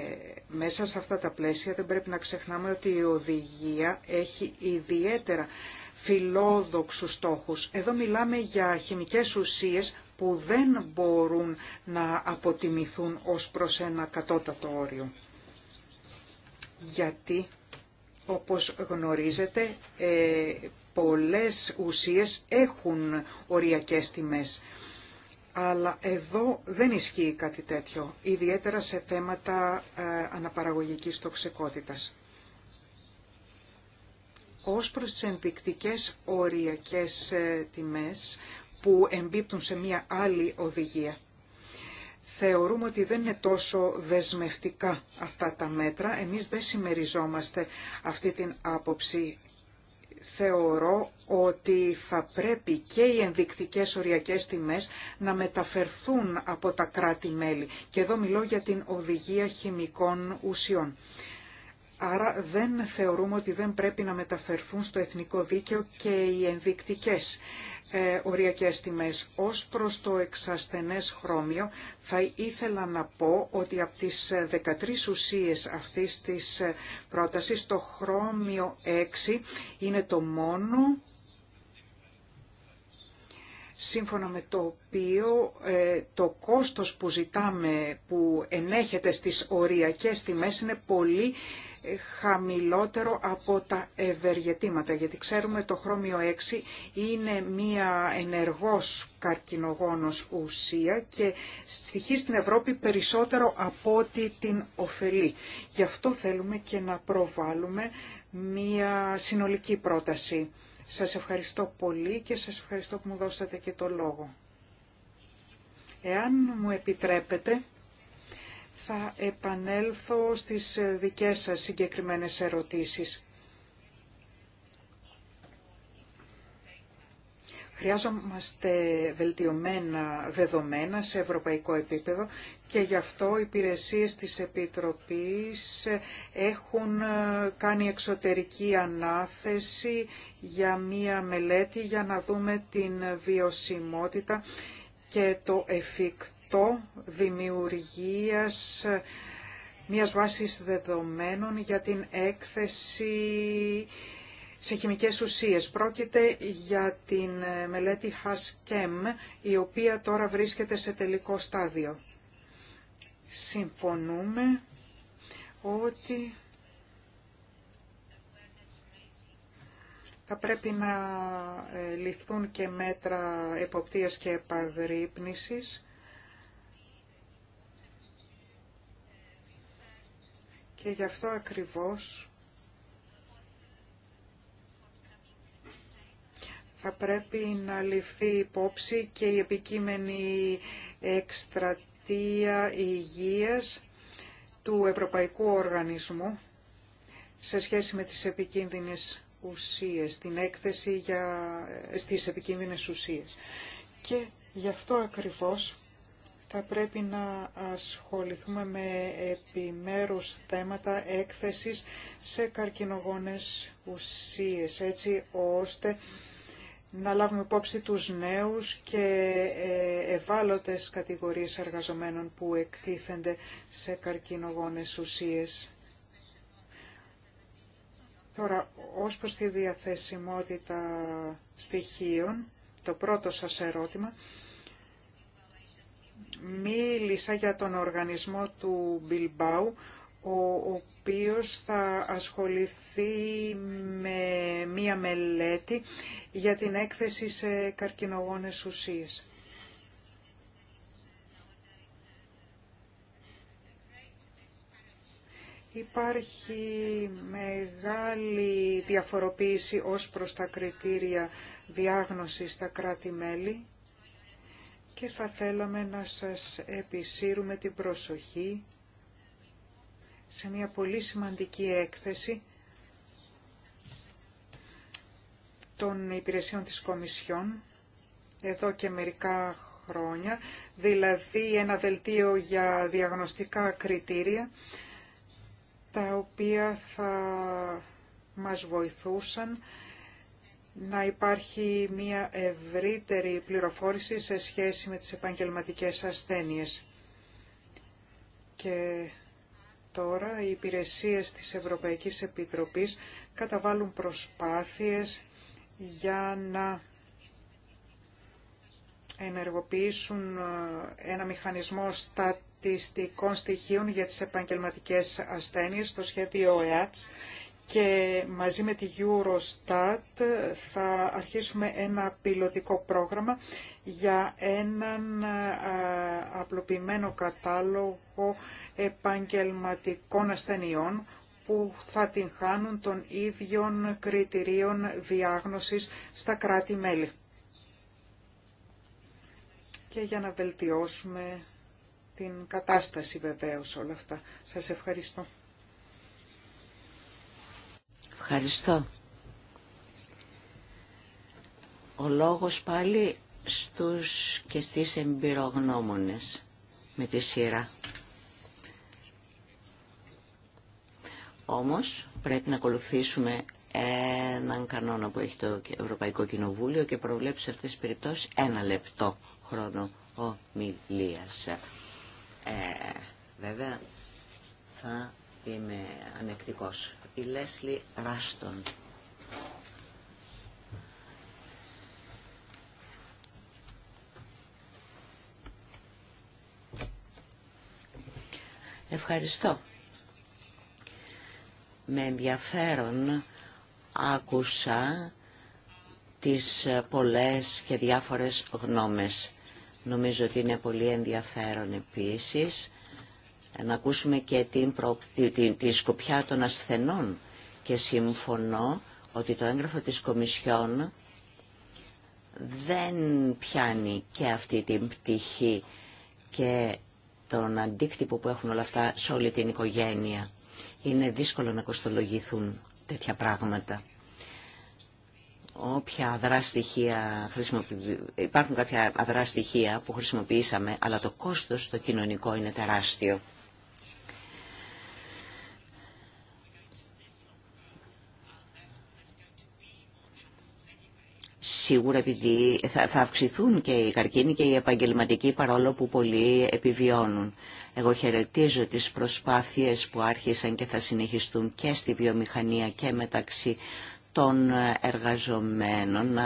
μέσα σε αυτά τα πλαίσια δεν πρέπει να ξεχνάμε ότι η οδηγία έχει ιδιαίτερα φιλόδοξους στόχους. Εδώ μιλάμε για χημικές ουσίες που δεν μπορούν να αποτιμηθούν ως προς ένα κατώτατο όριο. Γιατί, όπως γνωρίζετε, ε, πολλές ουσίες έχουν οριακές τιμές αλλά εδώ δεν ισχύει κάτι τέτοιο, ιδιαίτερα σε θέματα ε, αναπαραγωγικής τοξικότητας. Ως προς τις ενδεικτικές οριακές ε, τιμές που εμπίπτουν σε μία άλλη οδηγία, θεωρούμε ότι δεν είναι τόσο δεσμευτικά αυτά τα μέτρα. Εμείς δεν συμμεριζόμαστε αυτή την άποψη θεωρώ ότι θα πρέπει και οι ενδεικτικές οριακές τιμές να μεταφερθούν από τα κράτη-μέλη. Και εδώ μιλώ για την οδηγία χημικών ουσιών. Άρα δεν θεωρούμε ότι δεν πρέπει να μεταφερθούν στο εθνικό δίκαιο και οι ενδεικτικές ε, οριακές τιμές. Ως προς το εξασθενές χρώμιο θα ήθελα να πω ότι από τις 13 ε, ουσίες αυτής της ε, πρότασης το χρώμιο 6 είναι το μόνο σύμφωνα με το οποίο ε, το κόστος που ζητάμε που ενέχεται στις οριακές τιμές είναι πολύ χαμηλότερο από τα ευεργετήματα, γιατί ξέρουμε το χρώμιο 6 είναι μία ενεργός καρκινογόνος ουσία και στοιχεί στην Ευρώπη περισσότερο από ό,τι την ωφελεί. Γι' αυτό θέλουμε και να προβάλλουμε μία συνολική πρόταση. Σας ευχαριστώ πολύ και σας ευχαριστώ που μου δώσατε και το λόγο. Εάν μου επιτρέπετε, θα επανέλθω στις δικές σας συγκεκριμένες ερωτήσεις. Χρειάζομαστε βελτιωμένα δεδομένα σε ευρωπαϊκό επίπεδο και γι' αυτό οι υπηρεσίες της Επιτροπής έχουν κάνει εξωτερική ανάθεση για μία μελέτη για να δούμε την βιωσιμότητα και το εφικτό το δημιουργίας μιας βάσης δεδομένων για την έκθεση σε χημικές ουσίες. Πρόκειται για την μελέτη Haschem, η οποία τώρα βρίσκεται σε τελικό στάδιο. Συμφωνούμε ότι θα πρέπει να ε, ληφθούν και μέτρα εποπτείας και επαγρύπνησης και γι' αυτό ακριβώς θα πρέπει να ληφθεί υπόψη και η επικείμενη εκστρατεία υγείας του Ευρωπαϊκού Οργανισμού σε σχέση με τις επικίνδυνες ουσίες, την έκθεση για, ε, στις επικίνδυνες ουσίες. Και γι' αυτό ακριβώς θα πρέπει να ασχοληθούμε με επιμέρους θέματα έκθεσης σε καρκινογόνες ουσίες, έτσι ώστε να λάβουμε υπόψη τους νέους και ε, ευάλωτες κατηγορίες εργαζομένων που εκτίθενται σε καρκινογόνες ουσίες. Τώρα, ως προς τη διαθεσιμότητα στοιχείων, το πρώτο σας ερώτημα, Μίλησα για τον οργανισμό του Bilbao, ο οποίος θα ασχοληθεί με μία μελέτη για την έκθεση σε καρκινογόνες ουσίες. Υπάρχει μεγάλη διαφοροποίηση ως προς τα κριτήρια διάγνωσης στα κράτη-μέλη και θα θέλαμε να σας επισύρουμε την προσοχή σε μια πολύ σημαντική έκθεση των υπηρεσιών της Κομισιόν εδώ και μερικά χρόνια, δηλαδή ένα δελτίο για διαγνωστικά κριτήρια, τα οποία θα μας βοηθούσαν να υπάρχει μια ευρύτερη πληροφόρηση σε σχέση με τις επαγγελματικές ασθένειες. Και τώρα οι υπηρεσίες της Ευρωπαϊκής Επιτροπής καταβάλουν προσπάθειες για να ενεργοποιήσουν ε, ένα μηχανισμό στατιστικών στοιχείων για τις επαγγελματικές ασθένειες το σχέδιο ΕΑΤΣ και μαζί με τη Eurostat θα αρχίσουμε ένα πιλωτικό πρόγραμμα για έναν απλοποιημένο κατάλογο επαγγελματικών ασθενειών που θα την χάνουν των ίδιων κριτηρίων διάγνωσης στα κράτη-μέλη. Και για να βελτιώσουμε την κατάσταση βεβαίως όλα αυτά. Σας ευχαριστώ. Ευχαριστώ. Ο λόγος πάλι στους και στις εμπειρογνώμονες με τη σειρά. Όμως πρέπει να ακολουθήσουμε έναν κανόνα που έχει το Ευρωπαϊκό Κοινοβούλιο και προβλέψει σε αυτές τις περιπτώσεις ένα λεπτό χρόνο ομιλίας. Ε, βέβαια θα είμαι ανεκτικός η Λέσλι Ράστον. Ευχαριστώ. Με ενδιαφέρον άκουσα τις πολλές και διάφορες γνώμες. Νομίζω ότι είναι πολύ ενδιαφέρον επίσης να ακούσουμε και την, τη σκοπιά των ασθενών και συμφωνώ ότι το έγγραφο της Κομισιόν δεν πιάνει και αυτή την πτυχή και τον αντίκτυπο που έχουν όλα αυτά σε όλη την οικογένεια. Είναι δύσκολο να κοστολογηθούν τέτοια πράγματα. Όποια αδρά στοιχεία Υπάρχουν κάποια αδρά στοιχεία που χρησιμοποιήσαμε, αλλά το κόστος το κοινωνικό είναι τεράστιο. σίγουρα επειδή θα, αυξηθούν και οι καρκίνοι και οι επαγγελματικοί παρόλο που πολλοί επιβιώνουν. Εγώ χαιρετίζω τις προσπάθειες που άρχισαν και θα συνεχιστούν και στη βιομηχανία και μεταξύ των εργαζομένων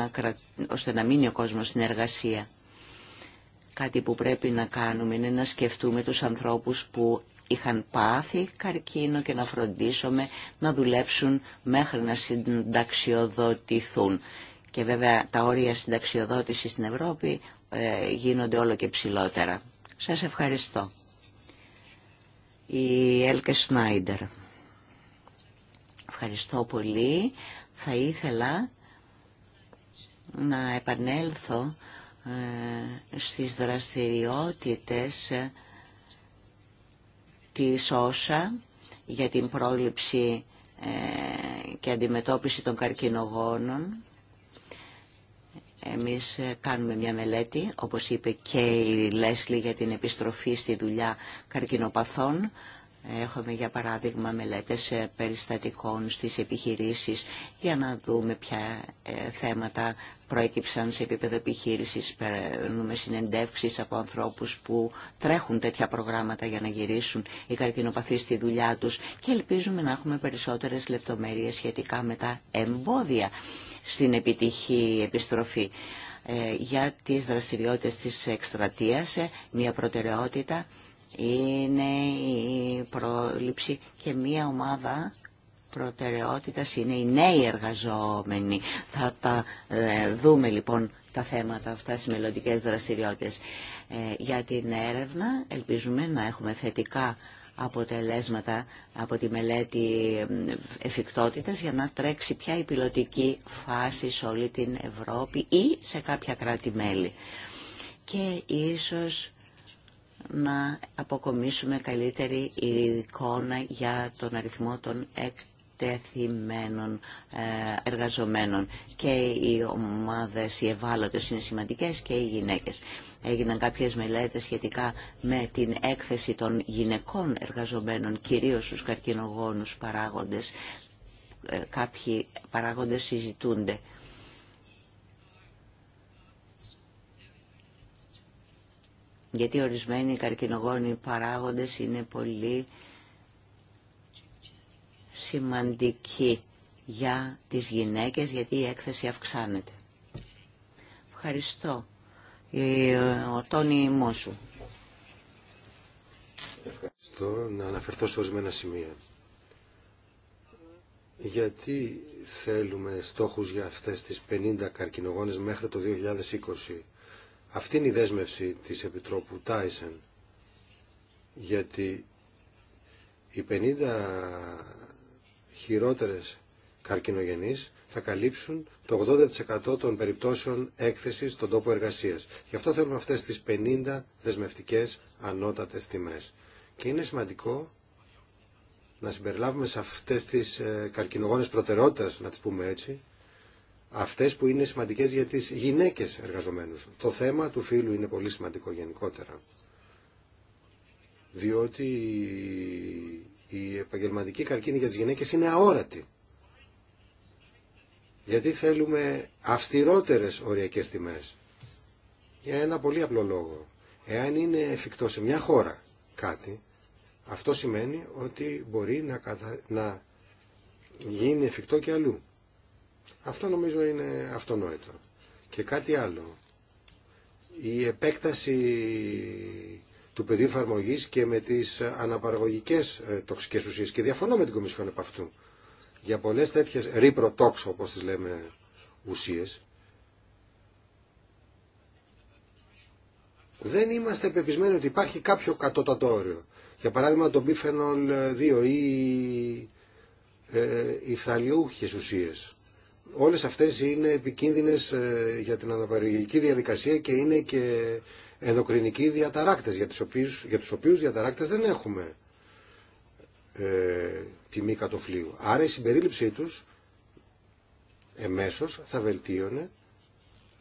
ώστε να μείνει ο κόσμος στην εργασία. Κάτι που πρέπει να κάνουμε είναι να σκεφτούμε τους ανθρώπους που είχαν πάθει καρκίνο και να φροντίσουμε να δουλέψουν μέχρι να συνταξιοδοτηθούν. Και βέβαια τα όρια συνταξιοδότησης στην Ευρώπη ε, γίνονται όλο και ψηλότερα. Σας ευχαριστώ. Η Έλκε Σνάιντερ. Ευχαριστώ πολύ. Θα ήθελα να επανέλθω ε, στις δραστηριότητες ε, της ΩΣΑ για την πρόληψη και αντιμετώπιση των καρκινογόνων εμείς ε, κάνουμε μια μελέτη, όπως είπε και η Λέσλη για την επιστροφή στη δουλειά καρκινοπαθών. Έχουμε για παράδειγμα μελέτες ε, περιστατικών στις επιχειρήσεις για να δούμε ποια ε, θέματα προέκυψαν σε επίπεδο επιχείρησης. Παίρνουμε συνεντεύξεις από ανθρώπους που τρέχουν τέτοια προγράμματα για να γυρίσουν οι καρκινοπαθείς στη δουλειά τους και ελπίζουμε να έχουμε περισσότερες λεπτομέρειες σχετικά με τα εμπόδια στην επιτυχή επιστροφή. Ε, για τις δραστηριότητες της εκστρατείας, ε, μια προτεραιότητα είναι η πρόληψη και μια ομάδα προτεραιότητας είναι οι νέοι εργαζόμενοι. Θα τα ε, δούμε λοιπόν τα θέματα αυτά στις μελλοντικές δραστηριότητες. για την έρευνα ελπίζουμε να έχουμε θετικά αποτελέσματα από τη μελέτη εφικτότητας για να τρέξει πια η πιλωτική φάση σε όλη την Ευρώπη ή σε κάποια κράτη-μέλη. Και ίσως να αποκομίσουμε καλύτερη εικόνα για τον αριθμό των ε, εργαζομένων και οι ομάδες οι ευάλωτες είναι σημαντικές και οι γυναίκες. Έγιναν κάποιες μελέτες σχετικά με την έκθεση των γυναικών εργαζομένων κυρίως στους καρκινογόνους παράγοντες. Ε, κάποιοι παράγοντες συζητούνται. Γιατί ορισμένοι καρκινογόνοι παράγοντες είναι πολύ σημαντική για τις γυναίκες γιατί η έκθεση αυξάνεται. Ευχαριστώ. Ε, ο Τόνι Μόσου. Ευχαριστώ. Να αναφερθώ σε ορισμένα σημεία. Γιατί θέλουμε στόχους για αυτές τις 50 καρκινογόνες μέχρι το 2020. Αυτή είναι η δέσμευση της Επιτρόπου Τάισεν. Γιατί οι 50 χειρότερες καρκινογενείς θα καλύψουν το 80% των περιπτώσεων έκθεσης στον τόπο εργασίας. Γι' αυτό θέλουμε αυτές τις 50 δεσμευτικές ανώτατες τιμές. Και είναι σημαντικό να συμπεριλάβουμε σε αυτές τις ε, καρκινογόνες προτεραιότητες, να τις πούμε έτσι, αυτές που είναι σημαντικές για τις γυναίκες εργαζομένους. Το θέμα του φύλου είναι πολύ σημαντικό γενικότερα. Διότι η επαγγελματική καρκίνη για τις γυναίκες είναι αόρατη. Γιατί θέλουμε αυστηρότερες οριακές τιμές. Για ένα πολύ απλό λόγο. Εάν είναι εφικτό σε μια χώρα κάτι, αυτό σημαίνει ότι μπορεί να, να γίνει εφικτό και αλλού. Αυτό νομίζω είναι αυτονόητο. Και κάτι άλλο. Η επέκταση του πεδίου εφαρμογή και με τι αναπαραγωγικέ ε, τοξικέ ουσίε. Και διαφωνώ με την Κομισιόν επ' αυτού. Για πολλέ τέτοιε τόξο, όπω τι λέμε, ουσίε, δεν είμαστε πεπισμένοι ότι υπάρχει κάποιο κατώτατο Για παράδειγμα, το μπιφενολ 2 ή ε, οι φθαλιούχε ουσίες. Όλες αυτές είναι επικίνδυνες ε, για την αναπαραγωγική διαδικασία και είναι και ενδοκρινικοί διαταράκτες, για, τις οποίους, για τους οποίους διαταράκτες δεν έχουμε ε, τιμή κατοφλίου. Άρα η συμπερίληψή τους εμέσως θα βελτίωνε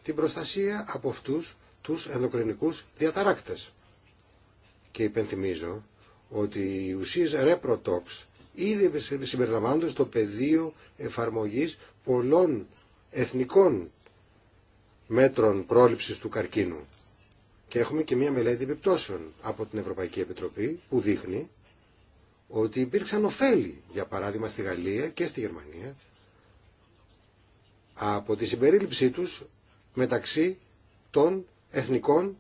την προστασία από αυτούς τους ενδοκρινικούς διαταράκτες. Και υπενθυμίζω ότι οι ουσίες Reprotox ήδη συμπεριλαμβάνονται στο πεδίο εφαρμογής πολλών εθνικών μέτρων πρόληψης του καρκίνου. Και έχουμε και μία μελέτη επιπτώσεων από την Ευρωπαϊκή Επιτροπή που δείχνει ότι υπήρξαν ωφέλη, για παράδειγμα στη Γαλλία και στη Γερμανία, από τη συμπερίληψή τους μεταξύ των εθνικών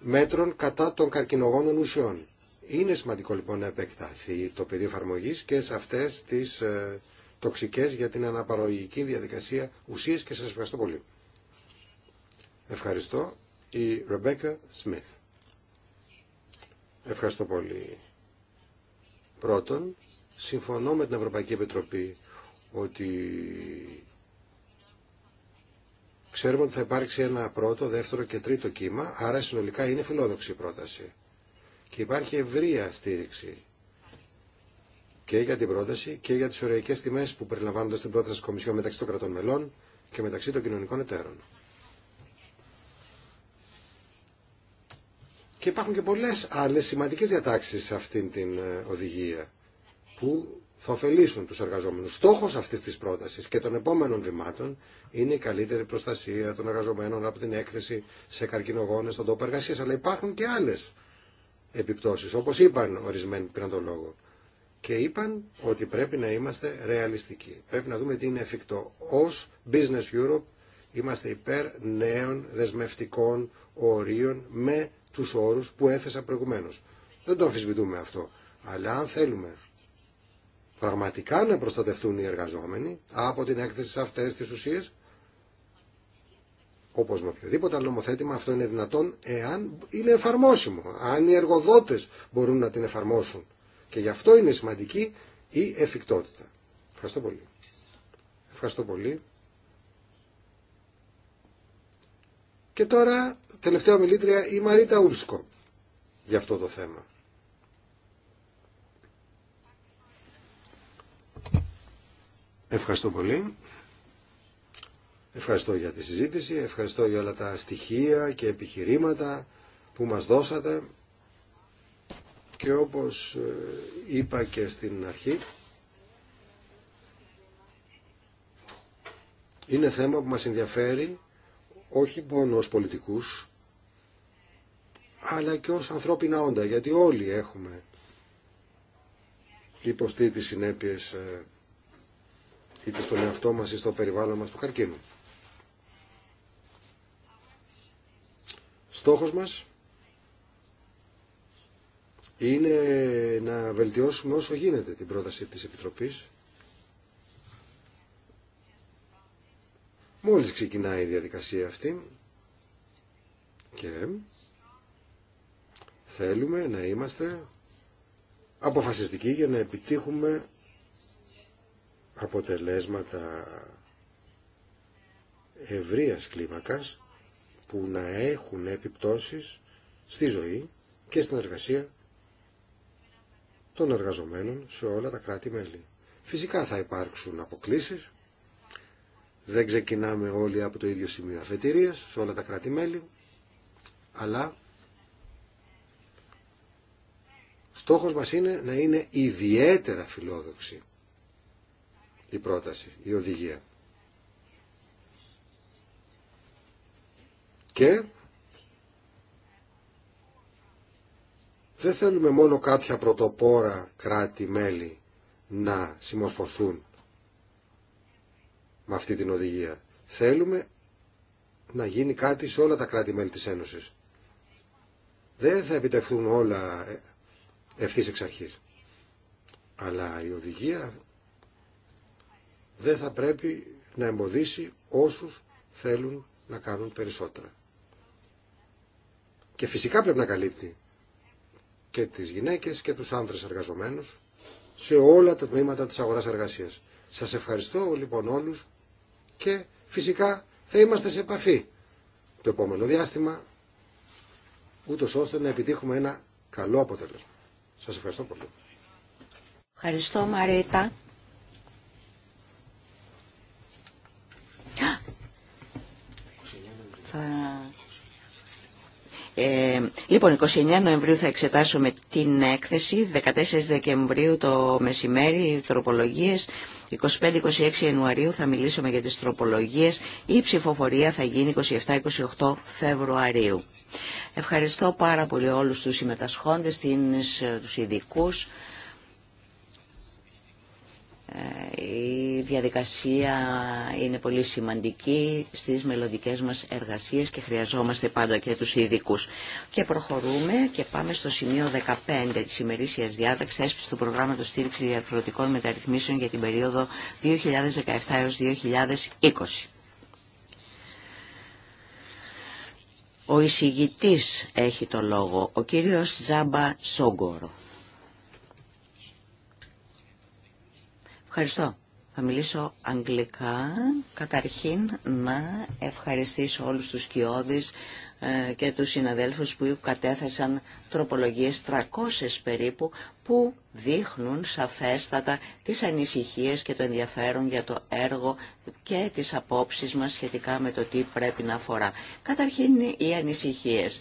μέτρων κατά των καρκινογόνων ουσιών. Είναι σημαντικό λοιπόν να επεκταθεί το πεδίο εφαρμογή και σε αυτές τις ε, τοξικές για την αναπαραγωγική διαδικασία ουσίες και σας ευχαριστώ πολύ. Ευχαριστώ η Ρεμπέκα Σμιθ. Ευχαριστώ πολύ. Πρώτον, συμφωνώ με την Ευρωπαϊκή Επιτροπή ότι ξέρουμε ότι θα υπάρξει ένα πρώτο, δεύτερο και τρίτο κύμα, άρα συνολικά είναι φιλόδοξη η πρόταση. Και υπάρχει ευρεία στήριξη και για την πρόταση και για τις ωραϊκές τιμές που περιλαμβάνονται στην πρόταση της Κομισιόν μεταξύ των κρατών μελών και μεταξύ των κοινωνικών εταίρων. Και υπάρχουν και πολλές άλλες σημαντικές διατάξεις σε αυτήν την ε, οδηγία που θα ωφελήσουν τους εργαζόμενους. Στόχος αυτής της πρότασης και των επόμενων βημάτων είναι η καλύτερη προστασία των εργαζομένων από την έκθεση σε καρκινογόνες στον τόπο εργασία, αλλά υπάρχουν και άλλες επιπτώσεις, όπως είπαν ορισμένοι πριν τον λόγο. Και είπαν ότι πρέπει να είμαστε ρεαλιστικοί. Πρέπει να δούμε τι είναι εφικτό. Ως Business Europe είμαστε υπέρ νέων δεσμευτικών ορίων με του όρου που έθεσα προηγουμένως. Δεν το αμφισβητούμε αυτό. Αλλά αν θέλουμε πραγματικά να προστατευτούν οι εργαζόμενοι από την έκθεση σε αυτές τις ουσίες, όπως με οποιοδήποτε άλλο νομοθέτημα, αυτό είναι δυνατόν εάν είναι εφαρμόσιμο, αν οι εργοδότες μπορούν να την εφαρμόσουν. Και γι' αυτό είναι σημαντική η εφικτότητα. Ευχαριστώ πολύ. Ευχαριστώ πολύ. Και τώρα τελευταία ομιλήτρια η Μαρίτα Ούλσκο για αυτό το θέμα. Ευχαριστώ πολύ. Ευχαριστώ για τη συζήτηση, ευχαριστώ για όλα τα στοιχεία και επιχειρήματα που μας δώσατε και όπως ε, είπα και στην αρχή είναι θέμα που μας ενδιαφέρει όχι μόνο ως πολιτικούς αλλά και ως ανθρώπινα όντα, γιατί όλοι έχουμε υποστεί τις συνέπειες ε, είτε στον εαυτό μας ή στο περιβάλλον μας του καρκίνου. Στόχος μας είναι να βελτιώσουμε όσο γίνεται την πρόταση της Επιτροπής. Μόλις ξεκινάει η διαδικασία αυτή και Θέλουμε να είμαστε αποφασιστικοί για να επιτύχουμε αποτελέσματα ευρείας κλίμακας που να έχουν επιπτώσεις στη ζωή και στην εργασία των εργαζομένων σε όλα τα κράτη-μέλη. Φυσικά θα υπάρξουν αποκλήσεις, δεν ξεκινάμε όλοι από το ίδιο σημείο αφετηρίας σε όλα τα κράτη-μέλη, αλλά Στόχος μας είναι να είναι ιδιαίτερα φιλόδοξη η πρόταση, η οδηγία. Και δεν θέλουμε μόνο κάποια πρωτοπόρα κράτη-μέλη να συμμορφωθούν με αυτή την οδηγία. Θέλουμε να γίνει κάτι σε όλα τα κράτη-μέλη της Ένωσης. Δεν θα επιτευχθούν όλα ε, ευθύς εξ αρχής. Αλλά η οδηγία δεν θα πρέπει να εμποδίσει όσους θέλουν να κάνουν περισσότερα. Και φυσικά πρέπει να καλύπτει και τις γυναίκες και τους άνδρες εργαζομένους σε όλα τα τμήματα της αγοράς εργασίας. Σας ευχαριστώ λοιπόν όλους και φυσικά θα είμαστε σε επαφή το επόμενο διάστημα ούτως ώστε να επιτύχουμε ένα καλό αποτέλεσμα. Σας ευχαριστώ πολύ. Ευχαριστώ Μαρίτα. Θα ε, λοιπόν, 29 Νοεμβρίου θα εξετάσουμε την έκθεση, 14 Δεκεμβρίου το μεσημέρι, τροπολογίες, 25-26 Ιανουαρίου θα μιλήσουμε για τις τροπολογίες, η ψηφοφορία θα γίνει 27-28 Φεβρουαρίου. Ευχαριστώ πάρα πολύ όλους τους συμμετασχόντες, τους ειδικούς. Η διαδικασία είναι πολύ σημαντική στις μελλοντικέ μας εργασίες και χρειαζόμαστε πάντα και τους ειδικού. Και προχωρούμε και πάμε στο σημείο 15 της ημερήσιας διάταξης έσπιση του προγράμματος στήριξη διαφορετικών μεταρρυθμίσεων για την περίοδο 2017 έως 2020. Ο εισηγητής έχει το λόγο, ο κύριος Τζάμπα Σόγκορο. Ευχαριστώ. Θα μιλήσω αγγλικά. Καταρχήν να ευχαριστήσω όλους τους κοιόδης ε, και τους συναδέλφους που κατέθεσαν τροπολογίες 300 περίπου που δείχνουν σαφέστατα τις ανησυχίες και το ενδιαφέρον για το έργο και τις απόψεις μας σχετικά με το τι πρέπει να αφορά. Καταρχήν οι ανησυχίες.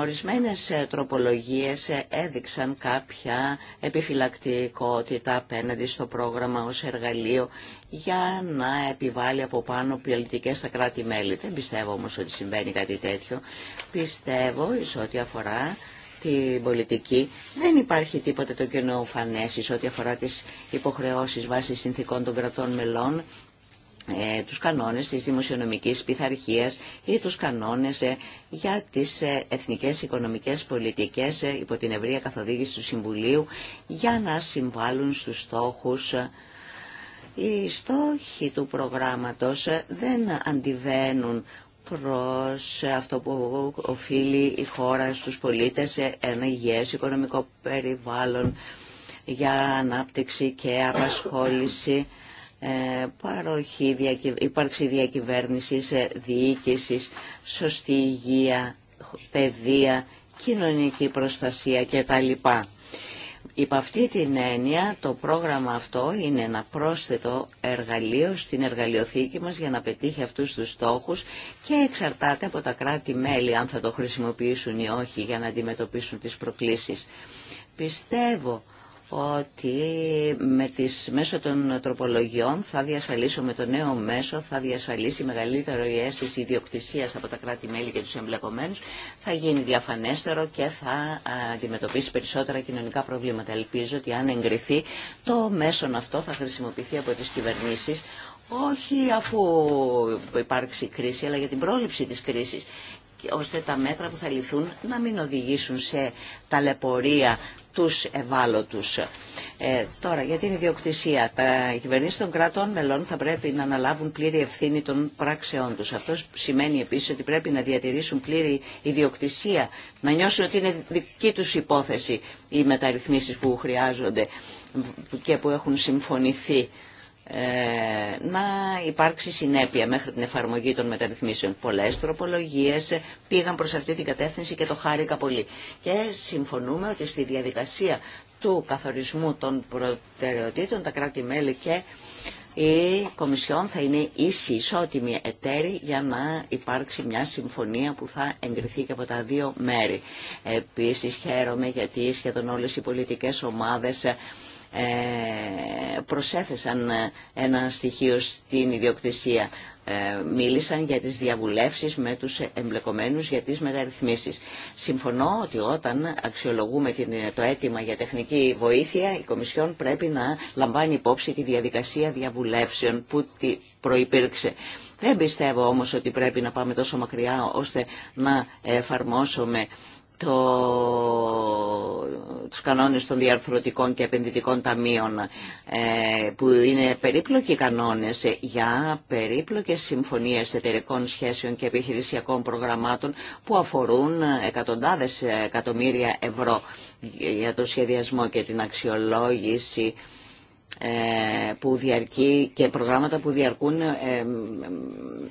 Ορισμένες ε, τροπολογίες ε, έδειξαν κάποια επιφυλακτικότητα απέναντι στο πρόγραμμα ως εργαλείο για να επιβάλλει από πάνω πολιτικές στα κράτη-μέλη. Δεν πιστεύω όμως ότι συμβαίνει κάτι τέτοιο. Πιστεύω, εις ό,τι αφορά την πολιτική, δεν υπάρχει τίποτε το κενό φανές, ό,τι αφορά τις υποχρεώσεις βάσει συνθήκων των κρατών μελών ε, τους κανόνες της δημοσιονομικής πειθαρχίας ή τους κανόνες ε, για τις ε, εθνικές οικονομικές πολιτικές υπό την ευρεία καθοδήγηση του Συμβουλίου για να συμβάλλουν στους στόχους. Οι στόχοι του προγράμματος δεν αντιβαίνουν προς αυτό που οφείλει η χώρα στους πολίτες σε ένα υγιές οικονομικό περιβάλλον για ανάπτυξη και απασχόληση ε, παροχή, ύπαρξη διακυβέρνησης, ε, διοίκηση, σωστή υγεία, παιδεία, κοινωνική προστασία κτλ. Υπ' αυτή την έννοια το πρόγραμμα αυτό είναι ένα πρόσθετο εργαλείο στην εργαλειοθήκη μας για να πετύχει αυτούς τους στόχους και εξαρτάται από τα κράτη-μέλη αν θα το χρησιμοποιήσουν ή όχι για να αντιμετωπίσουν τις προκλήσεις. Πιστεύω ότι με τις, μέσω των τροπολογιών θα διασφαλίσουμε το νέο μέσο, θα διασφαλίσει μεγαλύτερο η αίσθηση ιδιοκτησίας από τα κράτη-μέλη και τους εμπλεκομένους, θα γίνει διαφανέστερο και θα αντιμετωπίσει περισσότερα κοινωνικά προβλήματα. Ελπίζω ότι αν εγκριθεί το μέσο αυτό θα χρησιμοποιηθεί από τις κυβερνήσεις όχι αφού υπάρξει κρίση, αλλά για την πρόληψη της κρίσης ώστε τα μέτρα που θα ληφθούν να μην οδηγήσουν σε ταλαιπωρία τους ευάλωτους. Ε, τώρα, για την ιδιοκτησία, τα κυβερνήσει των κρατών μελών θα πρέπει να αναλάβουν πλήρη ευθύνη των πράξεών τους. Αυτό σημαίνει επίσης ότι πρέπει να διατηρήσουν πλήρη ιδιοκτησία, να νιώσουν ότι είναι δική τους υπόθεση οι μεταρρυθμίσεις που χρειάζονται και που έχουν συμφωνηθεί. Ε, να υπάρξει συνέπεια μέχρι την εφαρμογή των μεταρρυθμίσεων. Πολλές τροπολογίες πήγαν προς αυτή την κατεύθυνση και το χάρηκα πολύ. Και συμφωνούμε ότι στη διαδικασία του καθορισμού των προτεραιοτήτων τα κράτη-μέλη και η Κομισιόν θα είναι ίση, ισότιμη εταίρη για να υπάρξει μια συμφωνία που θα εγκριθεί και από τα δύο μέρη. Επίσης χαίρομαι γιατί σχεδόν όλες οι πολιτικές ομάδες ε, προσέθεσαν ε, ένα στοιχείο στην ιδιοκτησία. Ε, μίλησαν για τις διαβουλεύσεις με τους εμπλεκομένους για τις μεταρρυθμίσεις. Συμφωνώ ότι όταν αξιολογούμε το αίτημα για τεχνική βοήθεια, η Κομισιόν πρέπει να λαμβάνει υπόψη τη διαδικασία διαβουλεύσεων που προϋπήρξε. Δεν πιστεύω όμως ότι πρέπει να πάμε τόσο μακριά ώστε να εφαρμόσουμε το, τους κανόνες των διαρθρωτικών και επενδυτικών ταμείων ε, που είναι περίπλοκοι κανόνες για περίπλοκες συμφωνίες εταιρικών σχέσεων και επιχειρησιακών προγραμμάτων που αφορούν εκατοντάδες εκατομμύρια ευρώ για το σχεδιασμό και την αξιολόγηση ε, που διαρκεί και προγράμματα που διαρκούν ε,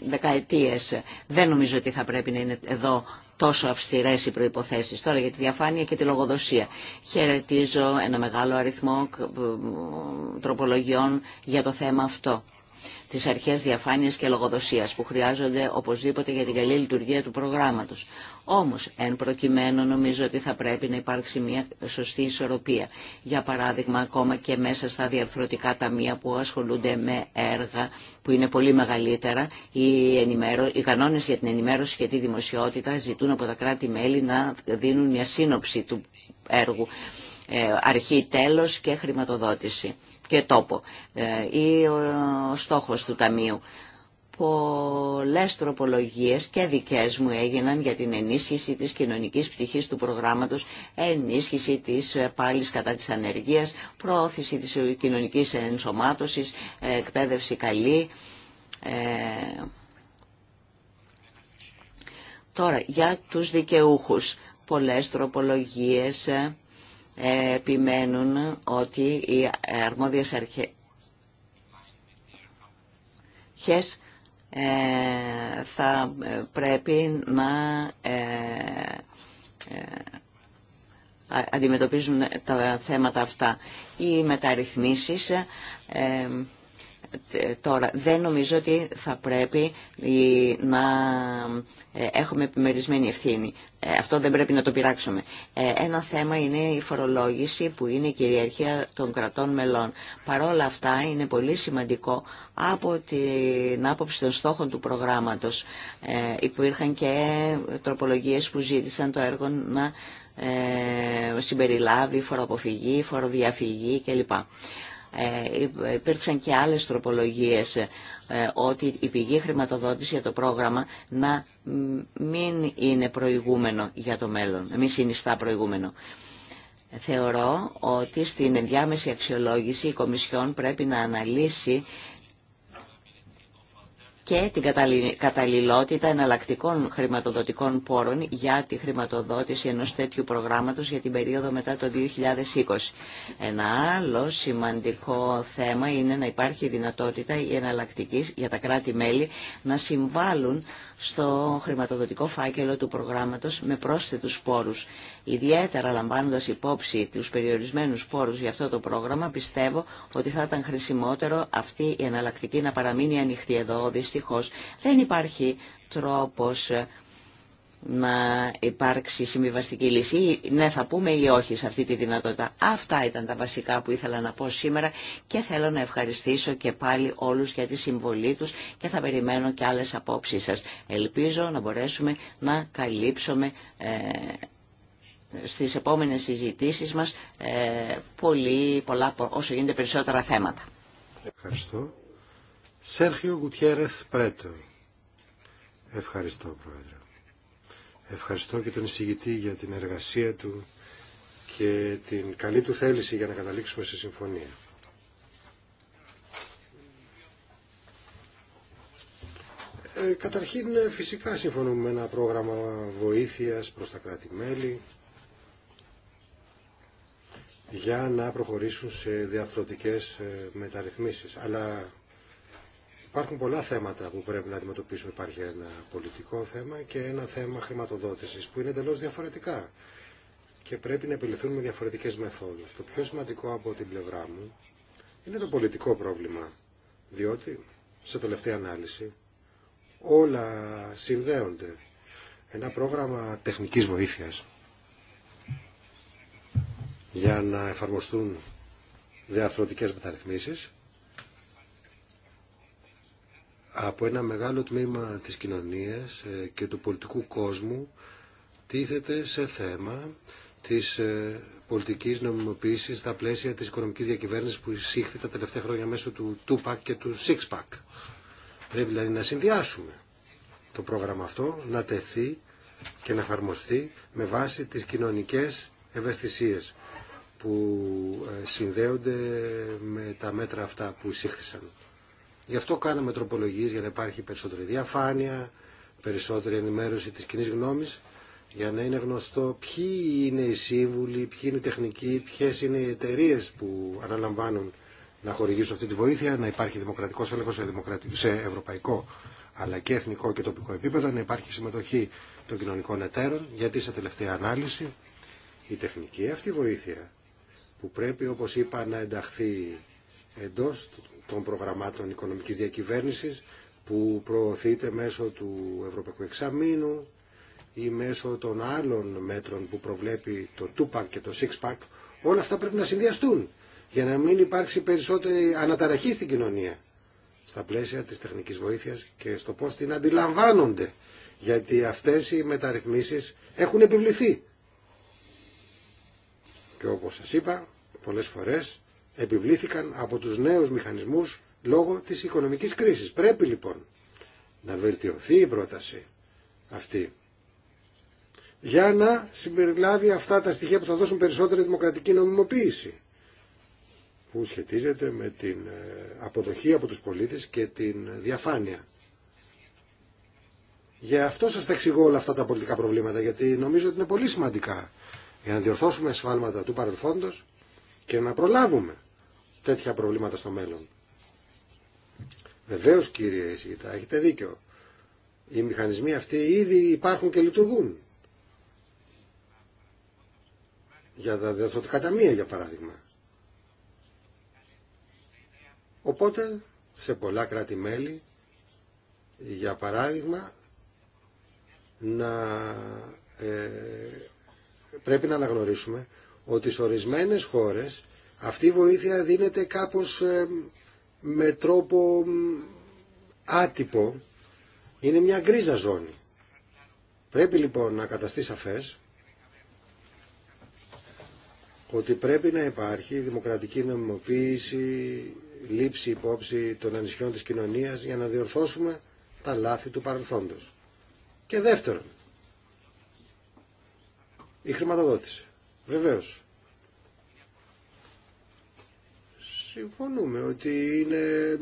δεκαετίες. Δεν νομίζω ότι θα πρέπει να είναι εδώ τόσο αυστηρέ οι προϋποθέσεις. Τώρα για τη διαφάνεια και τη λογοδοσία. Χαιρετίζω ένα μεγάλο αριθμό ε, ε, τροπολογιών για το θέμα αυτό τις αρχές διαφάνειας και λογοδοσίας που χρειάζονται οπωσδήποτε για την καλή λειτουργία του προγράμματος. Όμω, εν προκειμένου νομίζω ότι θα πρέπει να υπάρξει μια σωστή ισορροπία. Για παράδειγμα, ακόμα και μέσα στα διαρθρωτικά ταμεία που ασχολούνται με έργα που είναι πολύ μεγαλύτερα, οι, ενημέρω... οι κανόνες για την ενημέρωση και τη δημοσιότητα ζητούν από τα κράτη-μέλη να δίνουν μια σύνοψη του έργου, ε, αρχή, τέλος και χρηματοδότηση και τόπο ε, ή ο στόχος του Ταμείου. Πολλές τροπολογίες και δικές μου έγιναν για την ενίσχυση της κοινωνικής πτυχής του προγράμματος, ενίσχυση της ε, πάλης κατά της ανεργίας, προώθηση της ε, κοινωνικής ενσωμάτωσης, εκπαίδευση καλή. Τώρα, για τους δικαιούχους, πολλές τροπολογίες επιμένουν ότι οι αρμόδιες αρχές ε, θα ε, πρέπει να ε, αντιμετωπίζουν τα θέματα αυτά. Οι μεταρρυθμίσεις Τώρα, δεν νομίζω ότι θα πρέπει να ε, έχουμε επιμερισμένη ευθύνη. Ε, αυτό δεν πρέπει να το πειράξουμε. Ε, ένα θέμα είναι η φορολόγηση που είναι η κυριαρχία των κρατών μελών. Παρόλα αυτά είναι πολύ σημαντικό από την άποψη των στόχων του προγράμματος. Υπήρχαν και τροπολογίες που ζήτησαν το έργο να συμπεριλάβει φοροποφυγή, φοροδιαφυγή κλπ. Ε, υπήρξαν και άλλες τροπολογίες ε, ότι η πηγή χρηματοδότηση για το πρόγραμμα να μην είναι προηγούμενο για το μέλλον, να μην συνιστά προηγούμενο. Θεωρώ ότι στην ενδιάμεση αξιολόγηση η Κομισιόν πρέπει να αναλύσει και την καταλληλότητα εναλλακτικών χρηματοδοτικών πόρων για τη χρηματοδότηση ενός τέτοιου προγράμματος για την περίοδο μετά το 2020. Ένα άλλο σημαντικό θέμα είναι να υπάρχει δυνατότητα η εναλλακτική για τα κράτη-μέλη να συμβάλλουν στο χρηματοδοτικό φάκελο του προγράμματος με πρόσθετους πόρους. Ιδιαίτερα λαμβάνοντας υπόψη τους περιορισμένους πόρους για αυτό το πρόγραμμα, πιστεύω ότι θα ήταν χρησιμότερο αυτή η εναλλακτική να παραμείνει ανοιχτή εδώ. Δυστυχώς δεν υπάρχει τρόπος ε, να υπάρξει συμβιβαστική λύση. Ναι, θα πούμε ή όχι σε αυτή τη δυνατότητα. Αυτά ήταν τα βασικά που ήθελα να πω σήμερα και θέλω να ευχαριστήσω και πάλι όλους για τη συμβολή τους και θα περιμένω και άλλες απόψεις σας. Ελπίζω να μπορέσουμε να καλύψουμε ε, στις επόμενες συζητήσεις μας ε, πολύ, πολλά, όσο γίνεται περισσότερα θέματα. Ευχαριστώ. Σέρχιο Γκουτιέρεθ Πρέτο. Ευχαριστώ, Πρόεδρε. Ευχαριστώ και τον εισηγητή για την εργασία του και την καλή του θέληση για να καταλήξουμε σε συμφωνία. Ε, καταρχήν, ε, φυσικά συμφωνούμε με ένα πρόγραμμα βοήθειας προς τα κράτη-μέλη, για να προχωρήσουν σε διαρθρωτικές ε, μεταρρυθμίσεις. Αλλά υπάρχουν πολλά θέματα που πρέπει να αντιμετωπίσουμε. Υπάρχει ένα πολιτικό θέμα και ένα θέμα χρηματοδότησης που είναι εντελώς διαφορετικά και πρέπει να επιληθούν με διαφορετικές μεθόδους. Το πιο σημαντικό από την πλευρά μου είναι το πολιτικό πρόβλημα, διότι σε τελευταία ανάλυση όλα συνδέονται. Ένα πρόγραμμα τεχνικής βοήθειας για να εφαρμοστούν διαφορετικές μεταρρυθμίσεις από ένα μεγάλο τμήμα της κοινωνίας ε, και του πολιτικού κόσμου τίθεται σε θέμα της ε, πολιτικής νομιμοποίησης στα πλαίσια της οικονομικής διακυβέρνησης που εισήχθη τα τελευταία χρόνια μέσω του 2 και του 6 Πρέπει δηλαδή να συνδυάσουμε το πρόγραμμα αυτό, να τεθεί και να εφαρμοστεί με βάση τις κοινωνικές ευαισθησίες που ε, συνδέονται με τα μέτρα αυτά που εισήχθησαν. Γι' αυτό κάναμε τροπολογίε για να υπάρχει περισσότερη διαφάνεια, περισσότερη ενημέρωση τη κοινή γνώμη, για να είναι γνωστό ποιοι είναι οι σύμβουλοι, ποιοι είναι οι τεχνικοί, ποιε είναι οι εταιρείε που αναλαμβάνουν να χορηγήσουν αυτή τη βοήθεια, να υπάρχει δημοκρατικό έλεγχο σε, σε ευρωπαϊκό αλλά και εθνικό και τοπικό επίπεδο, να υπάρχει συμμετοχή των κοινωνικών εταίρων, γιατί σε τελευταία ανάλυση η τεχνική αυτή βοήθεια που πρέπει, όπως είπα, να ενταχθεί εντός των προγραμμάτων οικονομικής διακυβέρνησης που προωθείται μέσω του Ευρωπαϊκού Εξαμήνου ή μέσω των άλλων μέτρων που προβλέπει το 2-pack και το 6-pack. Όλα αυτά πρέπει να συνδυαστούν για να μην υπάρξει περισσότερη αναταραχή στην κοινωνία στα πλαίσια της τεχνικής βοήθειας και στο πώς την αντιλαμβάνονται γιατί αυτές οι μεταρρυθμίσεις έχουν επιβληθεί. Και όπως σας είπα, πολλές φορές επιβλήθηκαν από τους νέους μηχανισμούς λόγω της οικονομικής κρίσης. Πρέπει λοιπόν να βελτιωθεί η πρόταση αυτή για να συμπεριλάβει αυτά τα στοιχεία που θα δώσουν περισσότερη δημοκρατική νομιμοποίηση που σχετίζεται με την ε, αποδοχή από τους πολίτες και την διαφάνεια. Για αυτό σας τα εξηγώ όλα αυτά τα πολιτικά προβλήματα, γιατί νομίζω ότι είναι πολύ σημαντικά για να διορθώσουμε σφάλματα του παρελθόντος και να προλάβουμε τέτοια προβλήματα στο μέλλον. Βεβαίω κύριε Ισηγητά, έχετε δίκιο. Οι μηχανισμοί αυτοί ήδη υπάρχουν και λειτουργούν. Για τα διαδοτικά ταμεία για παράδειγμα. Οπότε σε πολλά κράτη-μέλη για παράδειγμα να ε, πρέπει να αναγνωρίσουμε ότι σε ορισμένες χώρες αυτή η βοήθεια δίνεται κάπως ε, με τρόπο άτυπο. Είναι μια γκρίζα ζώνη. Πρέπει λοιπόν να καταστεί σαφές ότι πρέπει να υπάρχει δημοκρατική νομιμοποίηση, λήψη υπόψη των ανησυχιών της κοινωνίας για να διορθώσουμε τα λάθη του παρελθόντος. Και δεύτερον, η χρηματοδότηση. Βεβαίως. Συμφωνούμε ότι είναι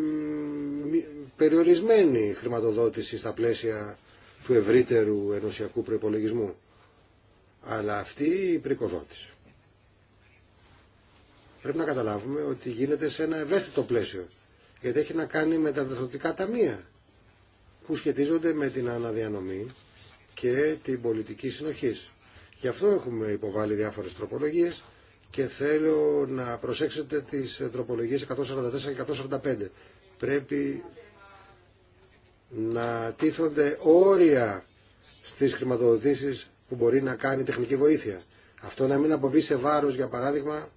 περιορισμένη η χρηματοδότηση στα πλαίσια του ευρύτερου ενωσιακού προϋπολογισμού. Αλλά αυτή η πρικοδότηση. Πρέπει να καταλάβουμε ότι γίνεται σε ένα ευαίσθητο πλαίσιο. Γιατί έχει να κάνει με τα δεθωτικά ταμεία που σχετίζονται με την αναδιανομή και την πολιτική συνοχής. Γι' αυτό έχουμε υποβάλει διάφορες τροπολογίες και θέλω να προσέξετε τις τροπολογίες 144 και 145. Πρέπει να τίθονται όρια στις χρηματοδοτήσεις που μπορεί να κάνει τεχνική βοήθεια. Αυτό να μην αποβεί σε βάρος, για παράδειγμα,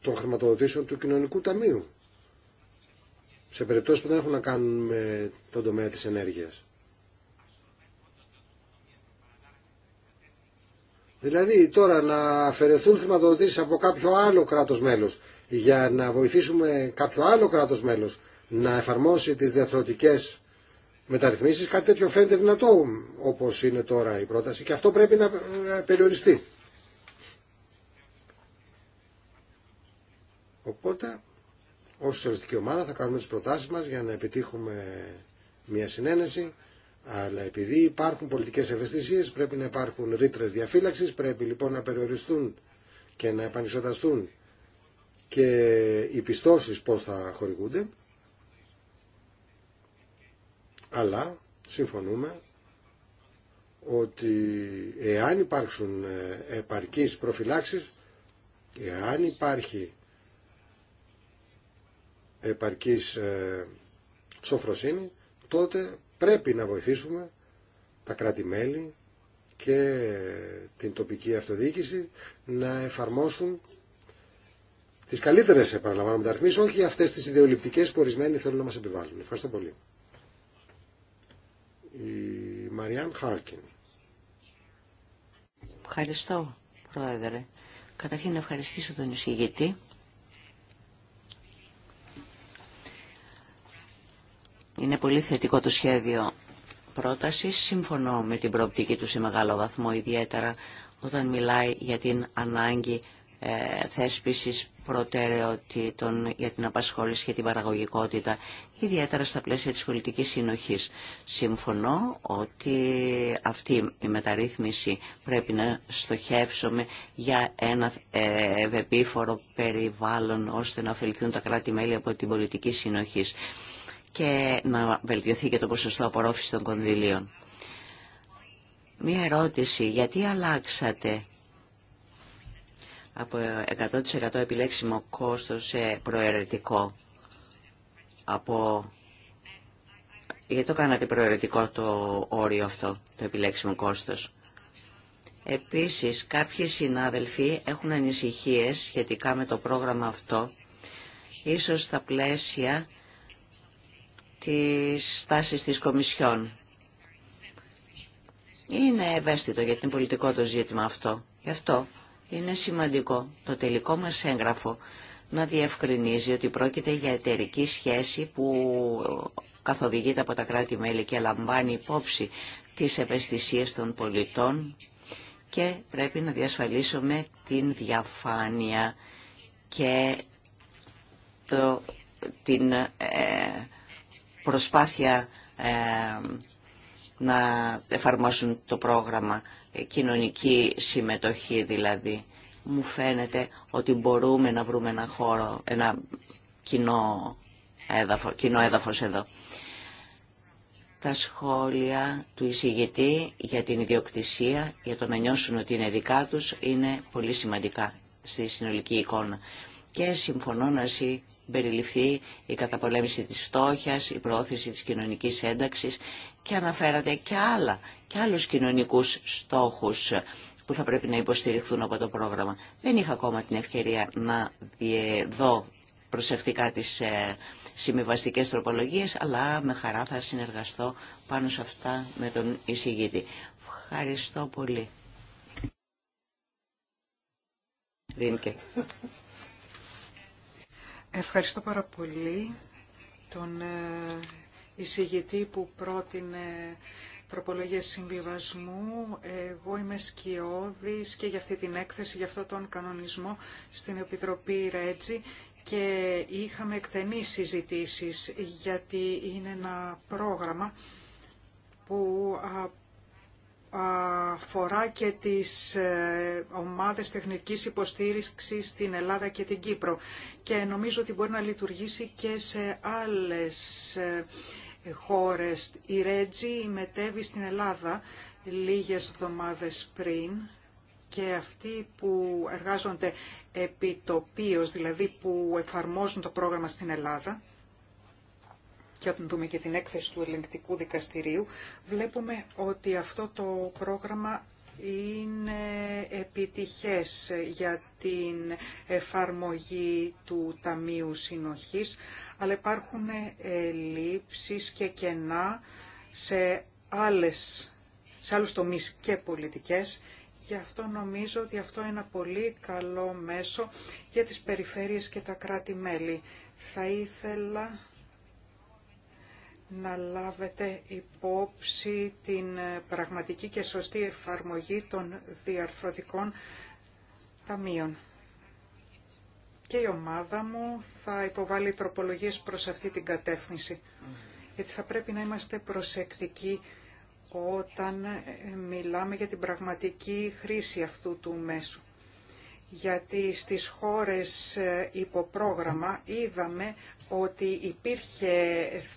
των χρηματοδοτήσεων του κοινωνικού ταμείου. Σε περιπτώσεις που δεν έχουν να κάνουν με τον τομέα της ενέργειας. Δηλαδή τώρα να αφαιρεθούν χρηματοδοτήσεις από κάποιο άλλο κράτος μέλος για να βοηθήσουμε κάποιο άλλο κράτος μέλος να εφαρμόσει τις διαθροτικές μεταρρυθμίσεις, κάτι τέτοιο φαίνεται δυνατό όπως είναι τώρα η πρόταση και αυτό πρέπει να ε, περιοριστεί. Οπότε, ως σοσιαλιστική ομάδα θα κάνουμε τις προτάσεις μας για να επιτύχουμε μια συνένεση αλλά επειδή υπάρχουν πολιτικές ευαισθησίες πρέπει να υπάρχουν ρήτρε διαφύλαξης, πρέπει λοιπόν να περιοριστούν και να επανεξεταστούν και οι πιστώσεις πώς θα χορηγούνται. Αλλά συμφωνούμε ότι εάν υπάρξουν ε, επαρκείς προφυλάξεις, εάν υπάρχει επαρκής ε, σοφροσύνη, τότε Πρέπει να βοηθήσουμε τα κράτη-μέλη και την τοπική αυτοδιοίκηση να εφαρμόσουν τι καλύτερε, επαναλαμβάνω, μεταρρυθμίσει, όχι αυτέ τι ιδεολειπτικέ που ορισμένοι θέλουν να μα επιβάλλουν. Ευχαριστώ πολύ. Η Μαριάν Χάρκιν. Ευχαριστώ, Πρόεδρε. Καταρχήν να ευχαριστήσω τον εισηγητή Είναι πολύ θετικό το σχέδιο πρότασης. Συμφωνώ με την προοπτική του σε μεγάλο βαθμό, ιδιαίτερα όταν μιλάει για την ανάγκη ε, θέσπισης προτεραιοτήτων για την απασχόληση και την παραγωγικότητα, ιδιαίτερα στα πλαίσια της πολιτικής συνοχής. Συμφωνώ ότι αυτή η μεταρρύθμιση πρέπει να στοχεύσουμε για ένα ε, ευεπίφορο περιβάλλον ώστε να ωφεληθούν τα κράτη-μέλη από την πολιτική συνοχής και να βελτιωθεί και το ποσοστό απορρόφηση των κονδυλίων. Μία ερώτηση, γιατί αλλάξατε από 100% επιλέξιμο κόστος σε προαιρετικό από... Γιατί το κάνατε προαιρετικό το όριο αυτό, το επιλέξιμο κόστος. Επίσης, κάποιοι συνάδελφοι έχουν ανησυχίες σχετικά με το πρόγραμμα αυτό, ίσως στα πλαίσια της τάσης της Κομισιόν. Είναι ευαίσθητο για την πολιτικό το ζήτημα αυτό. Γι' αυτό είναι σημαντικό το τελικό μας έγγραφο να διευκρινίζει ότι πρόκειται για εταιρική σχέση που καθοδηγείται από τα κράτη-μέλη και λαμβάνει υπόψη τις ευαισθησίες των πολιτών και πρέπει να διασφαλίσουμε την διαφάνεια και το, την ε, προσπάθεια ε, να εφαρμόσουν το πρόγραμμα ε, κοινωνική συμμετοχή δηλαδή. Μου φαίνεται ότι μπορούμε να βρούμε ένα χώρο, ένα κοινό έδαφο, έδαφος εδώ. Τα σχόλια του εισηγητή για την ιδιοκτησία, για το να νιώσουν ότι είναι δικά τους, είναι πολύ σημαντικά στη συνολική εικόνα και συμφωνώ να συμπεριληφθεί η καταπολέμηση της στόχιας, η προώθηση της κοινωνικής ένταξης και αναφέρατε και άλλα, και άλλους κοινωνικούς στόχους που θα πρέπει να υποστηριχθούν από το πρόγραμμα. Δεν είχα ακόμα την ευκαιρία να διεδώ προσεκτικά τις ε, συμβιβαστικέ τροπολογίες, αλλά με χαρά θα συνεργαστώ πάνω σε αυτά με τον εισηγήτη. Ευχαριστώ πολύ. Ευχαριστώ πάρα πολύ τον ε, εισηγητή που πρότεινε τροπολογία συμβιβασμού. Εγώ είμαι σκιώδης και για αυτή την έκθεση, για αυτό τον κανονισμό στην Επιτροπή Ρέτζη και είχαμε εκτενείς συζητήσεις γιατί είναι ένα πρόγραμμα που αφορά και τις ε, ομάδες τεχνικής υποστήριξης στην Ελλάδα και την Κύπρο και νομίζω ότι μπορεί να λειτουργήσει και σε άλλες ε, χώρες. Η Ρέτζη μετέβη στην Ελλάδα λίγες εβδομάδες πριν και αυτοί που εργάζονται επιτοπίως, δηλαδή που εφαρμόζουν το πρόγραμμα στην Ελλάδα, και όταν δούμε και την έκθεση του ελεγκτικού δικαστηρίου, βλέπουμε ότι αυτό το πρόγραμμα είναι επιτυχές για την εφαρμογή του Ταμείου Συνοχής, αλλά υπάρχουν λήψεις και κενά σε, άλλες, σε άλλους τομείς και πολιτικές. Γι' αυτό νομίζω ότι αυτό είναι ένα πολύ καλό μέσο για τις περιφέρειες και τα κράτη-μέλη. Θα ήθελα να λάβετε υπόψη την ε, πραγματική και σωστή εφαρμογή των διαρθρωτικών ταμείων. Και η ομάδα μου θα υποβάλει τροπολογίες προς αυτή την κατεύθυνση. Γιατί θα πρέπει να είμαστε προσεκτικοί όταν ε, μιλάμε για την πραγματική χρήση αυτού του μέσου γιατί στις χώρες ε, υποπρόγραμμα είδαμε ότι υπήρχε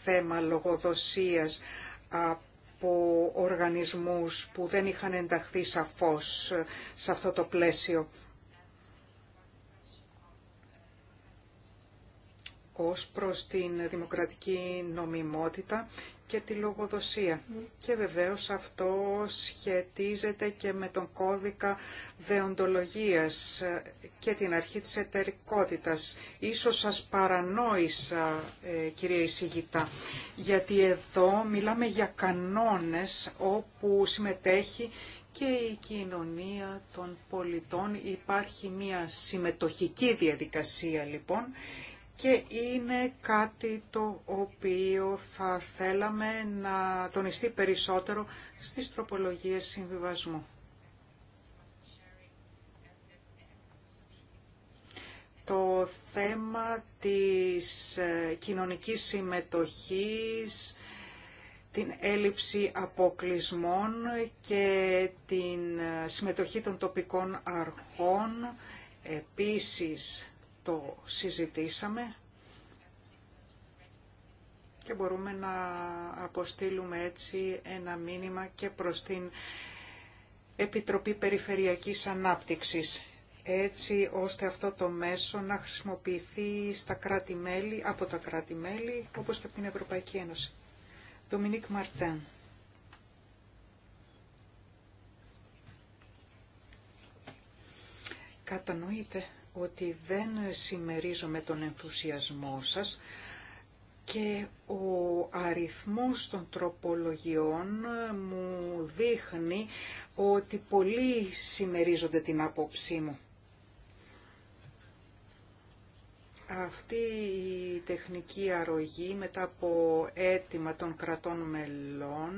θέμα λογοδοσίας από οργανισμούς που δεν είχαν ενταχθεί σαφώς ε, σε αυτό το πλαίσιο. ως προς την δημοκρατική νομιμότητα και τη λογοδοσία. Και βεβαίως αυτό σχετίζεται και με τον κώδικα δεοντολογίας και την αρχή της εταιρικότητας. Ίσως σας παρανόησα, ε, κυρία Ισηγητά, γιατί εδώ μιλάμε για κανόνες όπου συμμετέχει και η κοινωνία των πολιτών. Υπάρχει μια συμμετοχική διαδικασία λοιπόν και είναι κάτι το οποίο θα θέλαμε να τονιστεί περισσότερο στις τροπολογίες συμβιβασμού. Το θέμα της ε, κοινωνικής συμμετοχής, την έλλειψη αποκλεισμών και την ε, συμμετοχή των τοπικών αρχών, επίσης το συζητήσαμε και μπορούμε να αποστείλουμε έτσι ένα μήνυμα και προς την Επιτροπή Περιφερειακής Ανάπτυξης έτσι ώστε αυτό το μέσο να χρησιμοποιηθεί στα κράτη-μέλη, από τα κράτη-μέλη, όπως και από την Ευρωπαϊκή Ένωση. Dominique Martin. Κατανοείτε ότι δεν συμμερίζομαι τον ενθουσιασμό σας και ο αριθμός των τροπολογιών μου δείχνει ότι πολλοί συμμερίζονται την άποψή μου. Αυτή η τεχνική αρρωγή μετά από αίτημα των κρατών μελών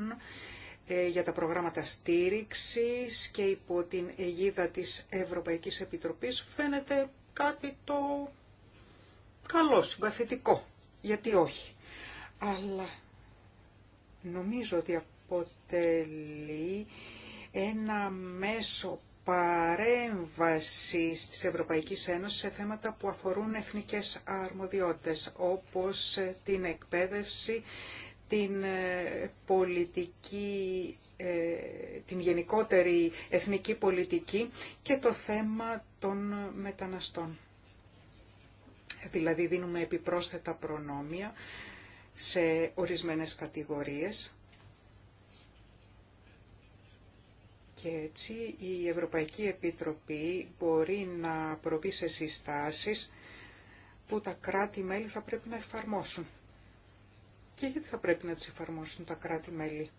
ε, για τα προγράμματα στήριξης και υπό την αιγίδα της Ευρωπαϊκής Επιτροπής φαίνεται κάτι το καλό, συμπαθητικό. Γιατί όχι. Αλλά νομίζω ότι αποτελεί ένα μέσο παρέμβασης της Ευρωπαϊκής Ένωσης σε θέματα που αφορούν εθνικές αρμοδιότητες, όπως την εκπαίδευση, την ε, πολιτική, ε, την γενικότερη εθνική πολιτική και το θέμα των μεταναστών. Δηλαδή δίνουμε επιπρόσθετα προνόμια σε ορισμένες κατηγορίες και έτσι η Ευρωπαϊκή Επιτροπή μπορεί να προβεί σε συστάσεις που τα κράτη-μέλη θα πρέπει να εφαρμόσουν και γιατί θα πρέπει να τις εφαρμόσουν τα κράτη-μέλη.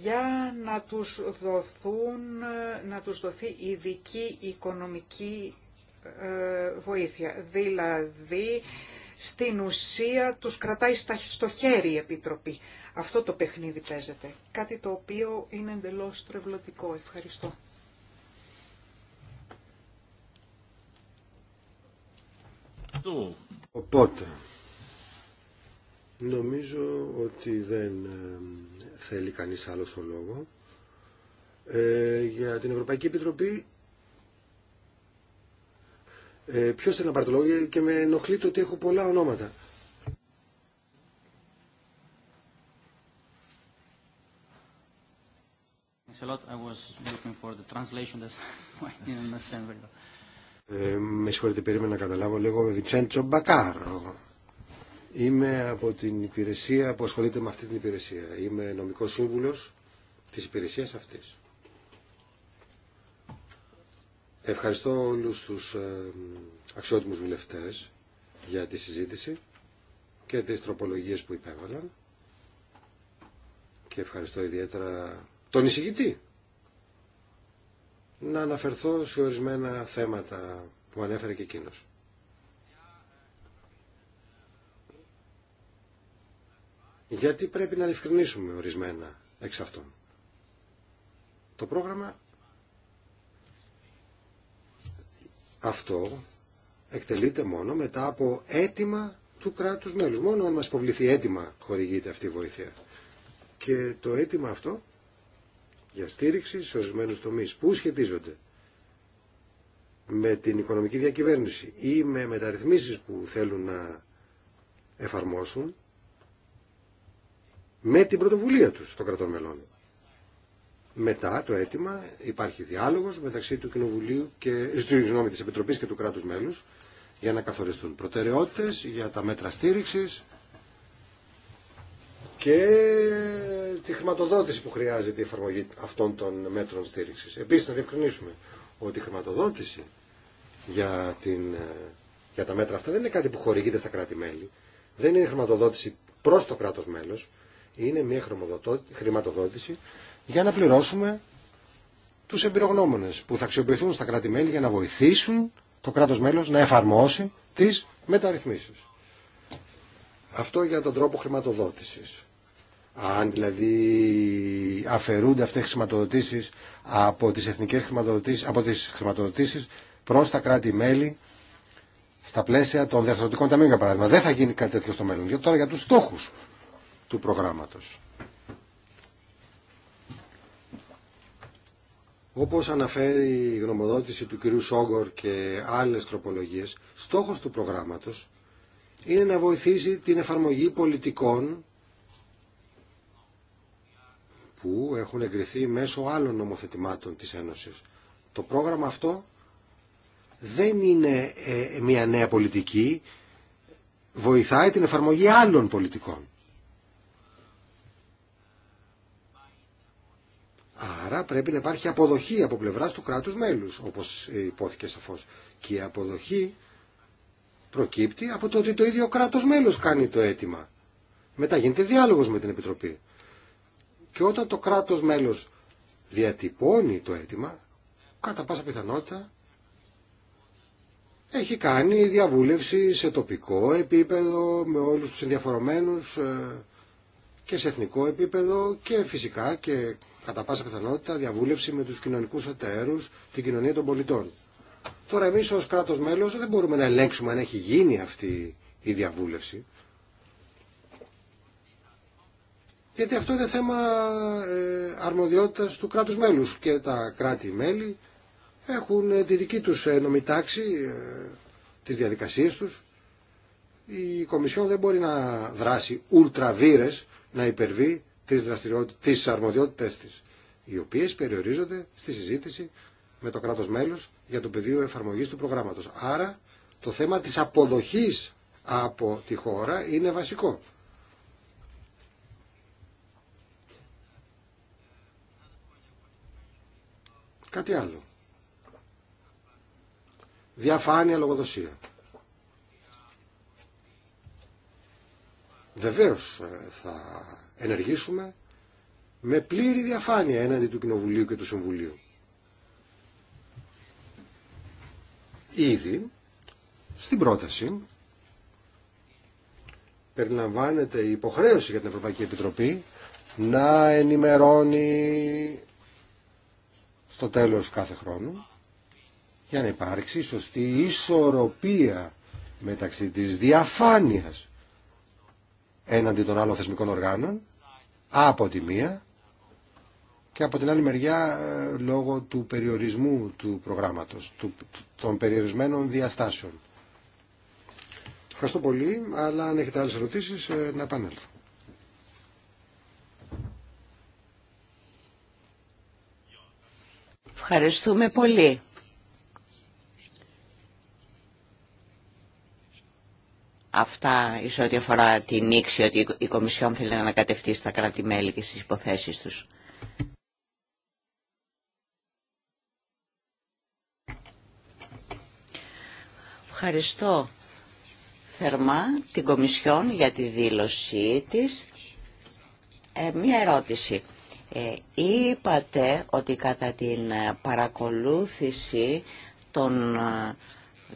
Για να τους, δοθούν, να τους δοθεί ειδική οικονομική ε, βοήθεια. Δηλαδή, στην ουσία τους κρατάει στο χέρι η Επιτροπή. Αυτό το παιχνίδι παίζεται. Κάτι το οποίο είναι εντελώς τρευλωτικό. Ευχαριστώ. Οπότε, Νομίζω ότι δεν ε, θέλει κανείς άλλο το λόγο. Ε, για την Ευρωπαϊκή Επιτροπή ε, ποιος θέλει να πάρει το λόγο και με ενοχλεί το ότι έχω πολλά ονόματα. Ε, με συγχωρείτε, περίμενα να καταλάβω λίγο Βιτσέντσο Μπακάρο. Είμαι από την υπηρεσία που ασχολείται με αυτή την υπηρεσία. Είμαι νομικός σύμβουλος της υπηρεσίας αυτής. Ευχαριστώ όλους τους ε, αξιότιμους βουλευτέ για τη συζήτηση και τις τροπολογίες που υπέβαλαν και ευχαριστώ ιδιαίτερα τον εισηγητή να αναφερθώ σε ορισμένα θέματα που ανέφερε και εκείνος. γιατί πρέπει να διευκρινίσουμε ορισμένα εξ αυτών. Το πρόγραμμα αυτό εκτελείται μόνο μετά από αίτημα του κράτους μέλους. Μόνο αν μας υποβληθεί αίτημα χορηγείται αυτή η βοήθεια. Και το αίτημα αυτό για στήριξη σε ορισμένου τομείς που σχετίζονται με την οικονομική διακυβέρνηση ή με μεταρρυθμίσεις που θέλουν να εφαρμόσουν με την πρωτοβουλία τους των κρατών μελών. Μετά το αίτημα υπάρχει διάλογος μεταξύ του Κοινοβουλίου και, ε, συγγνώμη, της Επιτροπής και του κράτους μέλους για να καθοριστούν προτεραιότητες, για τα μέτρα στήριξης και τη χρηματοδότηση που χρειάζεται η εφαρμογή αυτών των μέτρων στήριξης. Επίσης να διευκρινίσουμε ότι η χρηματοδότηση για, την, ε, για τα μέτρα αυτά δεν είναι κάτι που χορηγείται στα κράτη-μέλη, δεν είναι χρηματοδότηση προς το κράτος μέλος, είναι μια χρηματοδότηση για να πληρώσουμε τους εμπειρογνώμονες που θα αξιοποιηθούν στα κράτη-μέλη για να βοηθήσουν το κράτος μέλος να εφαρμόσει τις μεταρρυθμίσεις. Αυτό για τον τρόπο χρηματοδότησης. Αν δηλαδή αφαιρούνται αυτές οι χρηματοδοτήσεις από τις εθνικές χρηματοδοτήσεις, από τις χρηματοδοτήσεις προς τα κράτη-μέλη στα πλαίσια των διαρθρωτικών ταμείων για παράδειγμα. Δεν θα γίνει κάτι τέτοιο στο μέλλον. Για, τώρα για τους στόχους του προγράμματος. Όπως αναφέρει η γνωμοδότηση του κυρίου Σόγκορ και άλλες τροπολογίες, στόχος του προγράμματος είναι να βοηθήσει την εφαρμογή πολιτικών που έχουν εγκριθεί μέσω άλλων νομοθετημάτων της Ένωσης. Το πρόγραμμα αυτό δεν είναι ε, μια νέα πολιτική, βοηθάει την εφαρμογή άλλων πολιτικών. Άρα πρέπει να υπάρχει αποδοχή από πλευράς του κράτους μέλους, όπως υπόθηκε σαφώς. Και η αποδοχή προκύπτει από το ότι το ίδιο κράτος μέλος κάνει το αίτημα. Μετά γίνεται διάλογος με την Επιτροπή. Και όταν το κράτος μέλος διατυπώνει το αίτημα, κατά πάσα πιθανότητα έχει κάνει διαβούλευση σε τοπικό επίπεδο με όλους τους ενδιαφορομένους ε, και σε εθνικό επίπεδο και φυσικά και κατά πάσα πιθανότητα διαβούλευση με τους κοινωνικούς εταίρους, την κοινωνία των πολιτών. Τώρα εμείς ως κράτος μέλος δεν μπορούμε να ελέγξουμε αν έχει γίνει αυτή η διαβούλευση. Γιατί αυτό είναι θέμα ε, αρμοδιότητας του κράτους μέλους και τα κράτη-μέλη έχουν ε, τη δική τους ε, νομιτάξη, τις διαδικασίες τους. Η Κομισιόν δεν μπορεί να δράσει ούλτρα να υπερβεί τις, δραστηριότητες, τις αρμοδιότητες της, οι οποίες περιορίζονται στη συζήτηση με το κράτος μέλος για το πεδίο εφαρμογής του προγράμματος. Άρα το θέμα της αποδοχής από τη χώρα είναι βασικό. Κάτι άλλο. Διαφάνεια λογοδοσία. Βεβαίως ε, θα ενεργήσουμε με πλήρη διαφάνεια έναντι του Κοινοβουλίου και του Συμβουλίου. Ήδη στην πρόταση περιλαμβάνεται η υποχρέωση για την Ευρωπαϊκή Επιτροπή να ενημερώνει στο τέλος κάθε χρόνου για να υπάρξει σωστή ισορροπία μεταξύ της διαφάνειας έναντι των άλλων θεσμικών οργάνων από τη μία και από την άλλη μεριά ε, λόγω του περιορισμού του προγράμματος, του, των περιορισμένων διαστάσεων. Ευχαριστώ πολύ, αλλά αν έχετε άλλες ερωτήσεις ε, να επανέλθω. Ευχαριστούμε πολύ. Αυτά ίσως ό,τι αφορά την νήξη ότι η Κομισιόν θέλει να ανακατευτεί στα κράτη-μέλη και στις υποθέσεις τους. Ευχαριστώ θερμά την Κομισιόν για τη δήλωσή της. Ε, μία ερώτηση. Ε, είπατε ότι κατά την παρακολούθηση των ε,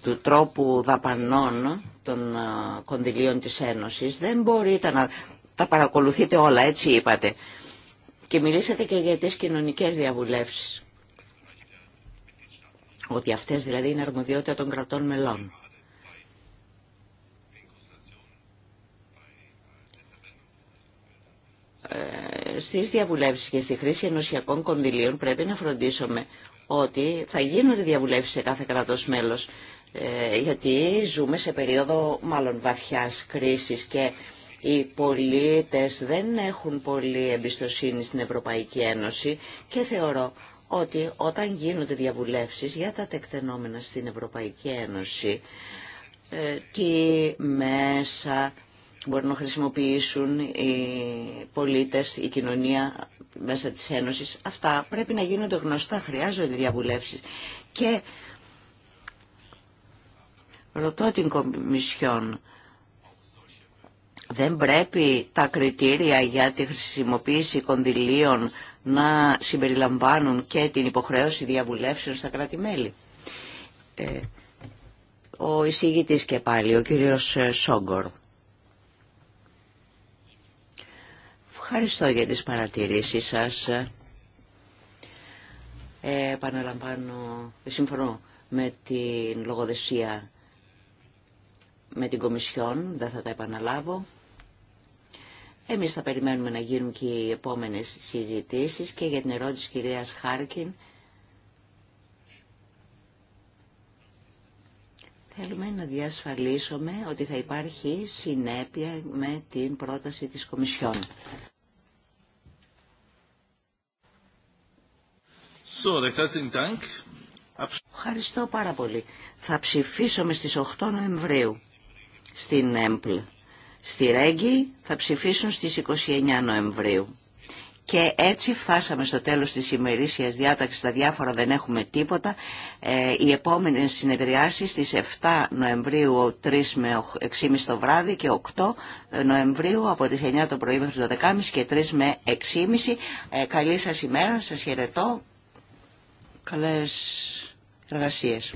του τρόπου δαπανών των ε, κονδυλίων της Ένωσης. Δεν μπορείτε να τα παρακολουθείτε όλα, έτσι είπατε. Και μιλήσατε και για τις κοινωνικές διαβουλεύσεις. Ότι αυτές δηλαδή είναι αρμοδιότητα των κρατών μελών. Ε, στις διαβουλεύσεις και στη χρήση ενωσιακών κονδυλίων πρέπει να φροντίσουμε ότι θα γίνονται διαβουλεύσεις σε κάθε κράτος μέλος ε, γιατί ζούμε σε περίοδο μάλλον βαθιάς κρίσης και οι πολίτες δεν έχουν πολύ εμπιστοσύνη στην Ευρωπαϊκή Ένωση και θεωρώ ότι όταν γίνονται διαβουλεύσεις για τα τεκτενόμενα στην Ευρωπαϊκή Ένωση, ε, τι μέσα μπορούν να χρησιμοποιήσουν οι πολίτες, η κοινωνία μέσα της Ένωσης, αυτά πρέπει να γίνονται γνωστά, χρειάζονται διαβουλεύσεις. Και Ρωτώ την Κομισιόν. Δεν πρέπει τα κριτήρια για τη χρησιμοποίηση κονδυλίων να συμπεριλαμβάνουν και την υποχρέωση διαβουλεύσεων στα κράτη-μέλη. Ε, ο εισηγητής και πάλι, ο κύριος ε, Σόγκορ. Ευχαριστώ για τις παρατηρήσεις σας. Ε, επαναλαμβάνω, συμφωνώ με την λογοδεσία με την Κομισιόν, δεν θα τα επαναλάβω. Εμείς θα περιμένουμε να γίνουν και οι επόμενες συζητήσεις και για την ερώτηση της κυρίας Χάρκιν. Θέλουμε να διασφαλίσουμε ότι θα υπάρχει συνέπεια με την πρόταση της Κομισιόν. Ευχαριστώ πάρα πολύ. Θα ψηφίσουμε στις 8 Νοεμβρίου στην ΕΜΠΛ. Στη Ρέγγι θα ψηφίσουν στις 29 Νοεμβρίου. Και έτσι φτάσαμε στο τέλος της ημερήσιας διάταξης, τα διάφορα δεν έχουμε τίποτα. Ε, οι επόμενες συνεδριάσεις στις 7 Νοεμβρίου 3 με 6.30 το βράδυ και 8 Νοεμβρίου από τις 9 το πρωί μέχρι το 12.30 και 3 με 6.30. Ε, καλή σας ημέρα, σας χαιρετώ. Καλές εργασίες.